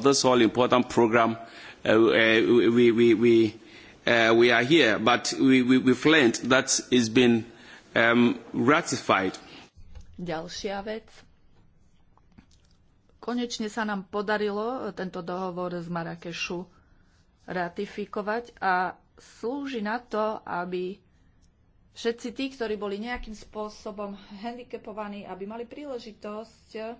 This all important program, uh, uh, we, we, we, uh, we are here, but we, we, we've learned that it's been um, ratified. Ďalšia vec. Konečne sa nám podarilo e, tento dohovor z Marrakešu ratifikovať a slúži na to, aby všetci tí, ktorí boli nejakým spôsobom handicapovaní, aby mali príležitosť e,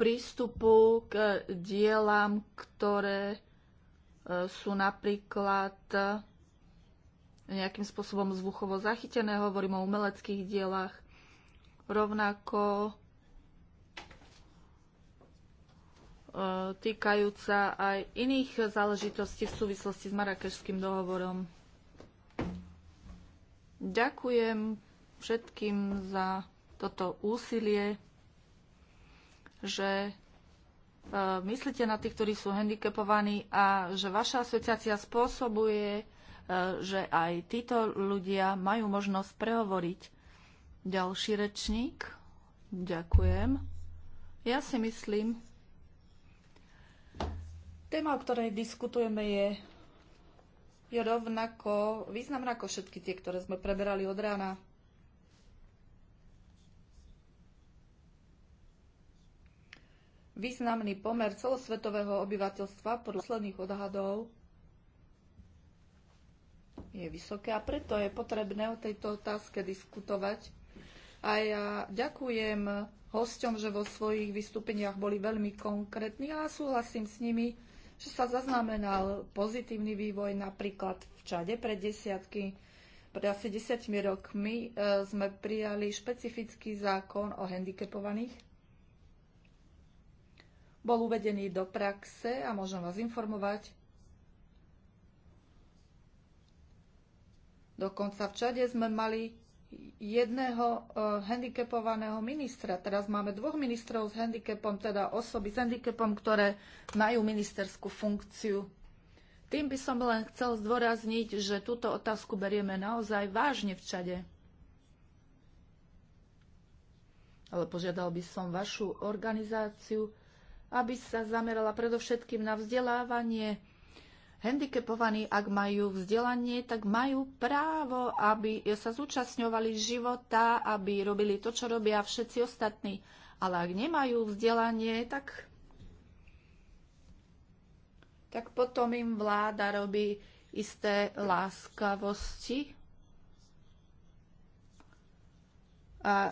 prístupu k dielam, ktoré e, sú napríklad nejakým spôsobom zvuchovo zachytené, hovorím o umeleckých dielach. Rovnako e, týkajúca aj iných záležitostí v súvislosti s marakežským dohovorom. Ďakujem všetkým za toto úsilie, že e, myslíte na tých, ktorí sú handicapovaní a že vaša asociácia spôsobuje že aj títo ľudia majú možnosť prehovoriť. Ďalší rečník. Ďakujem. Ja si myslím, téma, o ktorej diskutujeme, je, je rovnako významná ako všetky tie, ktoré sme preberali od rána. Významný pomer celosvetového obyvateľstva podľa posledných odhadov je vysoké a preto je potrebné o tejto otázke diskutovať. A ja ďakujem hosťom, že vo svojich vystúpeniach boli veľmi konkrétni a súhlasím s nimi, že sa zaznamenal pozitívny vývoj napríklad v Čade pred desiatky pred asi desiatimi rokmi e, sme prijali špecifický zákon o handicapovaných. Bol uvedený do praxe a môžem vás informovať, Dokonca v čade sme mali jedného e, handicapovaného ministra. Teraz máme dvoch ministrov s handicapom, teda osoby s handicapom, ktoré majú ministerskú funkciu. Tým by som len chcel zdôrazniť, že túto otázku berieme naozaj vážne včade. Ale požiadal by som vašu organizáciu, aby sa zamerala predovšetkým na vzdelávanie handicapovaní, ak majú vzdelanie, tak majú právo, aby sa zúčastňovali života, aby robili to, čo robia všetci ostatní. Ale ak nemajú vzdelanie, tak, tak potom im vláda robí isté láskavosti a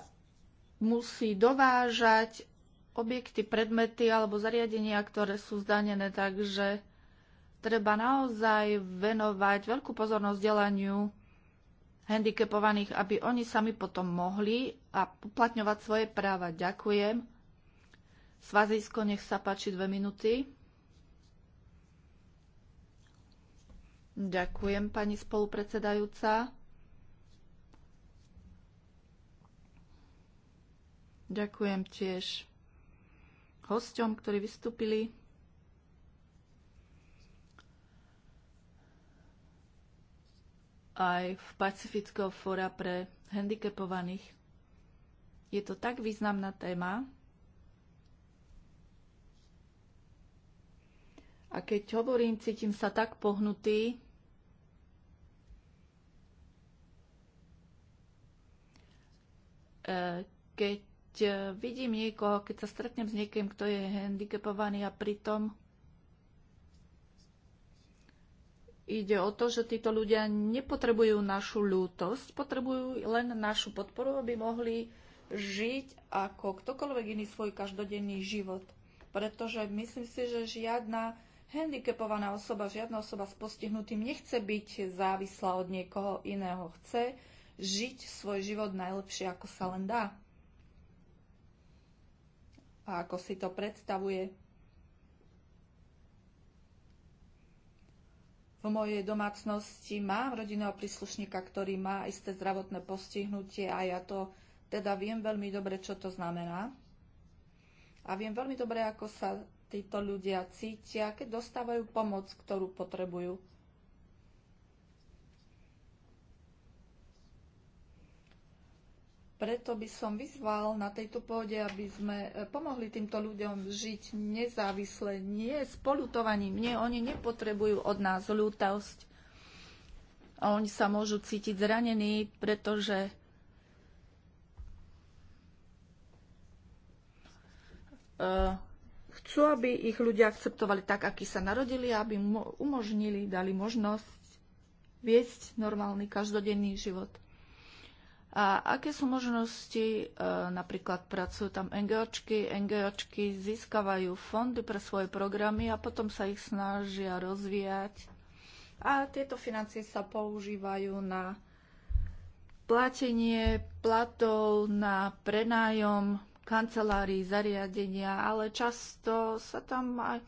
musí dovážať objekty, predmety alebo zariadenia, ktoré sú zdanené, takže treba naozaj venovať veľkú pozornosť delaniu handicapovaných, aby oni sami potom mohli a uplatňovať svoje práva. Ďakujem. Svazisko, nech sa páči dve minúty. Ďakujem, pani spolupredsedajúca. Ďakujem tiež hosťom, ktorí vystúpili. aj v Pacifického fóra pre handicapovaných. Je to tak významná téma. A keď hovorím, cítim sa tak pohnutý, eh, keď eh, vidím niekoho, keď sa stretnem s niekým, kto je handicapovaný a pritom Ide o to, že títo ľudia nepotrebujú našu ľútosť, potrebujú len našu podporu, aby mohli žiť ako ktokoľvek iný svoj každodenný život. Pretože myslím si, že žiadna handicapovaná osoba, žiadna osoba s postihnutým nechce byť závislá od niekoho iného. Chce žiť svoj život najlepšie, ako sa len dá. A ako si to predstavuje. V mojej domácnosti mám rodinného príslušníka, ktorý má isté zdravotné postihnutie a ja to teda viem veľmi dobre, čo to znamená. A viem veľmi dobre, ako sa títo ľudia cítia, keď dostávajú pomoc, ktorú potrebujú. Preto by som vyzval na tejto pôde, aby sme e, pomohli týmto ľuďom žiť nezávisle, nie s polutovaním. Nie, oni nepotrebujú od nás ľútosť. A oni sa môžu cítiť zranení, pretože e, chcú, aby ich ľudia akceptovali tak, akí sa narodili, aby umožnili, dali možnosť viesť normálny každodenný život. A aké sú možnosti, e, napríklad pracujú tam NGOčky, NGOčky získavajú fondy pre svoje programy a potom sa ich snažia rozvíjať. A tieto financie sa používajú na platenie platov, na prenájom kancelárií, zariadenia, ale často sa tam aj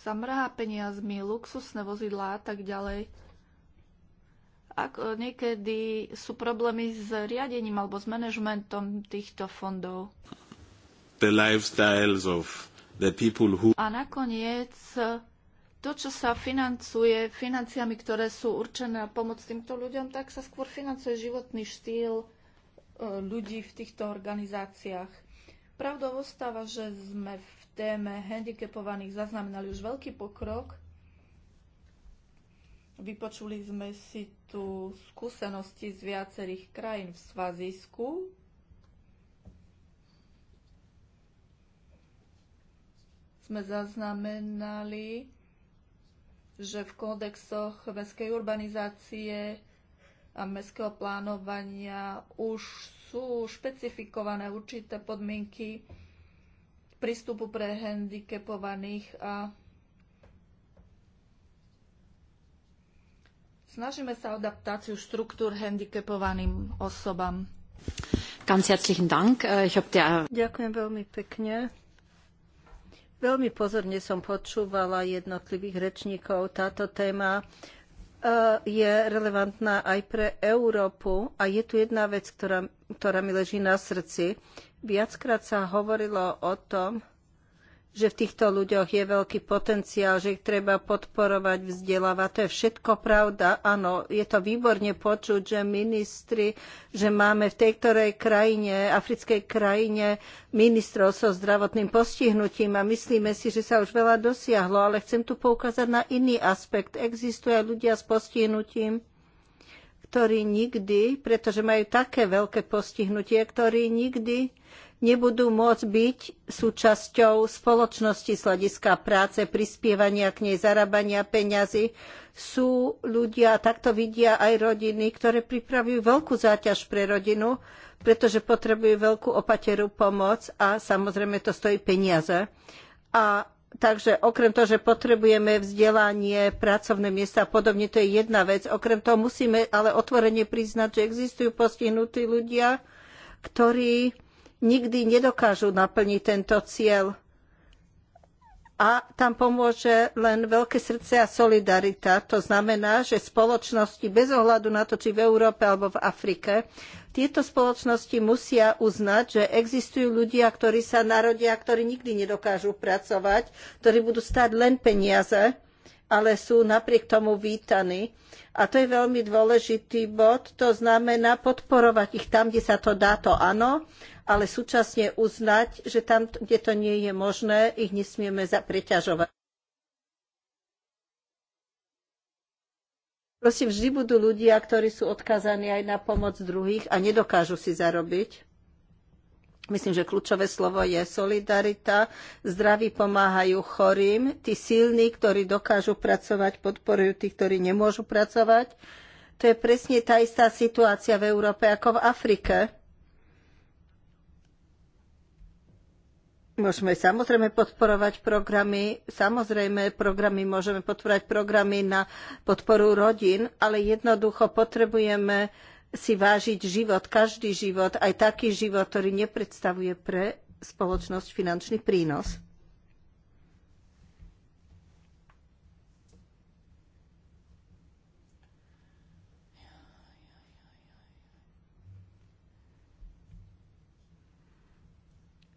sa mrhá peniazmi, luxusné vozidlá a tak ďalej. Ak e, niekedy sú problémy s riadením alebo s manažmentom týchto fondov. The lifestyles of the people who... A nakoniec e, to, čo sa financuje financiami, ktoré sú určené na pomoc týmto ľuďom, tak sa skôr financuje životný štýl e, ľudí v týchto organizáciách. Pravdou ostáva, že sme v téme handicapovaných zaznamenali už veľký pokrok, Vypočuli sme si tu skúsenosti z viacerých krajín v Svazisku. Sme zaznamenali, že v kódexoch mestskej urbanizácie a mestského plánovania už sú špecifikované určité podmienky prístupu pre handicapovaných a Snažíme sa o adaptáciu štruktúr handicapovaným osobám. Ganz herzlichen Dank. Äh, ich hab der... Ďakujem veľmi pekne. Veľmi pozorne som počúvala jednotlivých rečníkov. Táto téma äh, je relevantná aj pre Európu a je tu jedna vec, ktorá, ktorá mi leží na srdci. Viackrát sa hovorilo o tom, že v týchto ľuďoch je veľký potenciál, že ich treba podporovať, vzdelávať. To je všetko pravda. Áno, je to výborne počuť, že ministri, že máme v tej ktorej krajine, africkej krajine, ministrov so zdravotným postihnutím a myslíme si, že sa už veľa dosiahlo, ale chcem tu poukázať na iný aspekt. Existujú aj ľudia s postihnutím, ktorí nikdy, pretože majú také veľké postihnutie, ktorí nikdy nebudú môcť byť súčasťou spoločnosti z hľadiska práce, prispievania k nej, zarábania peňazí. Sú ľudia, takto vidia aj rodiny, ktoré pripravujú veľkú záťaž pre rodinu, pretože potrebujú veľkú opateru pomoc a samozrejme to stojí peniaze. A Takže okrem toho, že potrebujeme vzdelanie, pracovné miesta a podobne, to je jedna vec. Okrem toho musíme ale otvorene priznať, že existujú postihnutí ľudia, ktorí nikdy nedokážu naplniť tento cieľ. A tam pomôže len veľké srdce a solidarita. To znamená, že spoločnosti bez ohľadu na to, či v Európe alebo v Afrike, tieto spoločnosti musia uznať, že existujú ľudia, ktorí sa narodia, ktorí nikdy nedokážu pracovať, ktorí budú stať len peniaze, ale sú napriek tomu vítaní. A to je veľmi dôležitý bod. To znamená podporovať ich tam, kde sa to dá, to áno, ale súčasne uznať, že tam, kde to nie je možné, ich nesmieme preťažovať. Prosím, vždy budú ľudia, ktorí sú odkazaní aj na pomoc druhých a nedokážu si zarobiť. Myslím, že kľúčové slovo je solidarita. Zdraví pomáhajú chorým. Tí silní, ktorí dokážu pracovať, podporujú tých, ktorí nemôžu pracovať. To je presne tá istá situácia v Európe ako v Afrike Môžeme samozrejme podporovať programy, samozrejme programy, môžeme podporovať programy na podporu rodín, ale jednoducho potrebujeme si vážiť život, každý život, aj taký život, ktorý nepredstavuje pre spoločnosť finančný prínos.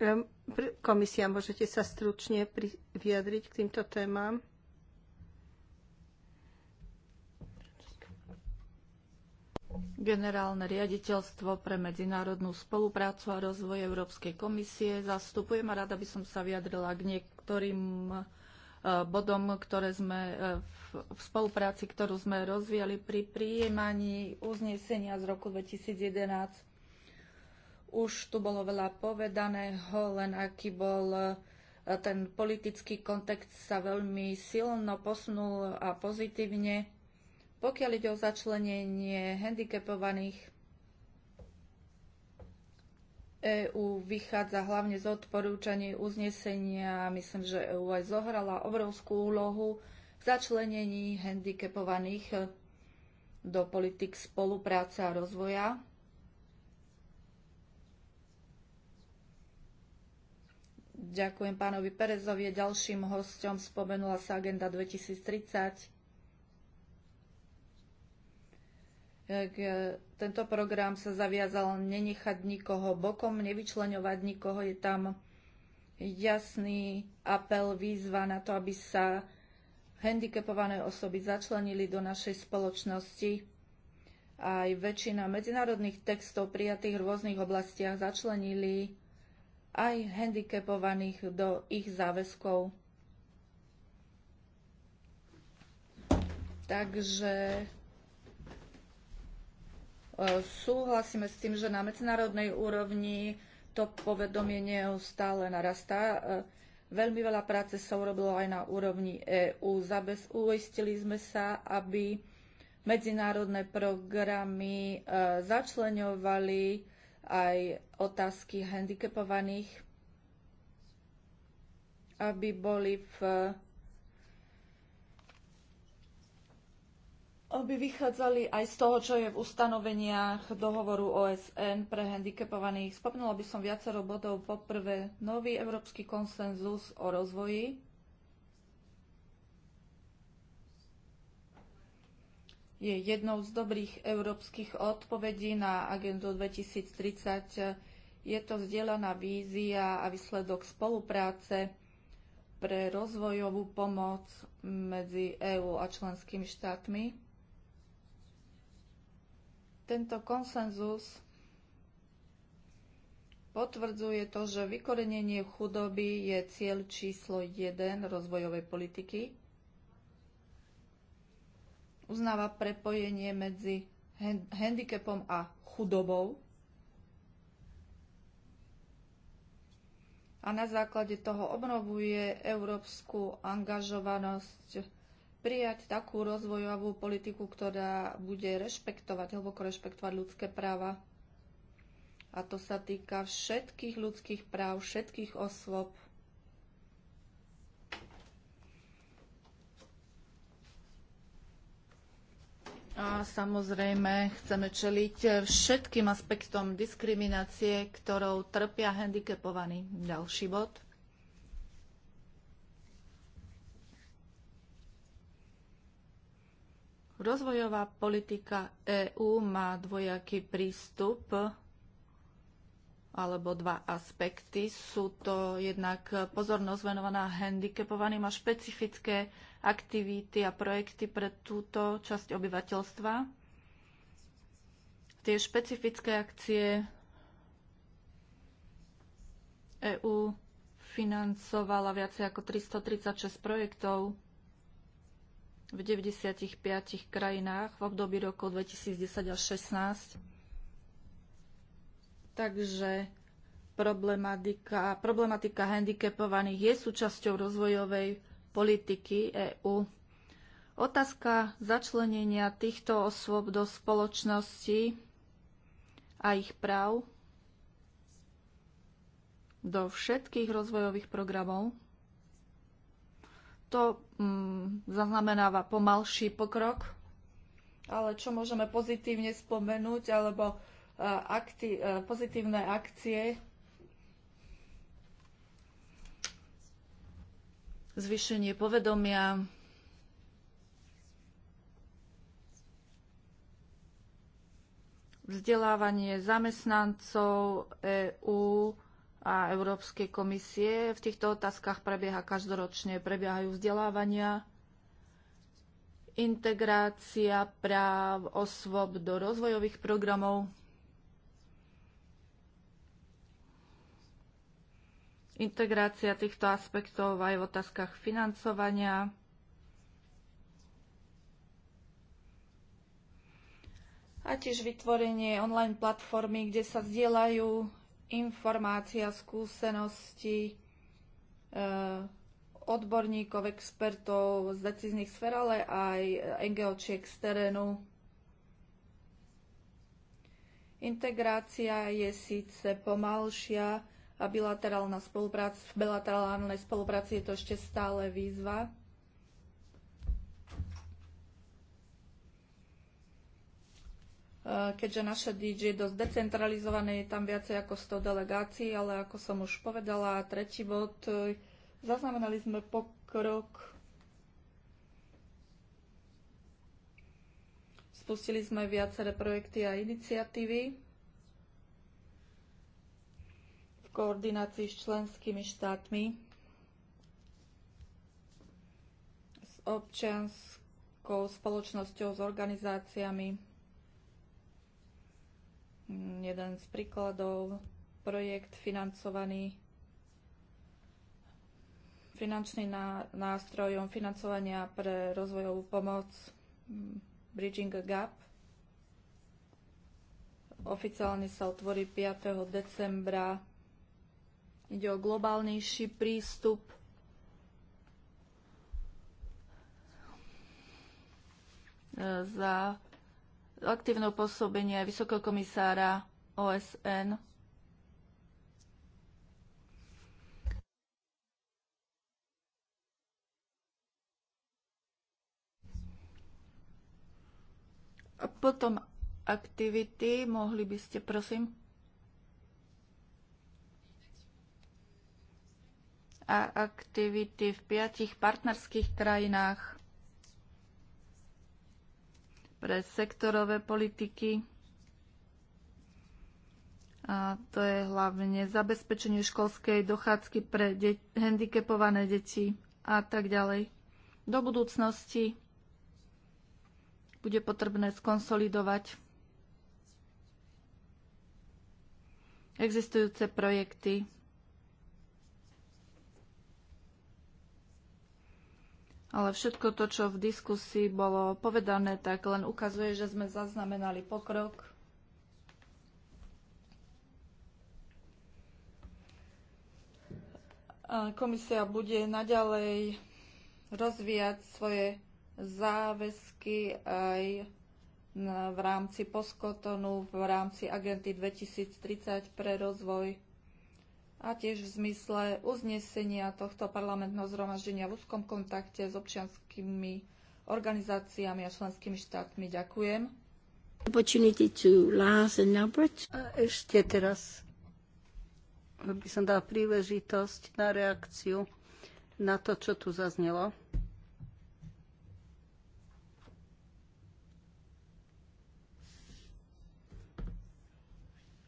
Um, komisia, môžete sa stručne vyjadriť k týmto témam? Generálne riaditeľstvo pre medzinárodnú spoluprácu a rozvoj Európskej komisie. Zastupujem a rada by som sa vyjadrila k niektorým e, bodom, ktoré sme e, v spolupráci, ktorú sme rozvíjali pri prijímaní uznesenia z roku 2011 už tu bolo veľa povedaného, len aký bol e, ten politický kontext sa veľmi silno posunul a pozitívne. Pokiaľ ide o začlenenie handicapovaných, EÚ vychádza hlavne z odporúčaní uznesenia. Myslím, že EÚ aj zohrala obrovskú úlohu v začlenení handicapovaných do politik spolupráce a rozvoja. Ďakujem pánovi Perezovi. Ďalším hostom spomenula sa agenda 2030. Tento program sa zaviazal nenechať nikoho bokom, nevyčleňovať nikoho. Je tam jasný apel, výzva na to, aby sa handicapované osoby začlenili do našej spoločnosti. Aj väčšina medzinárodných textov prijatých v rôznych oblastiach začlenili aj handicapovaných do ich záväzkov. Takže e, súhlasíme s tým, že na medzinárodnej úrovni to povedomie neustále narastá. E, veľmi veľa práce sa urobilo aj na úrovni EÚ. Uistili sme sa, aby medzinárodné programy e, začleňovali aj otázky handicapovaných, aby boli v aby vychádzali aj z toho, čo je v ustanoveniach dohovoru OSN pre handicapovaných. Spomnula by som viacero bodov. Poprvé, nový európsky konsenzus o rozvoji. je jednou z dobrých európskych odpovedí na agendu 2030. Je to vzdielaná vízia a výsledok spolupráce pre rozvojovú pomoc medzi EÚ a členskými štátmi. Tento konsenzus potvrdzuje to, že vykorenenie chudoby je cieľ číslo 1 rozvojovej politiky uznáva prepojenie medzi handicapom a chudobou. A na základe toho obnovuje európsku angažovanosť prijať takú rozvojovú politiku, ktorá bude rešpektovať, hlboko rešpektovať ľudské práva. A to sa týka všetkých ľudských práv, všetkých osôb, A samozrejme chceme čeliť všetkým aspektom diskriminácie, ktorou trpia handicapovaní. Ďalší bod. Rozvojová politika EÚ má dvojaký prístup alebo dva aspekty. Sú to jednak pozornosť venovaná handicapovaným a špecifické aktivity a projekty pre túto časť obyvateľstva. Tie špecifické akcie EÚ financovala viacej ako 336 projektov v 95 krajinách v období rokov 2010 až 2016. Takže problematika, problematika handicapovaných je súčasťou rozvojovej politiky EÚ. Otázka začlenenia týchto osôb do spoločnosti a ich práv do všetkých rozvojových programov. To mm, zaznamenáva pomalší pokrok, ale čo môžeme pozitívne spomenúť, alebo e, akti- e, pozitívne akcie zvýšenie povedomia. vzdelávanie zamestnancov EÚ a Európskej komisie. V týchto otázkach prebieha každoročne, prebiehajú vzdelávania, integrácia práv osôb do rozvojových programov integrácia týchto aspektov aj v otázkach financovania. A tiež vytvorenie online platformy, kde sa zdieľajú informácia, skúsenosti, e, odborníkov, expertov z decíznych sfer, ale aj NGOčiek z terénu. Integrácia je síce pomalšia, a bilaterálna spolupráca, v bilaterálnej spolupráci je to ešte stále výzva. E, keďže naša DJ je dosť decentralizované, je tam viacej ako 100 delegácií, ale ako som už povedala, tretí bod, e, zaznamenali sme pokrok Spustili sme viaceré projekty a iniciatívy. koordinácii s členskými štátmi, s občianskou spoločnosťou, s organizáciami. Mm, jeden z príkladov, projekt financovaný finančným nástrojom financovania pre rozvojovú pomoc mm, Bridging a Gap. Oficiálne sa otvorí 5. decembra Ide o globálnejší prístup. za aktívne pôsobenie vysokého komisára OSN A potom aktivity, mohli by ste, prosím. a aktivity v piatich partnerských krajinách pre sektorové politiky. A to je hlavne zabezpečenie školskej dochádzky pre de- handicapované deti a tak ďalej. Do budúcnosti bude potrebné skonsolidovať existujúce projekty Ale všetko to, čo v diskusii bolo povedané, tak len ukazuje, že sme zaznamenali pokrok. Komisia bude naďalej rozvíjať svoje záväzky aj v rámci Poskotonu, v rámci agenty 2030 pre rozvoj a tiež v zmysle uznesenia tohto parlamentného zhromaždenia v úzkom kontakte s občianskými organizáciami a členskými štátmi. Ďakujem. A ešte teraz by som dala príležitosť na reakciu na to, čo tu zaznelo.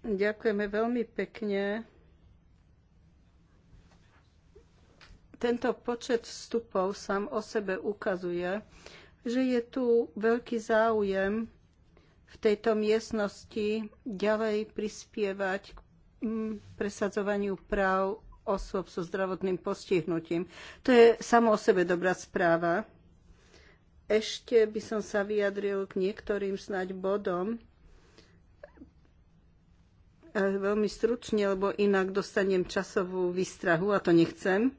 Ďakujeme veľmi pekne. Tento počet vstupov sám o sebe ukazuje, že je tu veľký záujem v tejto miestnosti ďalej prispievať k mm, presadzovaniu práv osôb so zdravotným postihnutím. To je samo o sebe dobrá správa. Ešte by som sa vyjadril k niektorým snáď bodom, e, veľmi stručne, lebo inak dostanem časovú výstrahu a to nechcem.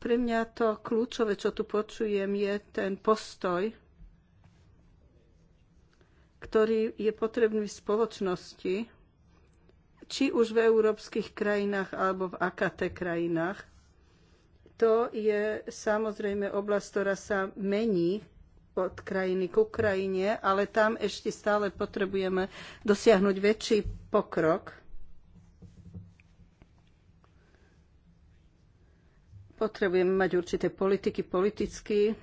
Pre mňa to kľúčové, čo tu počujem, je ten postoj, ktorý je potrebný v spoločnosti, či už v európskych krajinách alebo v AKT krajinách. To je samozrejme oblasť, ktorá sa mení od krajiny k krajine, ale tam ešte stále potrebujeme dosiahnuť väčší pokrok Potrebujeme mať určité politiky politicky,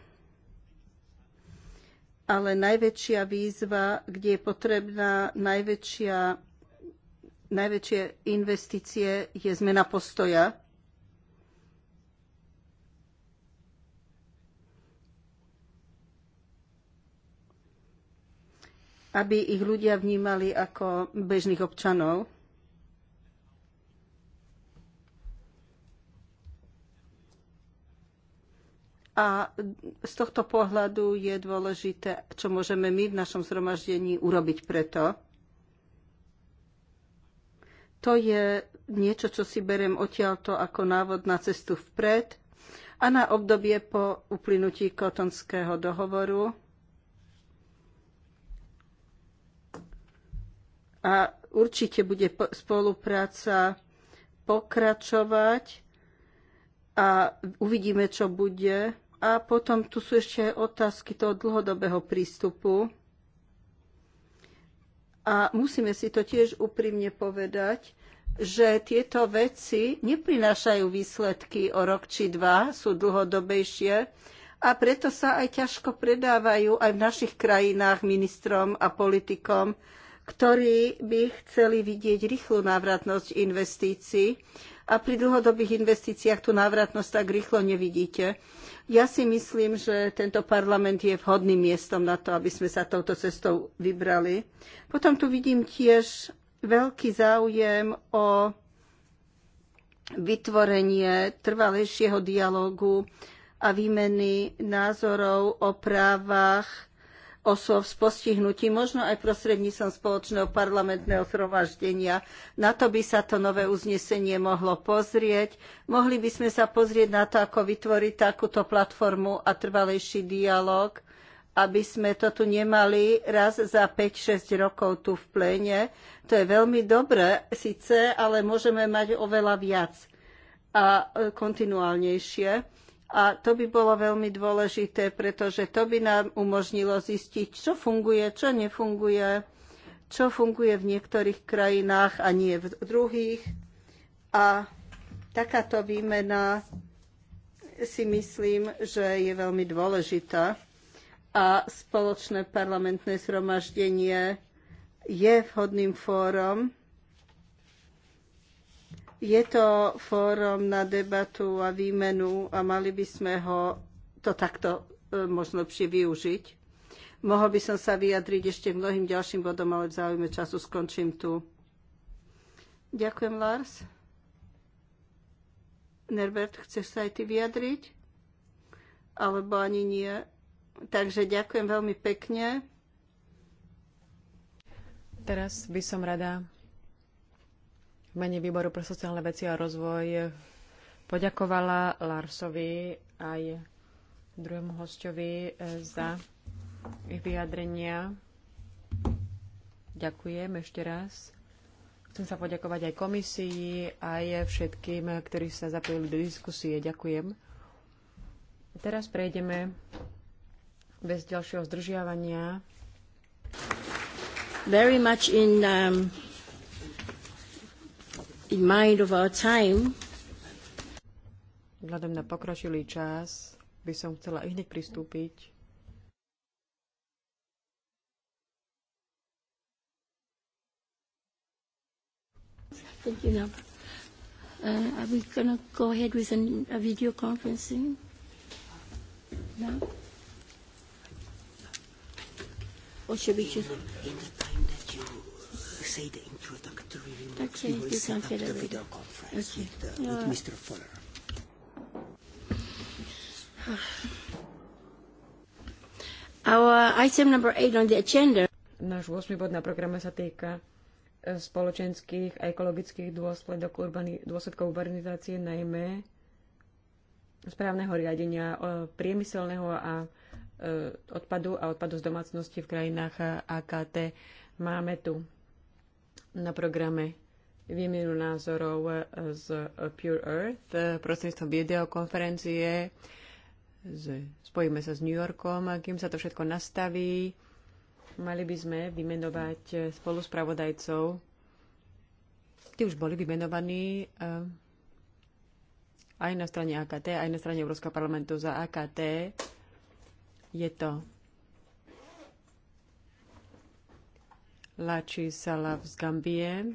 ale najväčšia výzva, kde je potrebná najväčšia, najväčšie investície, je zmena postoja. aby ich ľudia vnímali ako bežných občanov. A z tohto pohľadu je dôležité, čo môžeme my v našom zhromaždení urobiť preto. To je niečo, čo si berem odtiaľto ako návod na cestu vpred a na obdobie po uplynutí kotonského dohovoru. A určite bude spolupráca pokračovať a uvidíme, čo bude a potom tu sú ešte otázky toho dlhodobého prístupu. A musíme si to tiež úprimne povedať, že tieto veci neprinášajú výsledky o rok či dva, sú dlhodobejšie a preto sa aj ťažko predávajú aj v našich krajinách ministrom a politikom, ktorí by chceli vidieť rýchlu návratnosť investícií a pri dlhodobých investíciách tú návratnosť tak rýchlo nevidíte. Ja si myslím, že tento parlament je vhodným miestom na to, aby sme sa touto cestou vybrali. Potom tu vidím tiež veľký záujem o vytvorenie trvalejšieho dialógu a výmeny názorov o právach osôb s postihnutím, možno aj prostredníctvom spoločného parlamentného zhromaždenia. Na to by sa to nové uznesenie mohlo pozrieť. Mohli by sme sa pozrieť na to, ako vytvoriť takúto platformu a trvalejší dialog aby sme to tu nemali raz za 5-6 rokov tu v pléne. To je veľmi dobré síce, ale môžeme mať oveľa viac a e, kontinuálnejšie. A to by bolo veľmi dôležité, pretože to by nám umožnilo zistiť, čo funguje, čo nefunguje, čo funguje v niektorých krajinách a nie v druhých. A takáto výmena si myslím, že je veľmi dôležitá a spoločné parlamentné zhromaždenie je vhodným fórom je to fórum na debatu a výmenu a mali by sme ho to takto e, možno lepšie využiť. Mohol by som sa vyjadriť ešte mnohým ďalším bodom, ale v záujme času skončím tu. Ďakujem, Lars. Nerbert, chceš sa aj ty vyjadriť? Alebo ani nie? Takže ďakujem veľmi pekne. Teraz by som rada mene Výboru pre sociálne veci a rozvoj poďakovala Larsovi aj druhému hostovi eh, za ich vyjadrenia. Ďakujem ešte raz. Chcem sa poďakovať aj komisii, aj všetkým, ktorí sa zapojili do diskusie. Ďakujem. Teraz prejdeme bez ďalšieho zdržiavania. Very much in um, in mind of our time, vzhľadom na pokročilý čas, by som chcela i hneď pristúpiť Thank you. Now, uh, are we going to go ahead with an, a video conferencing? No? Or should we just... In the time that you say the intro. Teda okay, you can video conference okay. with, with Mr. Fuller. Ah. Our item number eight on the agenda. Náš 8. bod na programe sa týka e, spoločenských a ekologických dôsledok dôsledkov urbanizácie, najmä správneho riadenia e, priemyselného a e, odpadu a odpadu z domácnosti v krajinách AKT. Máme tu na programe výmenu názorov e, z Pure Earth e, prostredníctvom videokonferencie. Spojíme sa s New Yorkom, kým sa to všetko nastaví. Mali by sme vymenovať e, spoluspravodajcov. Tí už boli vymenovaní aj na strane AKT, aj na strane Európskeho parlamentu za AKT. Je to Lači Salav z Gambie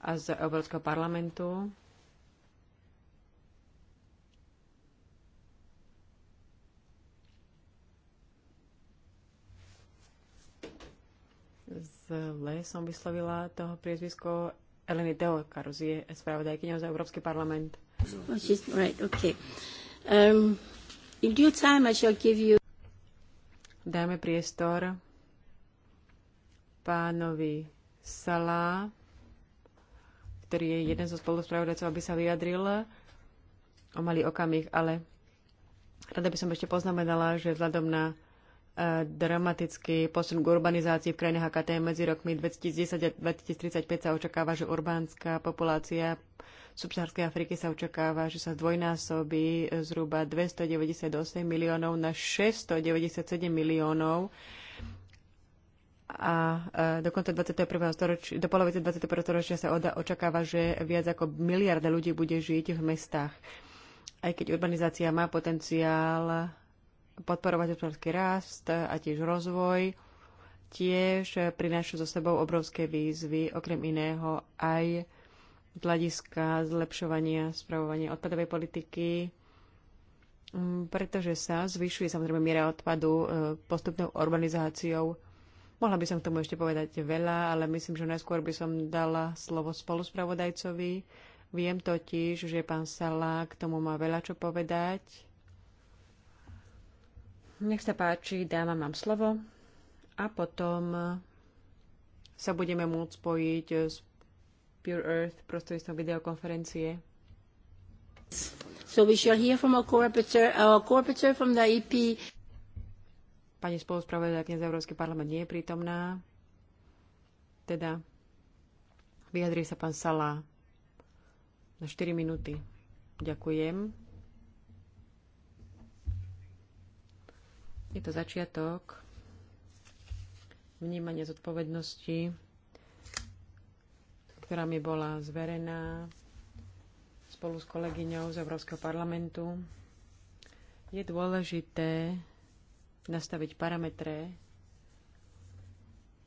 a z Európskeho parlamentu. zle som vyslovila toho priezvisko Eleny Deo Karuzie, spravodajkyňa za Európsky parlament. Oh, right, okay. um, you... Dajme priestor pánovi Salá, ktorý je jeden zo spoluspravodajcov, aby sa vyjadril o malý okamih, ale rada by som ešte poznamenala, že vzhľadom na e, dramatický posun k urbanizácii v krajine HKT medzi rokmi 2010 a 2035 sa očakáva, že urbánska populácia subsahárskej Afriky sa očakáva, že sa dvojnásobí zhruba 298 miliónov na 697 miliónov a e, do konca 21. storočia, do polovice 21. storočia sa očakáva, že viac ako miliarda ľudí bude žiť v mestách. Aj keď urbanizácia má potenciál podporovať hospodársky rast a tiež rozvoj, tiež prináša so sebou obrovské výzvy, okrem iného aj z hľadiska zlepšovania spravovania odpadovej politiky, pretože sa zvyšuje samozrejme miera odpadu e, postupnou urbanizáciou Mohla by som k tomu ešte povedať veľa, ale myslím, že najskôr by som dala slovo spoluspravodajcovi. Viem totiž, že pán Sala k tomu má veľa čo povedať. Nech sa páči, dáma mám slovo a potom sa budeme môcť spojiť s Pure Earth prostredníctvom videokonferencie. So we shall hear from our co-rapporteur, our co from the EP. Pani spoluspravodajkňa z Európsky parlament nie je prítomná. Teda vyjadrí sa pán Sala na 4 minúty. Ďakujem. Je to začiatok vnímania zodpovednosti, ktorá mi bola zverená spolu s kolegyňou z Európskeho parlamentu. Je dôležité nastaviť parametre.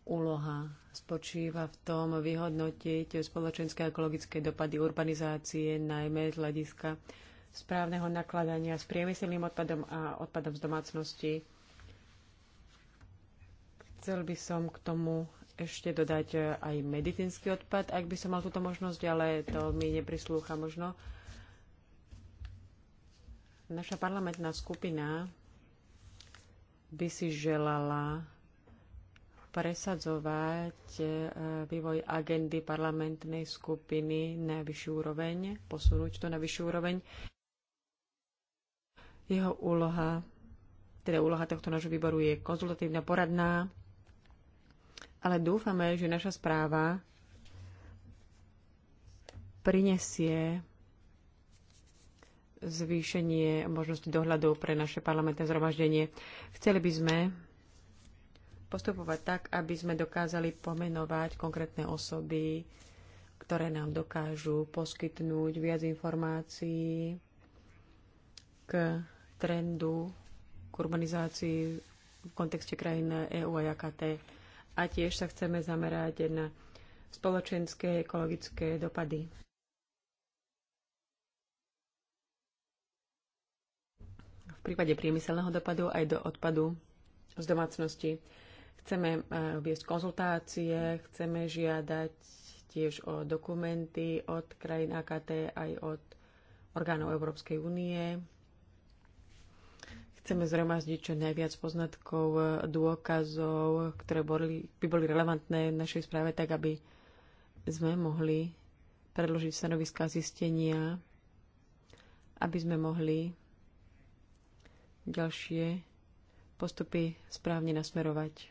Úloha spočíva v tom vyhodnotiť spoločenské a ekologické dopady urbanizácie, najmä z hľadiska správneho nakladania s priemyselným odpadom a odpadom z domácnosti. Chcel by som k tomu ešte dodať aj medicínsky odpad, ak by som mal túto možnosť, ale to mi neprislúcha možno. Naša parlamentná skupina by si želala presadzovať e, vývoj agendy parlamentnej skupiny na vyššiu úroveň, posunúť to na vyššiu úroveň. Jeho úloha, teda úloha tohto nášho výboru je konzultatívna, poradná, ale dúfame, že naša správa prinesie zvýšenie možnosti dohľadu pre naše parlamentné zhromaždenie. Chceli by sme postupovať tak, aby sme dokázali pomenovať konkrétne osoby, ktoré nám dokážu poskytnúť viac informácií k trendu, k urbanizácii v kontexte krajín EU a JKT. A tiež sa chceme zamerať na spoločenské ekologické dopady. v prípade priemyselného dopadu aj do odpadu z domácnosti. Chceme eh, viesť konzultácie, chceme žiadať tiež o dokumenty od krajín AKT aj od orgánov Európskej únie. Chceme zhromaždiť čo najviac poznatkov, eh, dôkazov, ktoré boli, by boli relevantné v našej správe, tak aby sme mohli predložiť stanoviská zistenia, aby sme mohli ďalšie postupy správne nasmerovať,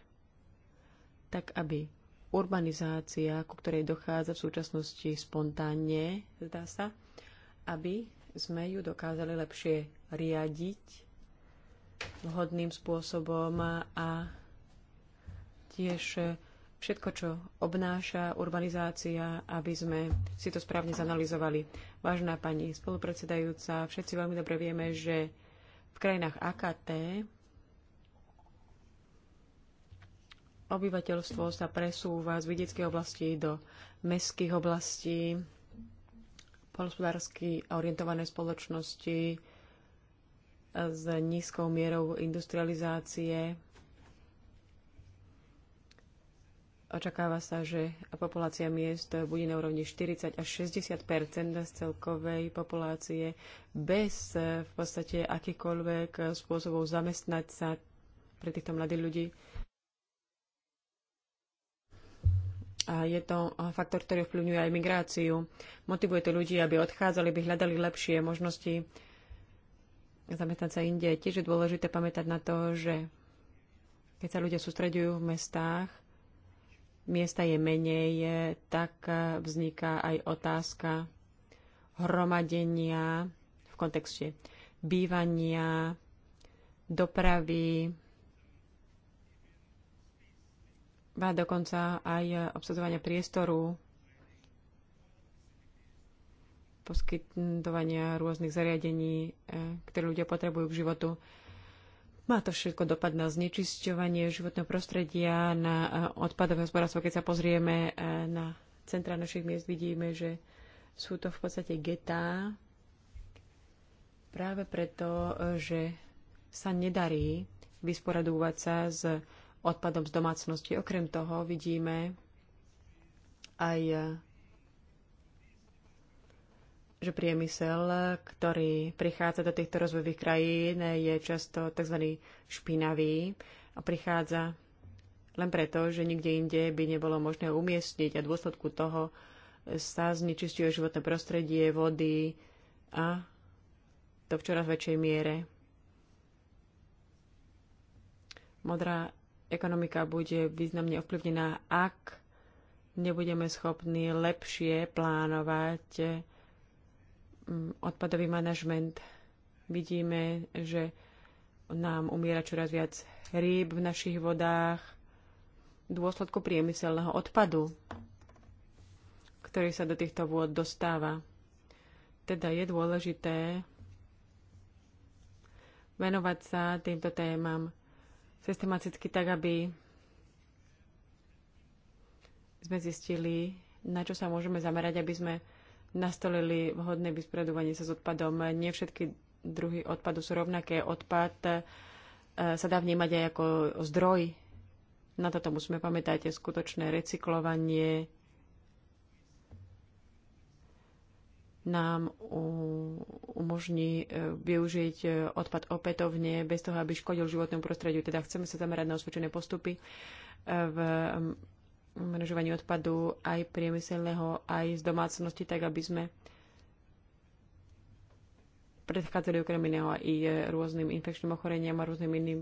tak aby urbanizácia, ku ktorej dochádza v súčasnosti spontánne, zdá sa, aby sme ju dokázali lepšie riadiť vhodným spôsobom a tiež všetko, čo obnáša urbanizácia, aby sme si to správne zanalizovali. Vážená pani spolupredsedajúca, všetci veľmi dobre vieme, že v krajinách AKT obyvateľstvo sa presúva z vidieckej oblasti do mestských oblastí, polospodársky orientované spoločnosti s nízkou mierou industrializácie Očakáva sa, že populácia miest bude na úrovni 40 až 60 z celkovej populácie bez eh, v podstate akýkoľvek spôsobov zamestnať sa pre týchto mladých ľudí. A je to faktor, ktorý vplyvňuje aj migráciu. Motivuje to ľudí, aby odchádzali, aby hľadali lepšie možnosti zamestnať sa inde. Tiež je dôležité pamätať na to, že keď sa ľudia sústredujú v mestách, miesta je menej, tak e, vzniká aj otázka hromadenia v kontexte bývania, dopravy, a dokonca aj obsadzovania priestoru, poskytovania rôznych zariadení, e, ktoré ľudia potrebujú k životu. Má to všetko dopad na znečisťovanie životného prostredia, na e, odpadové hospodárstvo. Keď sa pozrieme e, na centra našich miest, vidíme, že sú to v podstate getá práve preto, e, že sa nedarí vysporadúvať sa s odpadom z domácnosti. Okrem toho vidíme aj že priemysel, ktorý prichádza do týchto rozvojových krajín, je často tzv. špinavý a prichádza len preto, že nikde inde by nebolo možné umiestniť a dôsledku toho sa znečistuje životné prostredie, vody a to v čoraz väčšej miere. Modrá ekonomika bude významne ovplyvnená, ak nebudeme schopní lepšie plánovať Mm, odpadový manažment. Vidíme, že nám umiera čoraz viac rýb v našich vodách v dôsledku priemyselného odpadu, ktorý sa do týchto vôd dostáva. Teda je dôležité venovať sa týmto témam systematicky tak, aby sme zistili, na čo sa môžeme zamerať, aby sme nastolili vhodné vysporiadovanie sa s odpadom. Nie všetky druhy odpadu sú rovnaké. Odpad e, sa dá vnímať aj ako zdroj. Na toto musíme pamätať skutočné recyklovanie nám umožní e, využiť e, odpad opätovne, bez toho, aby škodil životnému prostrediu. Teda chceme sa zamerať na osvedčené postupy v manažovaní odpadu, aj priemyselného, aj z domácnosti, tak aby sme predchádzali okrem iného aj rôznym infekčným ochoreniam a rôznym iným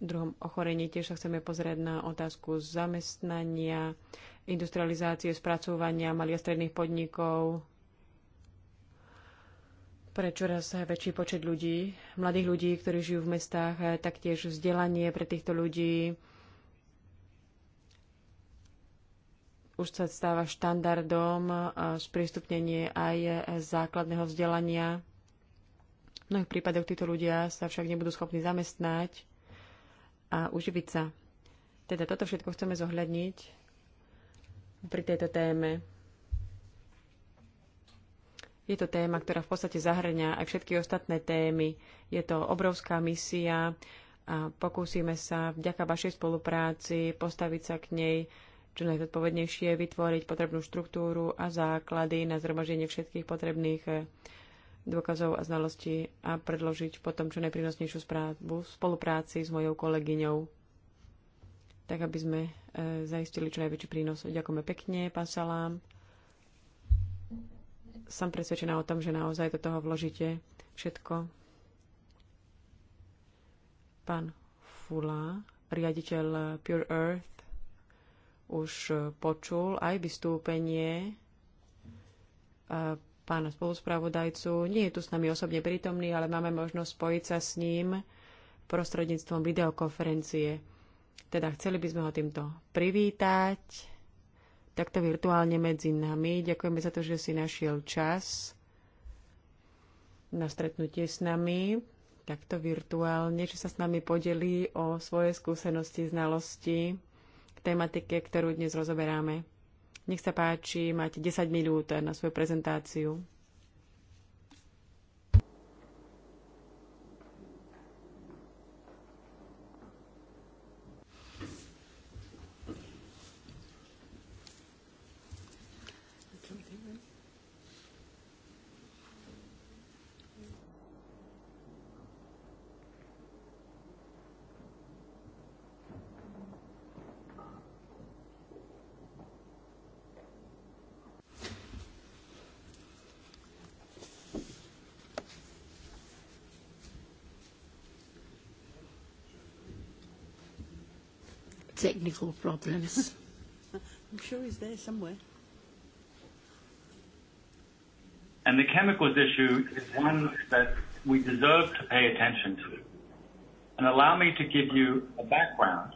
druhom ochorení. Tiež sa chceme pozrieť na otázku zamestnania, industrializácie, spracovania malých a stredných podnikov, Prečo raz väčší počet ľudí, mladých ľudí, ktorí žijú v mestách, taktiež vzdelanie pre týchto ľudí, už sa stáva štandardom sprístupnenie aj základného vzdelania. V mnohých prípadoch títo ľudia sa však nebudú schopní zamestnať a uživiť sa. Teda toto všetko chceme zohľadniť pri tejto téme. Je to téma, ktorá v podstate zahrňa aj všetky ostatné témy. Je to obrovská misia a pokúsime sa vďaka vašej spolupráci postaviť sa k nej čo najzodpovednejšie vytvoriť potrebnú štruktúru a základy na zhromaždenie všetkých potrebných eh, dôkazov a znalostí a predložiť potom čo najprínosnejšiu správu v spolupráci s mojou kolegyňou, tak aby sme eh, zaistili čo najväčší prínos. Ďakujeme pekne, pán Salám. Som presvedčená o tom, že naozaj do toho vložíte všetko. Pán Fula, riaditeľ Pure Earth, už e, počul aj vystúpenie e, pána spoluspravodajcu. Nie je tu s nami osobne prítomný, ale máme možnosť spojiť sa s ním prostredníctvom videokonferencie. Teda chceli by sme ho týmto privítať takto virtuálne medzi nami. Ďakujeme za to, že si našiel čas na stretnutie s nami takto virtuálne, že sa s nami podelí o svoje skúsenosti, znalosti tematike, ktorú dnes rozoberáme. Nech sa páči, máte 10 minút na svoju prezentáciu. technical problems. I'm sure he's there somewhere. And the chemicals issue is one that we deserve to pay attention to. And allow me to give you a background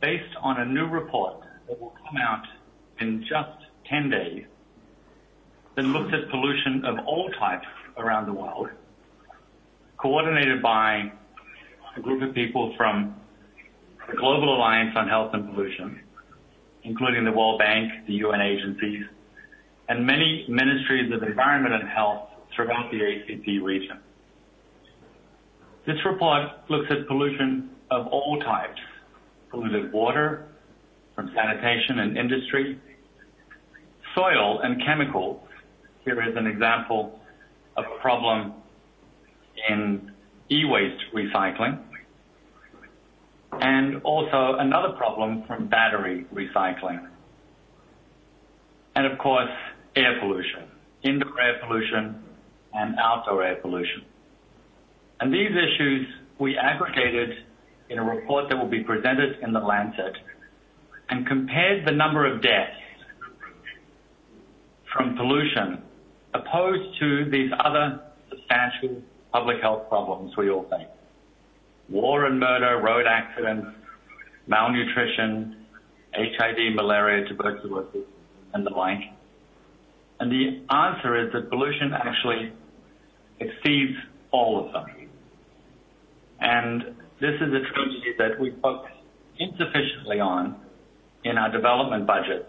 based on a new report that will come out in just 10 days that looks at pollution of all types around the world, coordinated by a group of people from the Global Alliance on Health and Pollution, including the World Bank, the UN agencies, and many ministries of environment and health throughout the ACP region. This report looks at pollution of all types, polluted water from sanitation and industry, soil and chemicals. Here is an example of a problem in e-waste recycling, and also another problem from battery recycling. And Of course, air pollution, indoor air pollution and outdoor air pollution. And These issues we aggregated in a report that will be presented in The Lancet and compared the number of deaths from pollution opposed to these other substantial public health problems we all face war and murder, road accidents, malnutrition, HIV, malaria, tuberculosis, and the like. And the answer is that pollution actually exceeds all of them. And this is a tragedy that we focus insufficiently on in our development budgets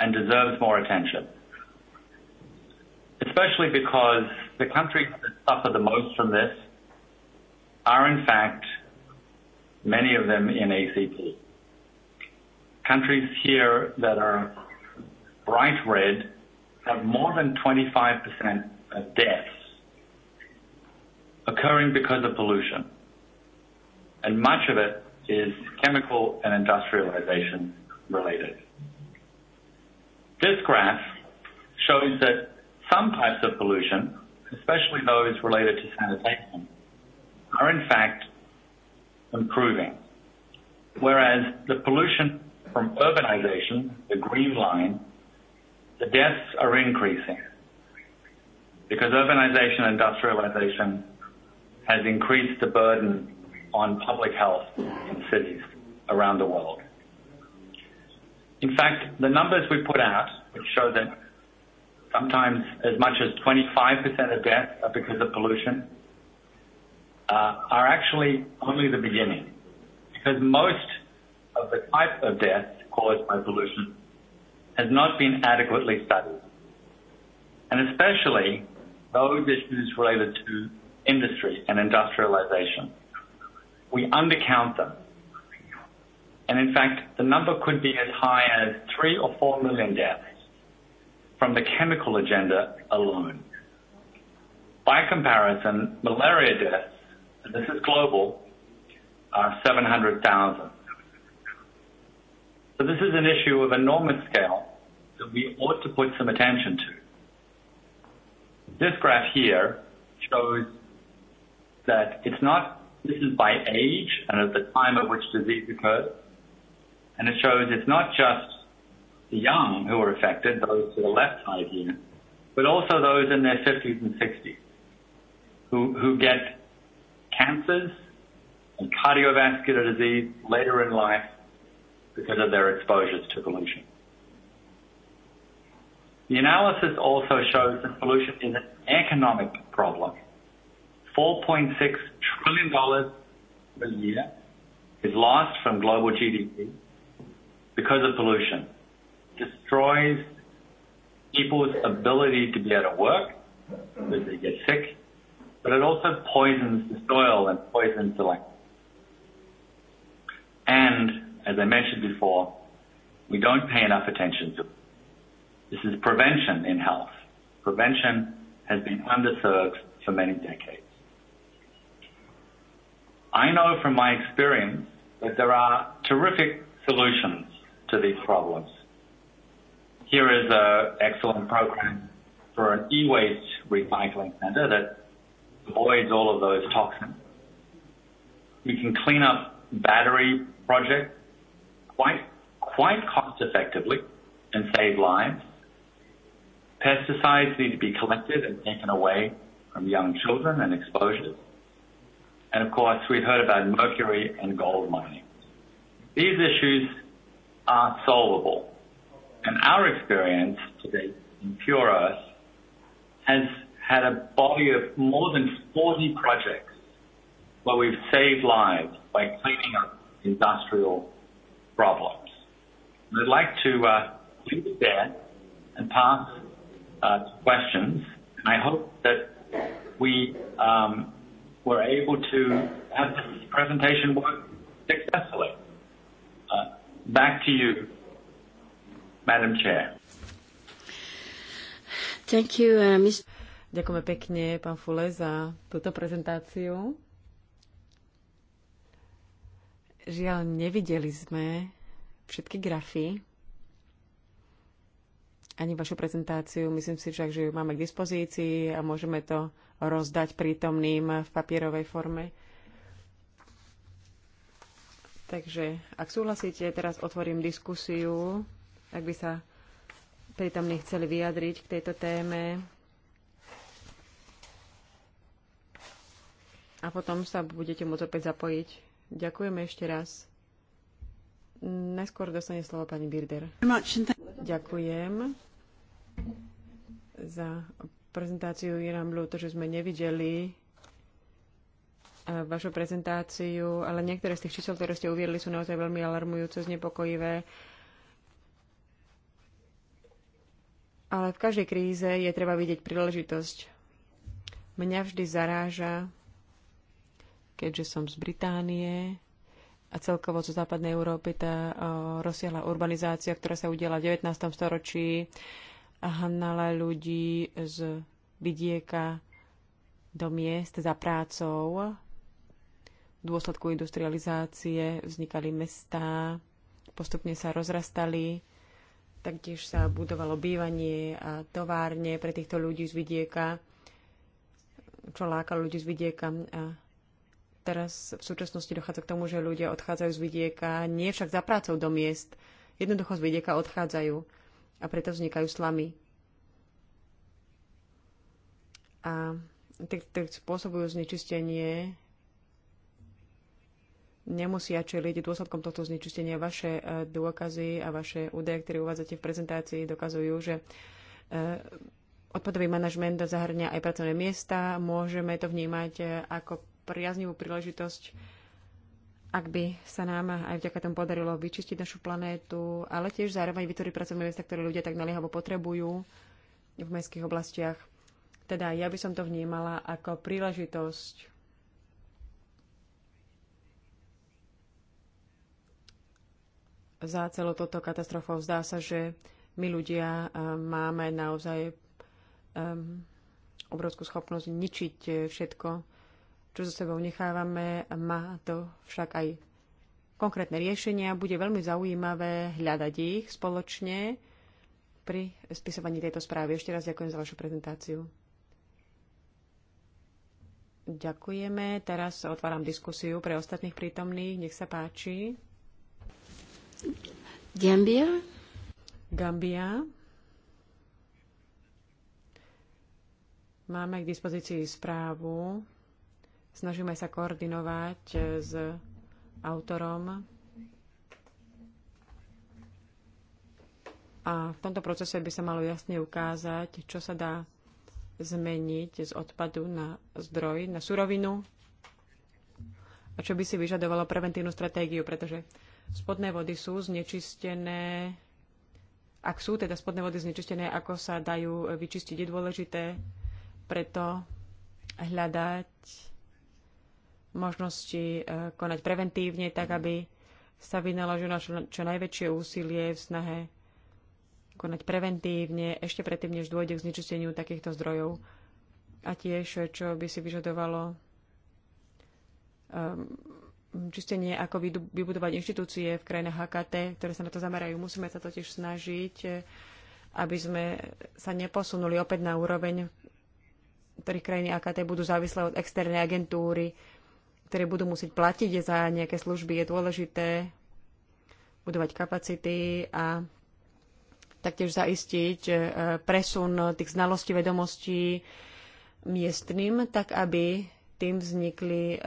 and deserves more attention. Especially because the countries that suffer the most from this are in fact, many of them in ACP. Countries here that are bright red have more than 25% of deaths occurring because of pollution, and much of it is chemical and industrialization related. This graph shows that some types of pollution, especially those related to sanitation, are in fact improving. Whereas the pollution from urbanization, the green line, the deaths are increasing because urbanization and industrialization has increased the burden on public health in cities around the world. In fact, the numbers we put out, which show that sometimes as much as 25% of deaths are because of pollution, Uh, are actually only the beginning, because most of the type of death caused by pollution has not been adequately studied, and especially those issues related to industry and industrialization. We undercount them. In fact, the number could be as high as 3 or 4 million deaths from the chemical agenda alone. By comparison, malaria deaths and this is global, are uh, 700,000. So this is an issue of enormous scale that we ought to put some attention to. This graph here shows that it's not, this is by age and at the time at which disease occurs, and it shows it's not just the young who are affected, those to the left side here, but also those in their 50s and 60s who, who get cancers and cardiovascular disease later in life because of their exposures to pollution. The analysis also shows that pollution is an economic problem. $4.6 trillion per year is lost from global GDP because of pollution. Destroys people's ability to be able to work because they get sick, but it also poisons the soil and poisons the land. And, as I mentioned before, we don't pay enough attention to it. This is prevention in health. Prevention has been underserved for many decades. I know from my experience that there are terrific solutions to these problems. Here is an excellent program for an e-waste recycling center that avoids all of those toxins. We can clean up battery projects quite cost effectively and save lives. Pesticides need to be collected and taken away from young children and exposures. Of course, we heard about mercury and gold mining. These issues are solvable, and our experience to date in Pure Earth has had a body of more than 40 projects where we've saved lives by cleaning up industrial problems. I'd like to uh leave it there and pass uh, to questions. and I hope that we um were able to have this presentation work successfully. Uh Back to you, Madam Chair. Thank you, uh, Mr. Ďakujeme pekne, pán Fule, za túto prezentáciu. Žiaľ, nevideli sme všetky grafy, ani vašu prezentáciu. Myslím si však, že ju máme k dispozícii a môžeme to rozdať prítomným v papierovej forme. Takže, ak súhlasíte, teraz otvorím diskusiu, ak by sa prítomní chceli vyjadriť k tejto téme. a potom sa budete môcť opäť zapojiť. Ďakujeme ešte raz. Najskôr dostane slovo pani Birder. Ďakujem za prezentáciu. Je nám ľúto, že sme nevideli eh, vašu prezentáciu, ale niektoré z tých čísel, ktoré ste uviedli, sú naozaj veľmi alarmujúce, znepokojivé. Ale v každej kríze je treba vidieť príležitosť. Mňa vždy zaráža keďže som z Británie a celkovo zo západnej Európy tá rozsiahla urbanizácia, ktorá sa udiela v 19. storočí, hnala ľudí z vidieka do miest za prácou. V dôsledku industrializácie vznikali mestá, postupne sa rozrastali, taktiež sa budovalo bývanie a továrne pre týchto ľudí z vidieka, čo lákalo ľudí z vidieka Teraz v súčasnosti dochádza k tomu, že ľudia odchádzajú z vidieka, nie však za prácou do miest. Jednoducho z vidieka odchádzajú a preto vznikajú slamy. A tak spôsobujú znečistenie, nemusia čeliť dôsledkom tohto znečistenia. Vaše e, dôkazy a vaše údaje, ktoré uvádzate v prezentácii, dokazujú, že e, odpadový manažment zahrňa aj pracovné miesta. Môžeme to vnímať e, ako priaznivú príležitosť, ak by sa nám aj vďaka tomu podarilo vyčistiť našu planétu, ale tiež zároveň vytvoriť pracovné miesta, ktoré ľudia tak naliehavo potrebujú v mestských oblastiach. Teda ja by som to vnímala ako príležitosť za celou toto katastrofou. Zdá sa, že my ľudia eh, máme naozaj um, obrovskú schopnosť ničiť eh, všetko, čo so sebou nechávame. Má to však aj konkrétne riešenia. Bude veľmi zaujímavé hľadať ich spoločne pri spisovaní tejto správy. Ešte raz ďakujem za vašu prezentáciu. Ďakujeme. Teraz otváram diskusiu pre ostatných prítomných. Nech sa páči. Gambia. Gambia. Máme k dispozícii správu Snažíme sa koordinovať e, s autorom. A v tomto procese by sa malo jasne ukázať, čo sa dá zmeniť z odpadu na zdroj, na surovinu a čo by si vyžadovalo preventívnu stratégiu, pretože spodné vody sú znečistené ak sú teda spodné vody znečistené, ako sa dajú vyčistiť, je dôležité preto hľadať možnosti e, konať preventívne, tak aby sa vynaložilo čo najväčšie úsilie v snahe konať preventívne, ešte predtým, než dôjde k znečisteniu takýchto zdrojov a tiež, čo by si vyžadovalo ehm, čistenie, ako vybudovať inštitúcie v krajinách HKT, ktoré sa na to zamerajú. Musíme sa totiž snažiť, e, aby sme sa neposunuli opäť na úroveň, ktorých krajiny AKT budú závislé od externej agentúry, ktoré budú musieť platiť za nejaké služby. Je dôležité budovať kapacity a taktiež zaistiť e, presun tých znalostí, vedomostí miestnym, tak aby tým vznikli e,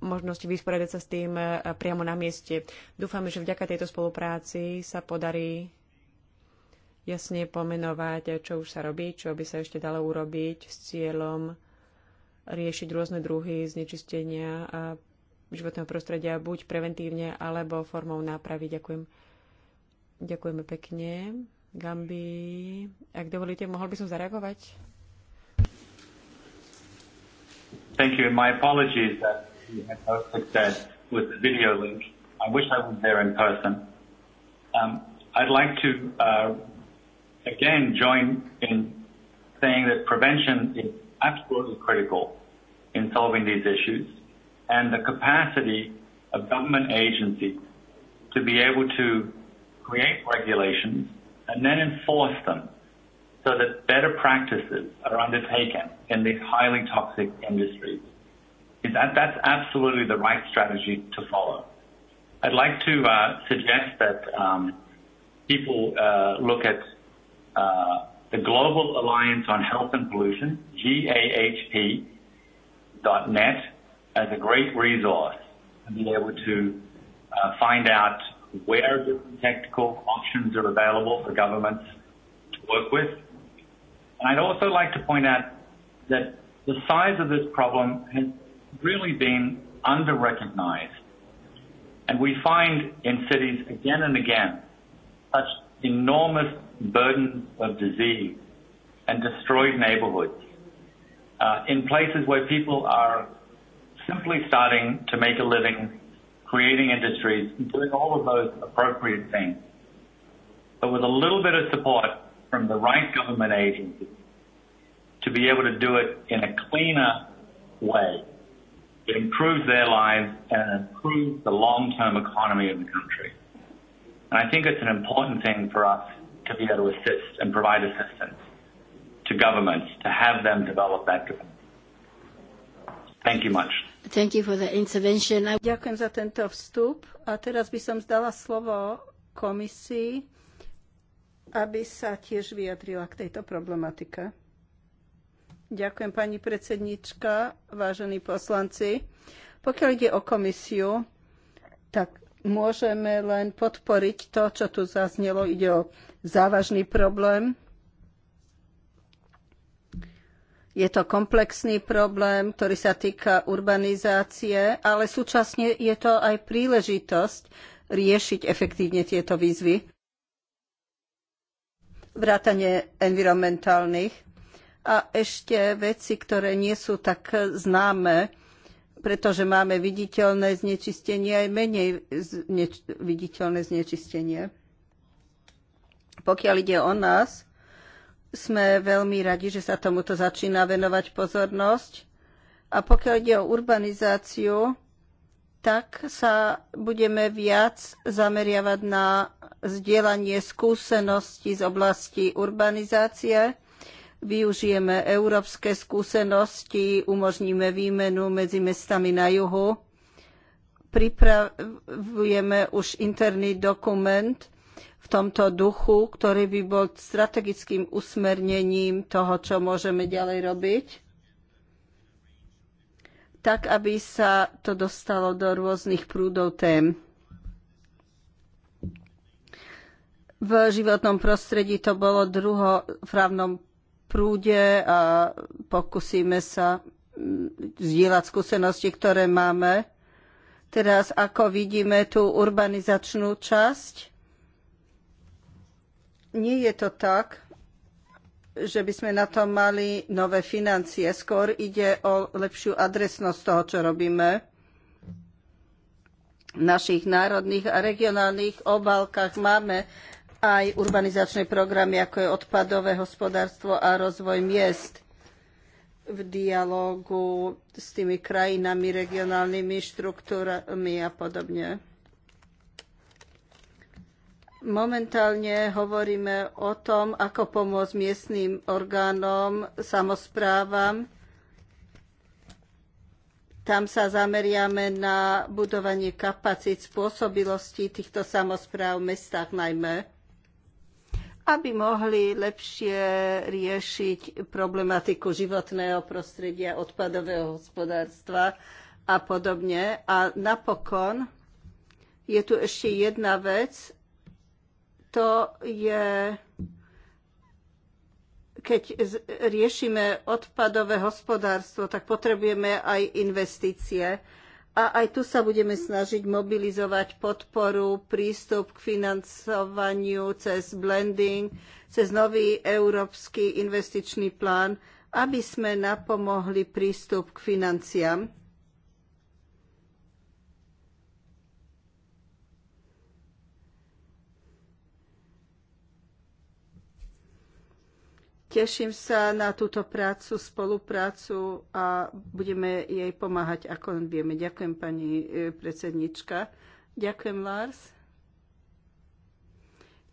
možnosti vysporiadať sa s tým e, priamo na mieste. Dúfame, že vďaka tejto spolupráci sa podarí jasne pomenovať, čo už sa robí, čo by sa ešte dalo urobiť s cieľom riešiť rôzne druhy znečistenia a životného prostredia buď preventívne alebo formou nápravy. Ďakujem. Ďakujeme pekne. Gambi, ak dovolíte, mohol by som zareagovať? Thank you. My apologies that we had no success with the video link. I wish I was there in person. Um, I'd like to uh, again join in saying that prevention is absolutely critical in solving these issues, and the capacity of government agencies to be able to create regulations and then enforce them so that better practices are undertaken in these highly toxic industries. that That's absolutely the right strategy to follow. I'd like to uh suggest that um people uh look at uh the Global Alliance on Health and Pollution, GAHP.net, as a great resource to be able to uh, find out where different technical options are available for governments to work with. I'd also like to point out that the size of this problem has really been under-recognized, and we find in cities again and again such enormous burden of disease, and destroyed neighborhoods. uh, In places where people are simply starting to make a living, creating industries, doing all of those appropriate things. but With a little bit of support from the right government agencies to be able to do it in a cleaner way, it improves their lives and improves the long-term economy of the country. And I think it's an important thing for us to be able to assist and provide assistance to governments to have them develop that capacity. Thank you much. Thank you for the intervention. I... Ďakujem za tento vstup a teraz by som zdala slovo komisii, aby sa tiež vyjadrila k tejto problematike. Ďakujem pani predsednička, vážení poslanci. Pokiaľ ide o komisiu, tak môžeme len podporiť to, čo tu zaznelo. Ide o závažný problém. Je to komplexný problém, ktorý sa týka urbanizácie, ale súčasne je to aj príležitosť riešiť efektívne tieto výzvy. Vrátanie environmentálnych a ešte veci, ktoré nie sú tak známe, pretože máme viditeľné znečistenie aj menej zneč- viditeľné znečistenie. Pokiaľ ide o nás, sme veľmi radi, že sa tomuto začína venovať pozornosť. A pokiaľ ide o urbanizáciu, tak sa budeme viac zameriavať na zdieľanie skúseností z oblasti urbanizácie využijeme európske skúsenosti, umožníme výmenu medzi mestami na juhu, pripravujeme už interný dokument v tomto duchu, ktorý by bol strategickým usmernením toho, čo môžeme ďalej robiť, tak aby sa to dostalo do rôznych prúdov tém. V životnom prostredí to bolo druho v právnom prúde a pokúsime sa zdieľať mm, skúsenosti, ktoré máme. Teraz, ako vidíme tú urbanizačnú časť, nie je to tak, že by sme na to mali nové financie. Skôr ide o lepšiu adresnosť toho, čo robíme v našich národných a regionálnych obálkach máme aj urbanizačné programy, ako je odpadové hospodárstvo a rozvoj miest v dialógu s tými krajinami, regionálnymi štruktúrami a podobne. Momentálne hovoríme o tom, ako pomôcť miestnym orgánom, samozprávam. Tam sa zameriame na budovanie kapacít, spôsobilosti týchto samozpráv v mestách najmä aby mohli lepšie riešiť problematiku životného prostredia, odpadového hospodárstva a podobne. A napokon je tu ešte jedna vec, to je, keď riešime odpadové hospodárstvo, tak potrebujeme aj investície a aj tu sa budeme snažiť mobilizovať podporu, prístup k financovaniu cez blending, cez nový európsky investičný plán, aby sme napomohli prístup k financiám Teším sa na túto prácu, spoluprácu a budeme jej pomáhať, ako len vieme. Ďakujem, pani e, predsednička. Ďakujem, Lars.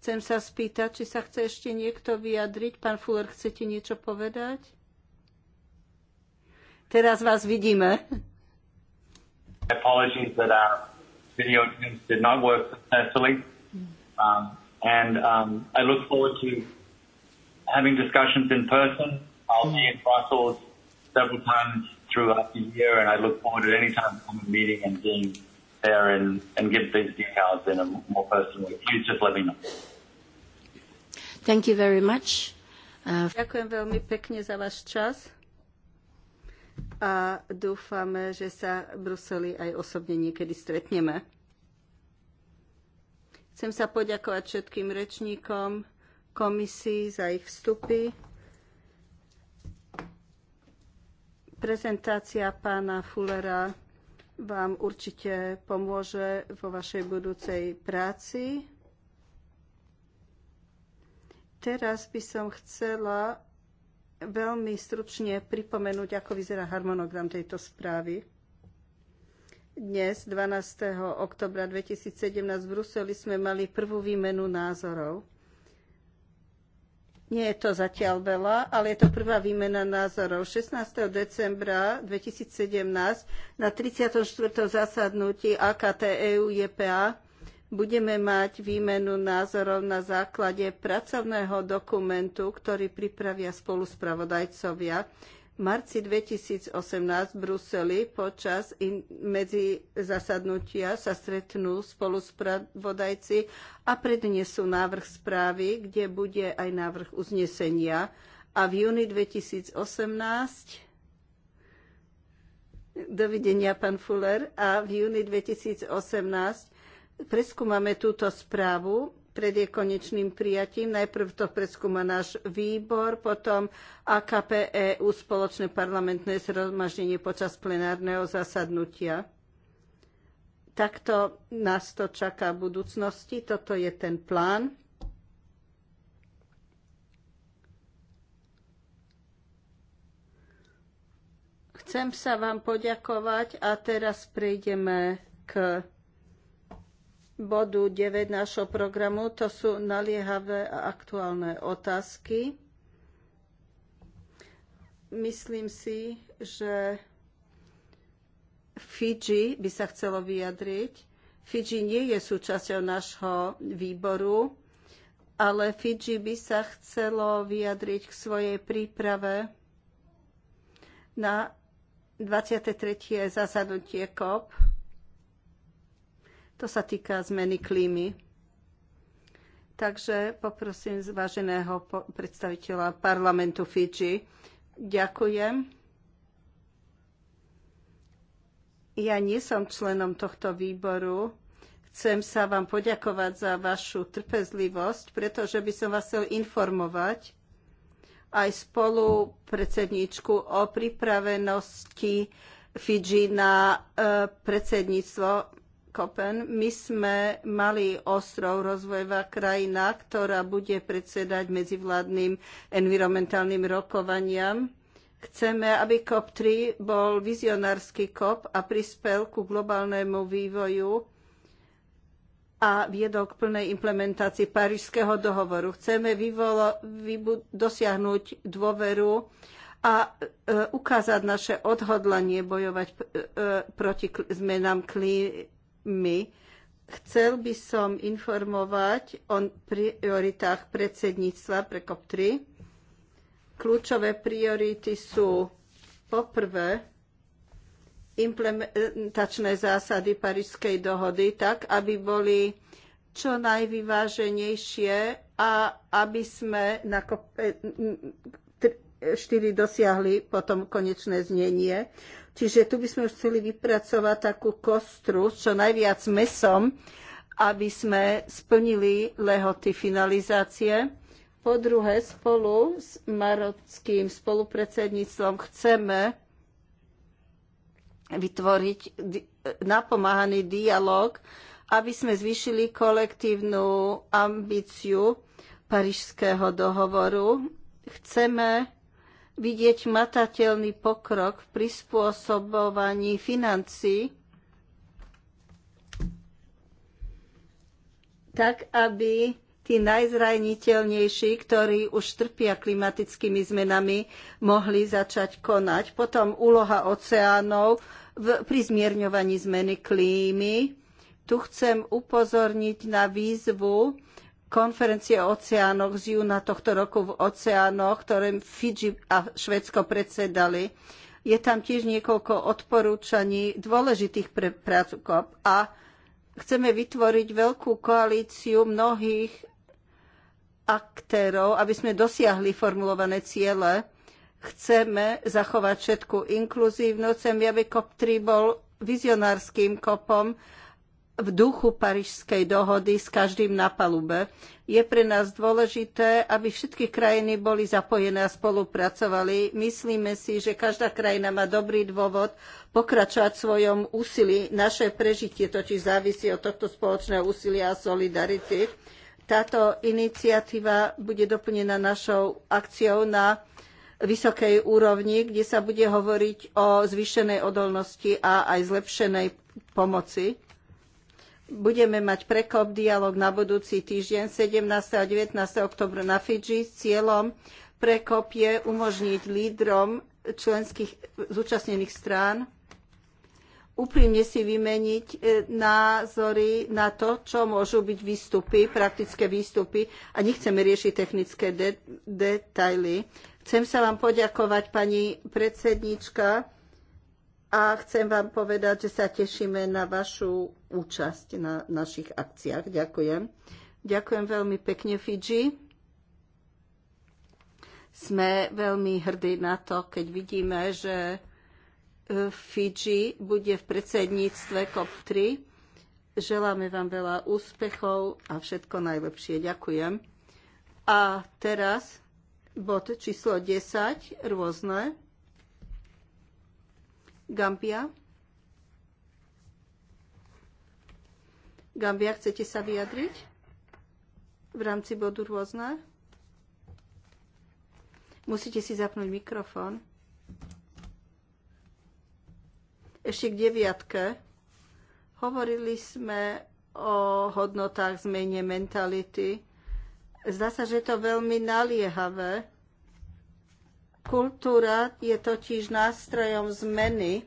Chcem sa spýtať, či sa chce ešte niekto vyjadriť. Pán Fuller, chcete niečo povedať? Teraz vás vidíme. Apologies that our video did not work successfully. Um, and um, I look forward to having discussions in person. I'll be in Brussels several times throughout the year, and I look forward to any time coming meeting and being there and, and give these details in a more personal way. Please just let me know. Thank you very much. Uh... Ďakujem veľmi pekne za váš čas a dúfame, že sa v Bruseli aj osobne niekedy stretneme. Chcem sa poďakovať všetkým rečníkom komisii za ich vstupy. Prezentácia pána Fullera vám určite pomôže vo vašej budúcej práci. Teraz by som chcela veľmi stručne pripomenúť, ako vyzerá harmonogram tejto správy. Dnes, 12. oktobra 2017 v Bruseli, sme mali prvú výmenu názorov. Nie je to zatiaľ veľa, ale je to prvá výmena názorov. 16. decembra 2017 na 34. zasadnutí AKT EU JPA budeme mať výmenu názorov na základe pracovného dokumentu, ktorý pripravia spoluspravodajcovia marci 2018 v Bruseli počas in, medzi zasadnutia sa stretnú spolu spravodajci a prednesú návrh správy, kde bude aj návrh uznesenia. A v júni 2018 Dovidenia, pán Fuller. A v júni 2018 preskúmame túto správu pred jej konečným prijatím. Najprv to preskúma náš výbor, potom AKPEU spoločné parlamentné zhromaždenie počas plenárneho zasadnutia. Takto nás to čaká v budúcnosti. Toto je ten plán. Chcem sa vám poďakovať a teraz prejdeme k bodu 9 nášho programu. To sú naliehavé a aktuálne otázky. Myslím si, že Fidži by sa chcelo vyjadriť. Fidži nie je súčasťou nášho výboru, ale Fidži by sa chcelo vyjadriť k svojej príprave na 23. zasadnutie COP to sa týka zmeny klímy. Takže poprosím zváženého predstaviteľa parlamentu Fidži. Ďakujem. Ja nie som členom tohto výboru. Chcem sa vám poďakovať za vašu trpezlivosť, pretože by som vás chcel informovať aj spolu predsedničku o pripravenosti Fidži na e, predsedníctvo Kopen. My sme mali ostrov rozvojová krajina, ktorá bude predsedať medzivládnym environmentálnym rokovaniam. Chceme, aby COP3 bol vizionársky COP a prispel ku globálnemu vývoju a viedol k plnej implementácii Parížského dohovoru. Chceme vyvolo, vybu, dosiahnuť dôveru a e, ukázať naše odhodlanie bojovať e, e proti zmenám klímy my. Chcel by som informovať o prioritách predsedníctva pre COP3. Kľúčové priority sú poprvé implementačné zásady Parížskej dohody tak, aby boli čo najvyváženejšie a aby sme na COP4 eh, dosiahli potom konečné znenie. Čiže tu by sme už chceli vypracovať takú kostru s čo najviac mesom, aby sme splnili lehoty finalizácie. Po druhé, spolu s marockým spolupredsedníctvom chceme vytvoriť napomáhaný dialog, aby sme zvýšili kolektívnu ambíciu Parížského dohovoru. Chceme vidieť matateľný pokrok v prispôsobovaní financií, tak aby tí najzraniteľnejší, ktorí už trpia klimatickými zmenami, mohli začať konať. Potom úloha oceánov v, pri zmierňovaní zmeny klímy. Tu chcem upozorniť na výzvu, konferencie o oceánoch z júna tohto roku v oceánoch, ktorým Fidži a Švédsko predsedali. Je tam tiež niekoľko odporúčaní dôležitých pre prácu COP a chceme vytvoriť veľkú koalíciu mnohých aktérov, aby sme dosiahli formulované ciele. Chceme zachovať všetku inkluzívnosť. Chceme, aby COP3 bol vizionárským kopom, v duchu Parížskej dohody s každým na palube. Je pre nás dôležité, aby všetky krajiny boli zapojené a spolupracovali. Myslíme si, že každá krajina má dobrý dôvod pokračovať v svojom úsilí. Naše prežitie totiž závisí od tohto spoločného úsilia a solidarity. Táto iniciatíva bude doplnená našou akciou na vysokej úrovni, kde sa bude hovoriť o zvýšenej odolnosti a aj zlepšenej pomoci Budeme mať prekop dialog na budúci týždeň 17. a 19. oktobra na Fidži s cieľom prekop je umožniť lídrom členských zúčastnených strán úprimne si vymeniť e, názory na to, čo môžu byť výstupy, praktické výstupy a nechceme riešiť technické de- detaily. Chcem sa vám poďakovať, pani predsednička, a chcem vám povedať, že sa tešíme na vašu účasť na našich akciách. Ďakujem. Ďakujem veľmi pekne, Fidži. Sme veľmi hrdí na to, keď vidíme, že e, Fidži bude v predsedníctve COP3. Želáme vám veľa úspechov a všetko najlepšie. Ďakujem. A teraz bod číslo 10, rôzne. Gambia. Gambia, chcete sa vyjadriť v rámci bodu rôzne? Musíte si zapnúť mikrofón. Ešte k deviatke. Hovorili sme o hodnotách zmene mentality. Zdá sa, že je to veľmi naliehavé. Kultúra je totiž nástrojom zmeny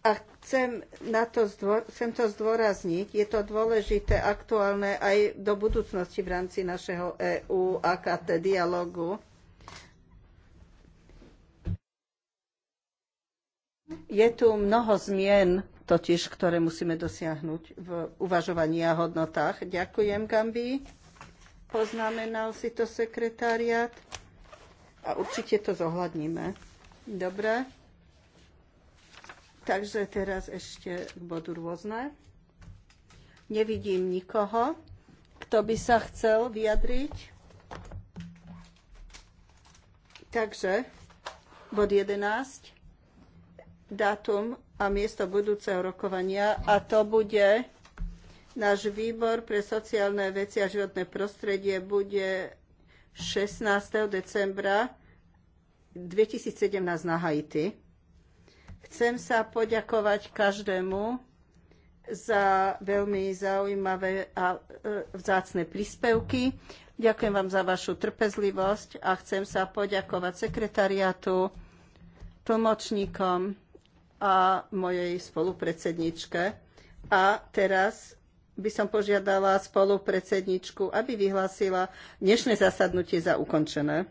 a chcem, na to zdvor- chcem to zdôrazniť. Je to dôležité, aktuálne aj do budúcnosti v rámci našeho EU AKT dialogu. Je tu mnoho zmien, totiž, ktoré musíme dosiahnuť v uvažovaní a hodnotách. Ďakujem, Gambi. Poznamenal si to sekretariat a určite to zohľadníme. Dobre. Takže teraz ešte k bodu rôzne. Nevidím nikoho, kto by sa chcel vyjadriť. Takže bod 11. Dátum a miesto budúceho rokovania a to bude Náš výbor pre sociálne veci a životné prostredie bude 16. decembra 2017 na Haiti. Chcem sa poďakovať každému za veľmi zaujímavé a e, vzácne príspevky. Ďakujem vám za vašu trpezlivosť a chcem sa poďakovať sekretariatu, tlmočníkom a mojej spolupredsedničke. A teraz by som požiadala spolupredsedničku, aby vyhlásila dnešné zasadnutie za ukončené.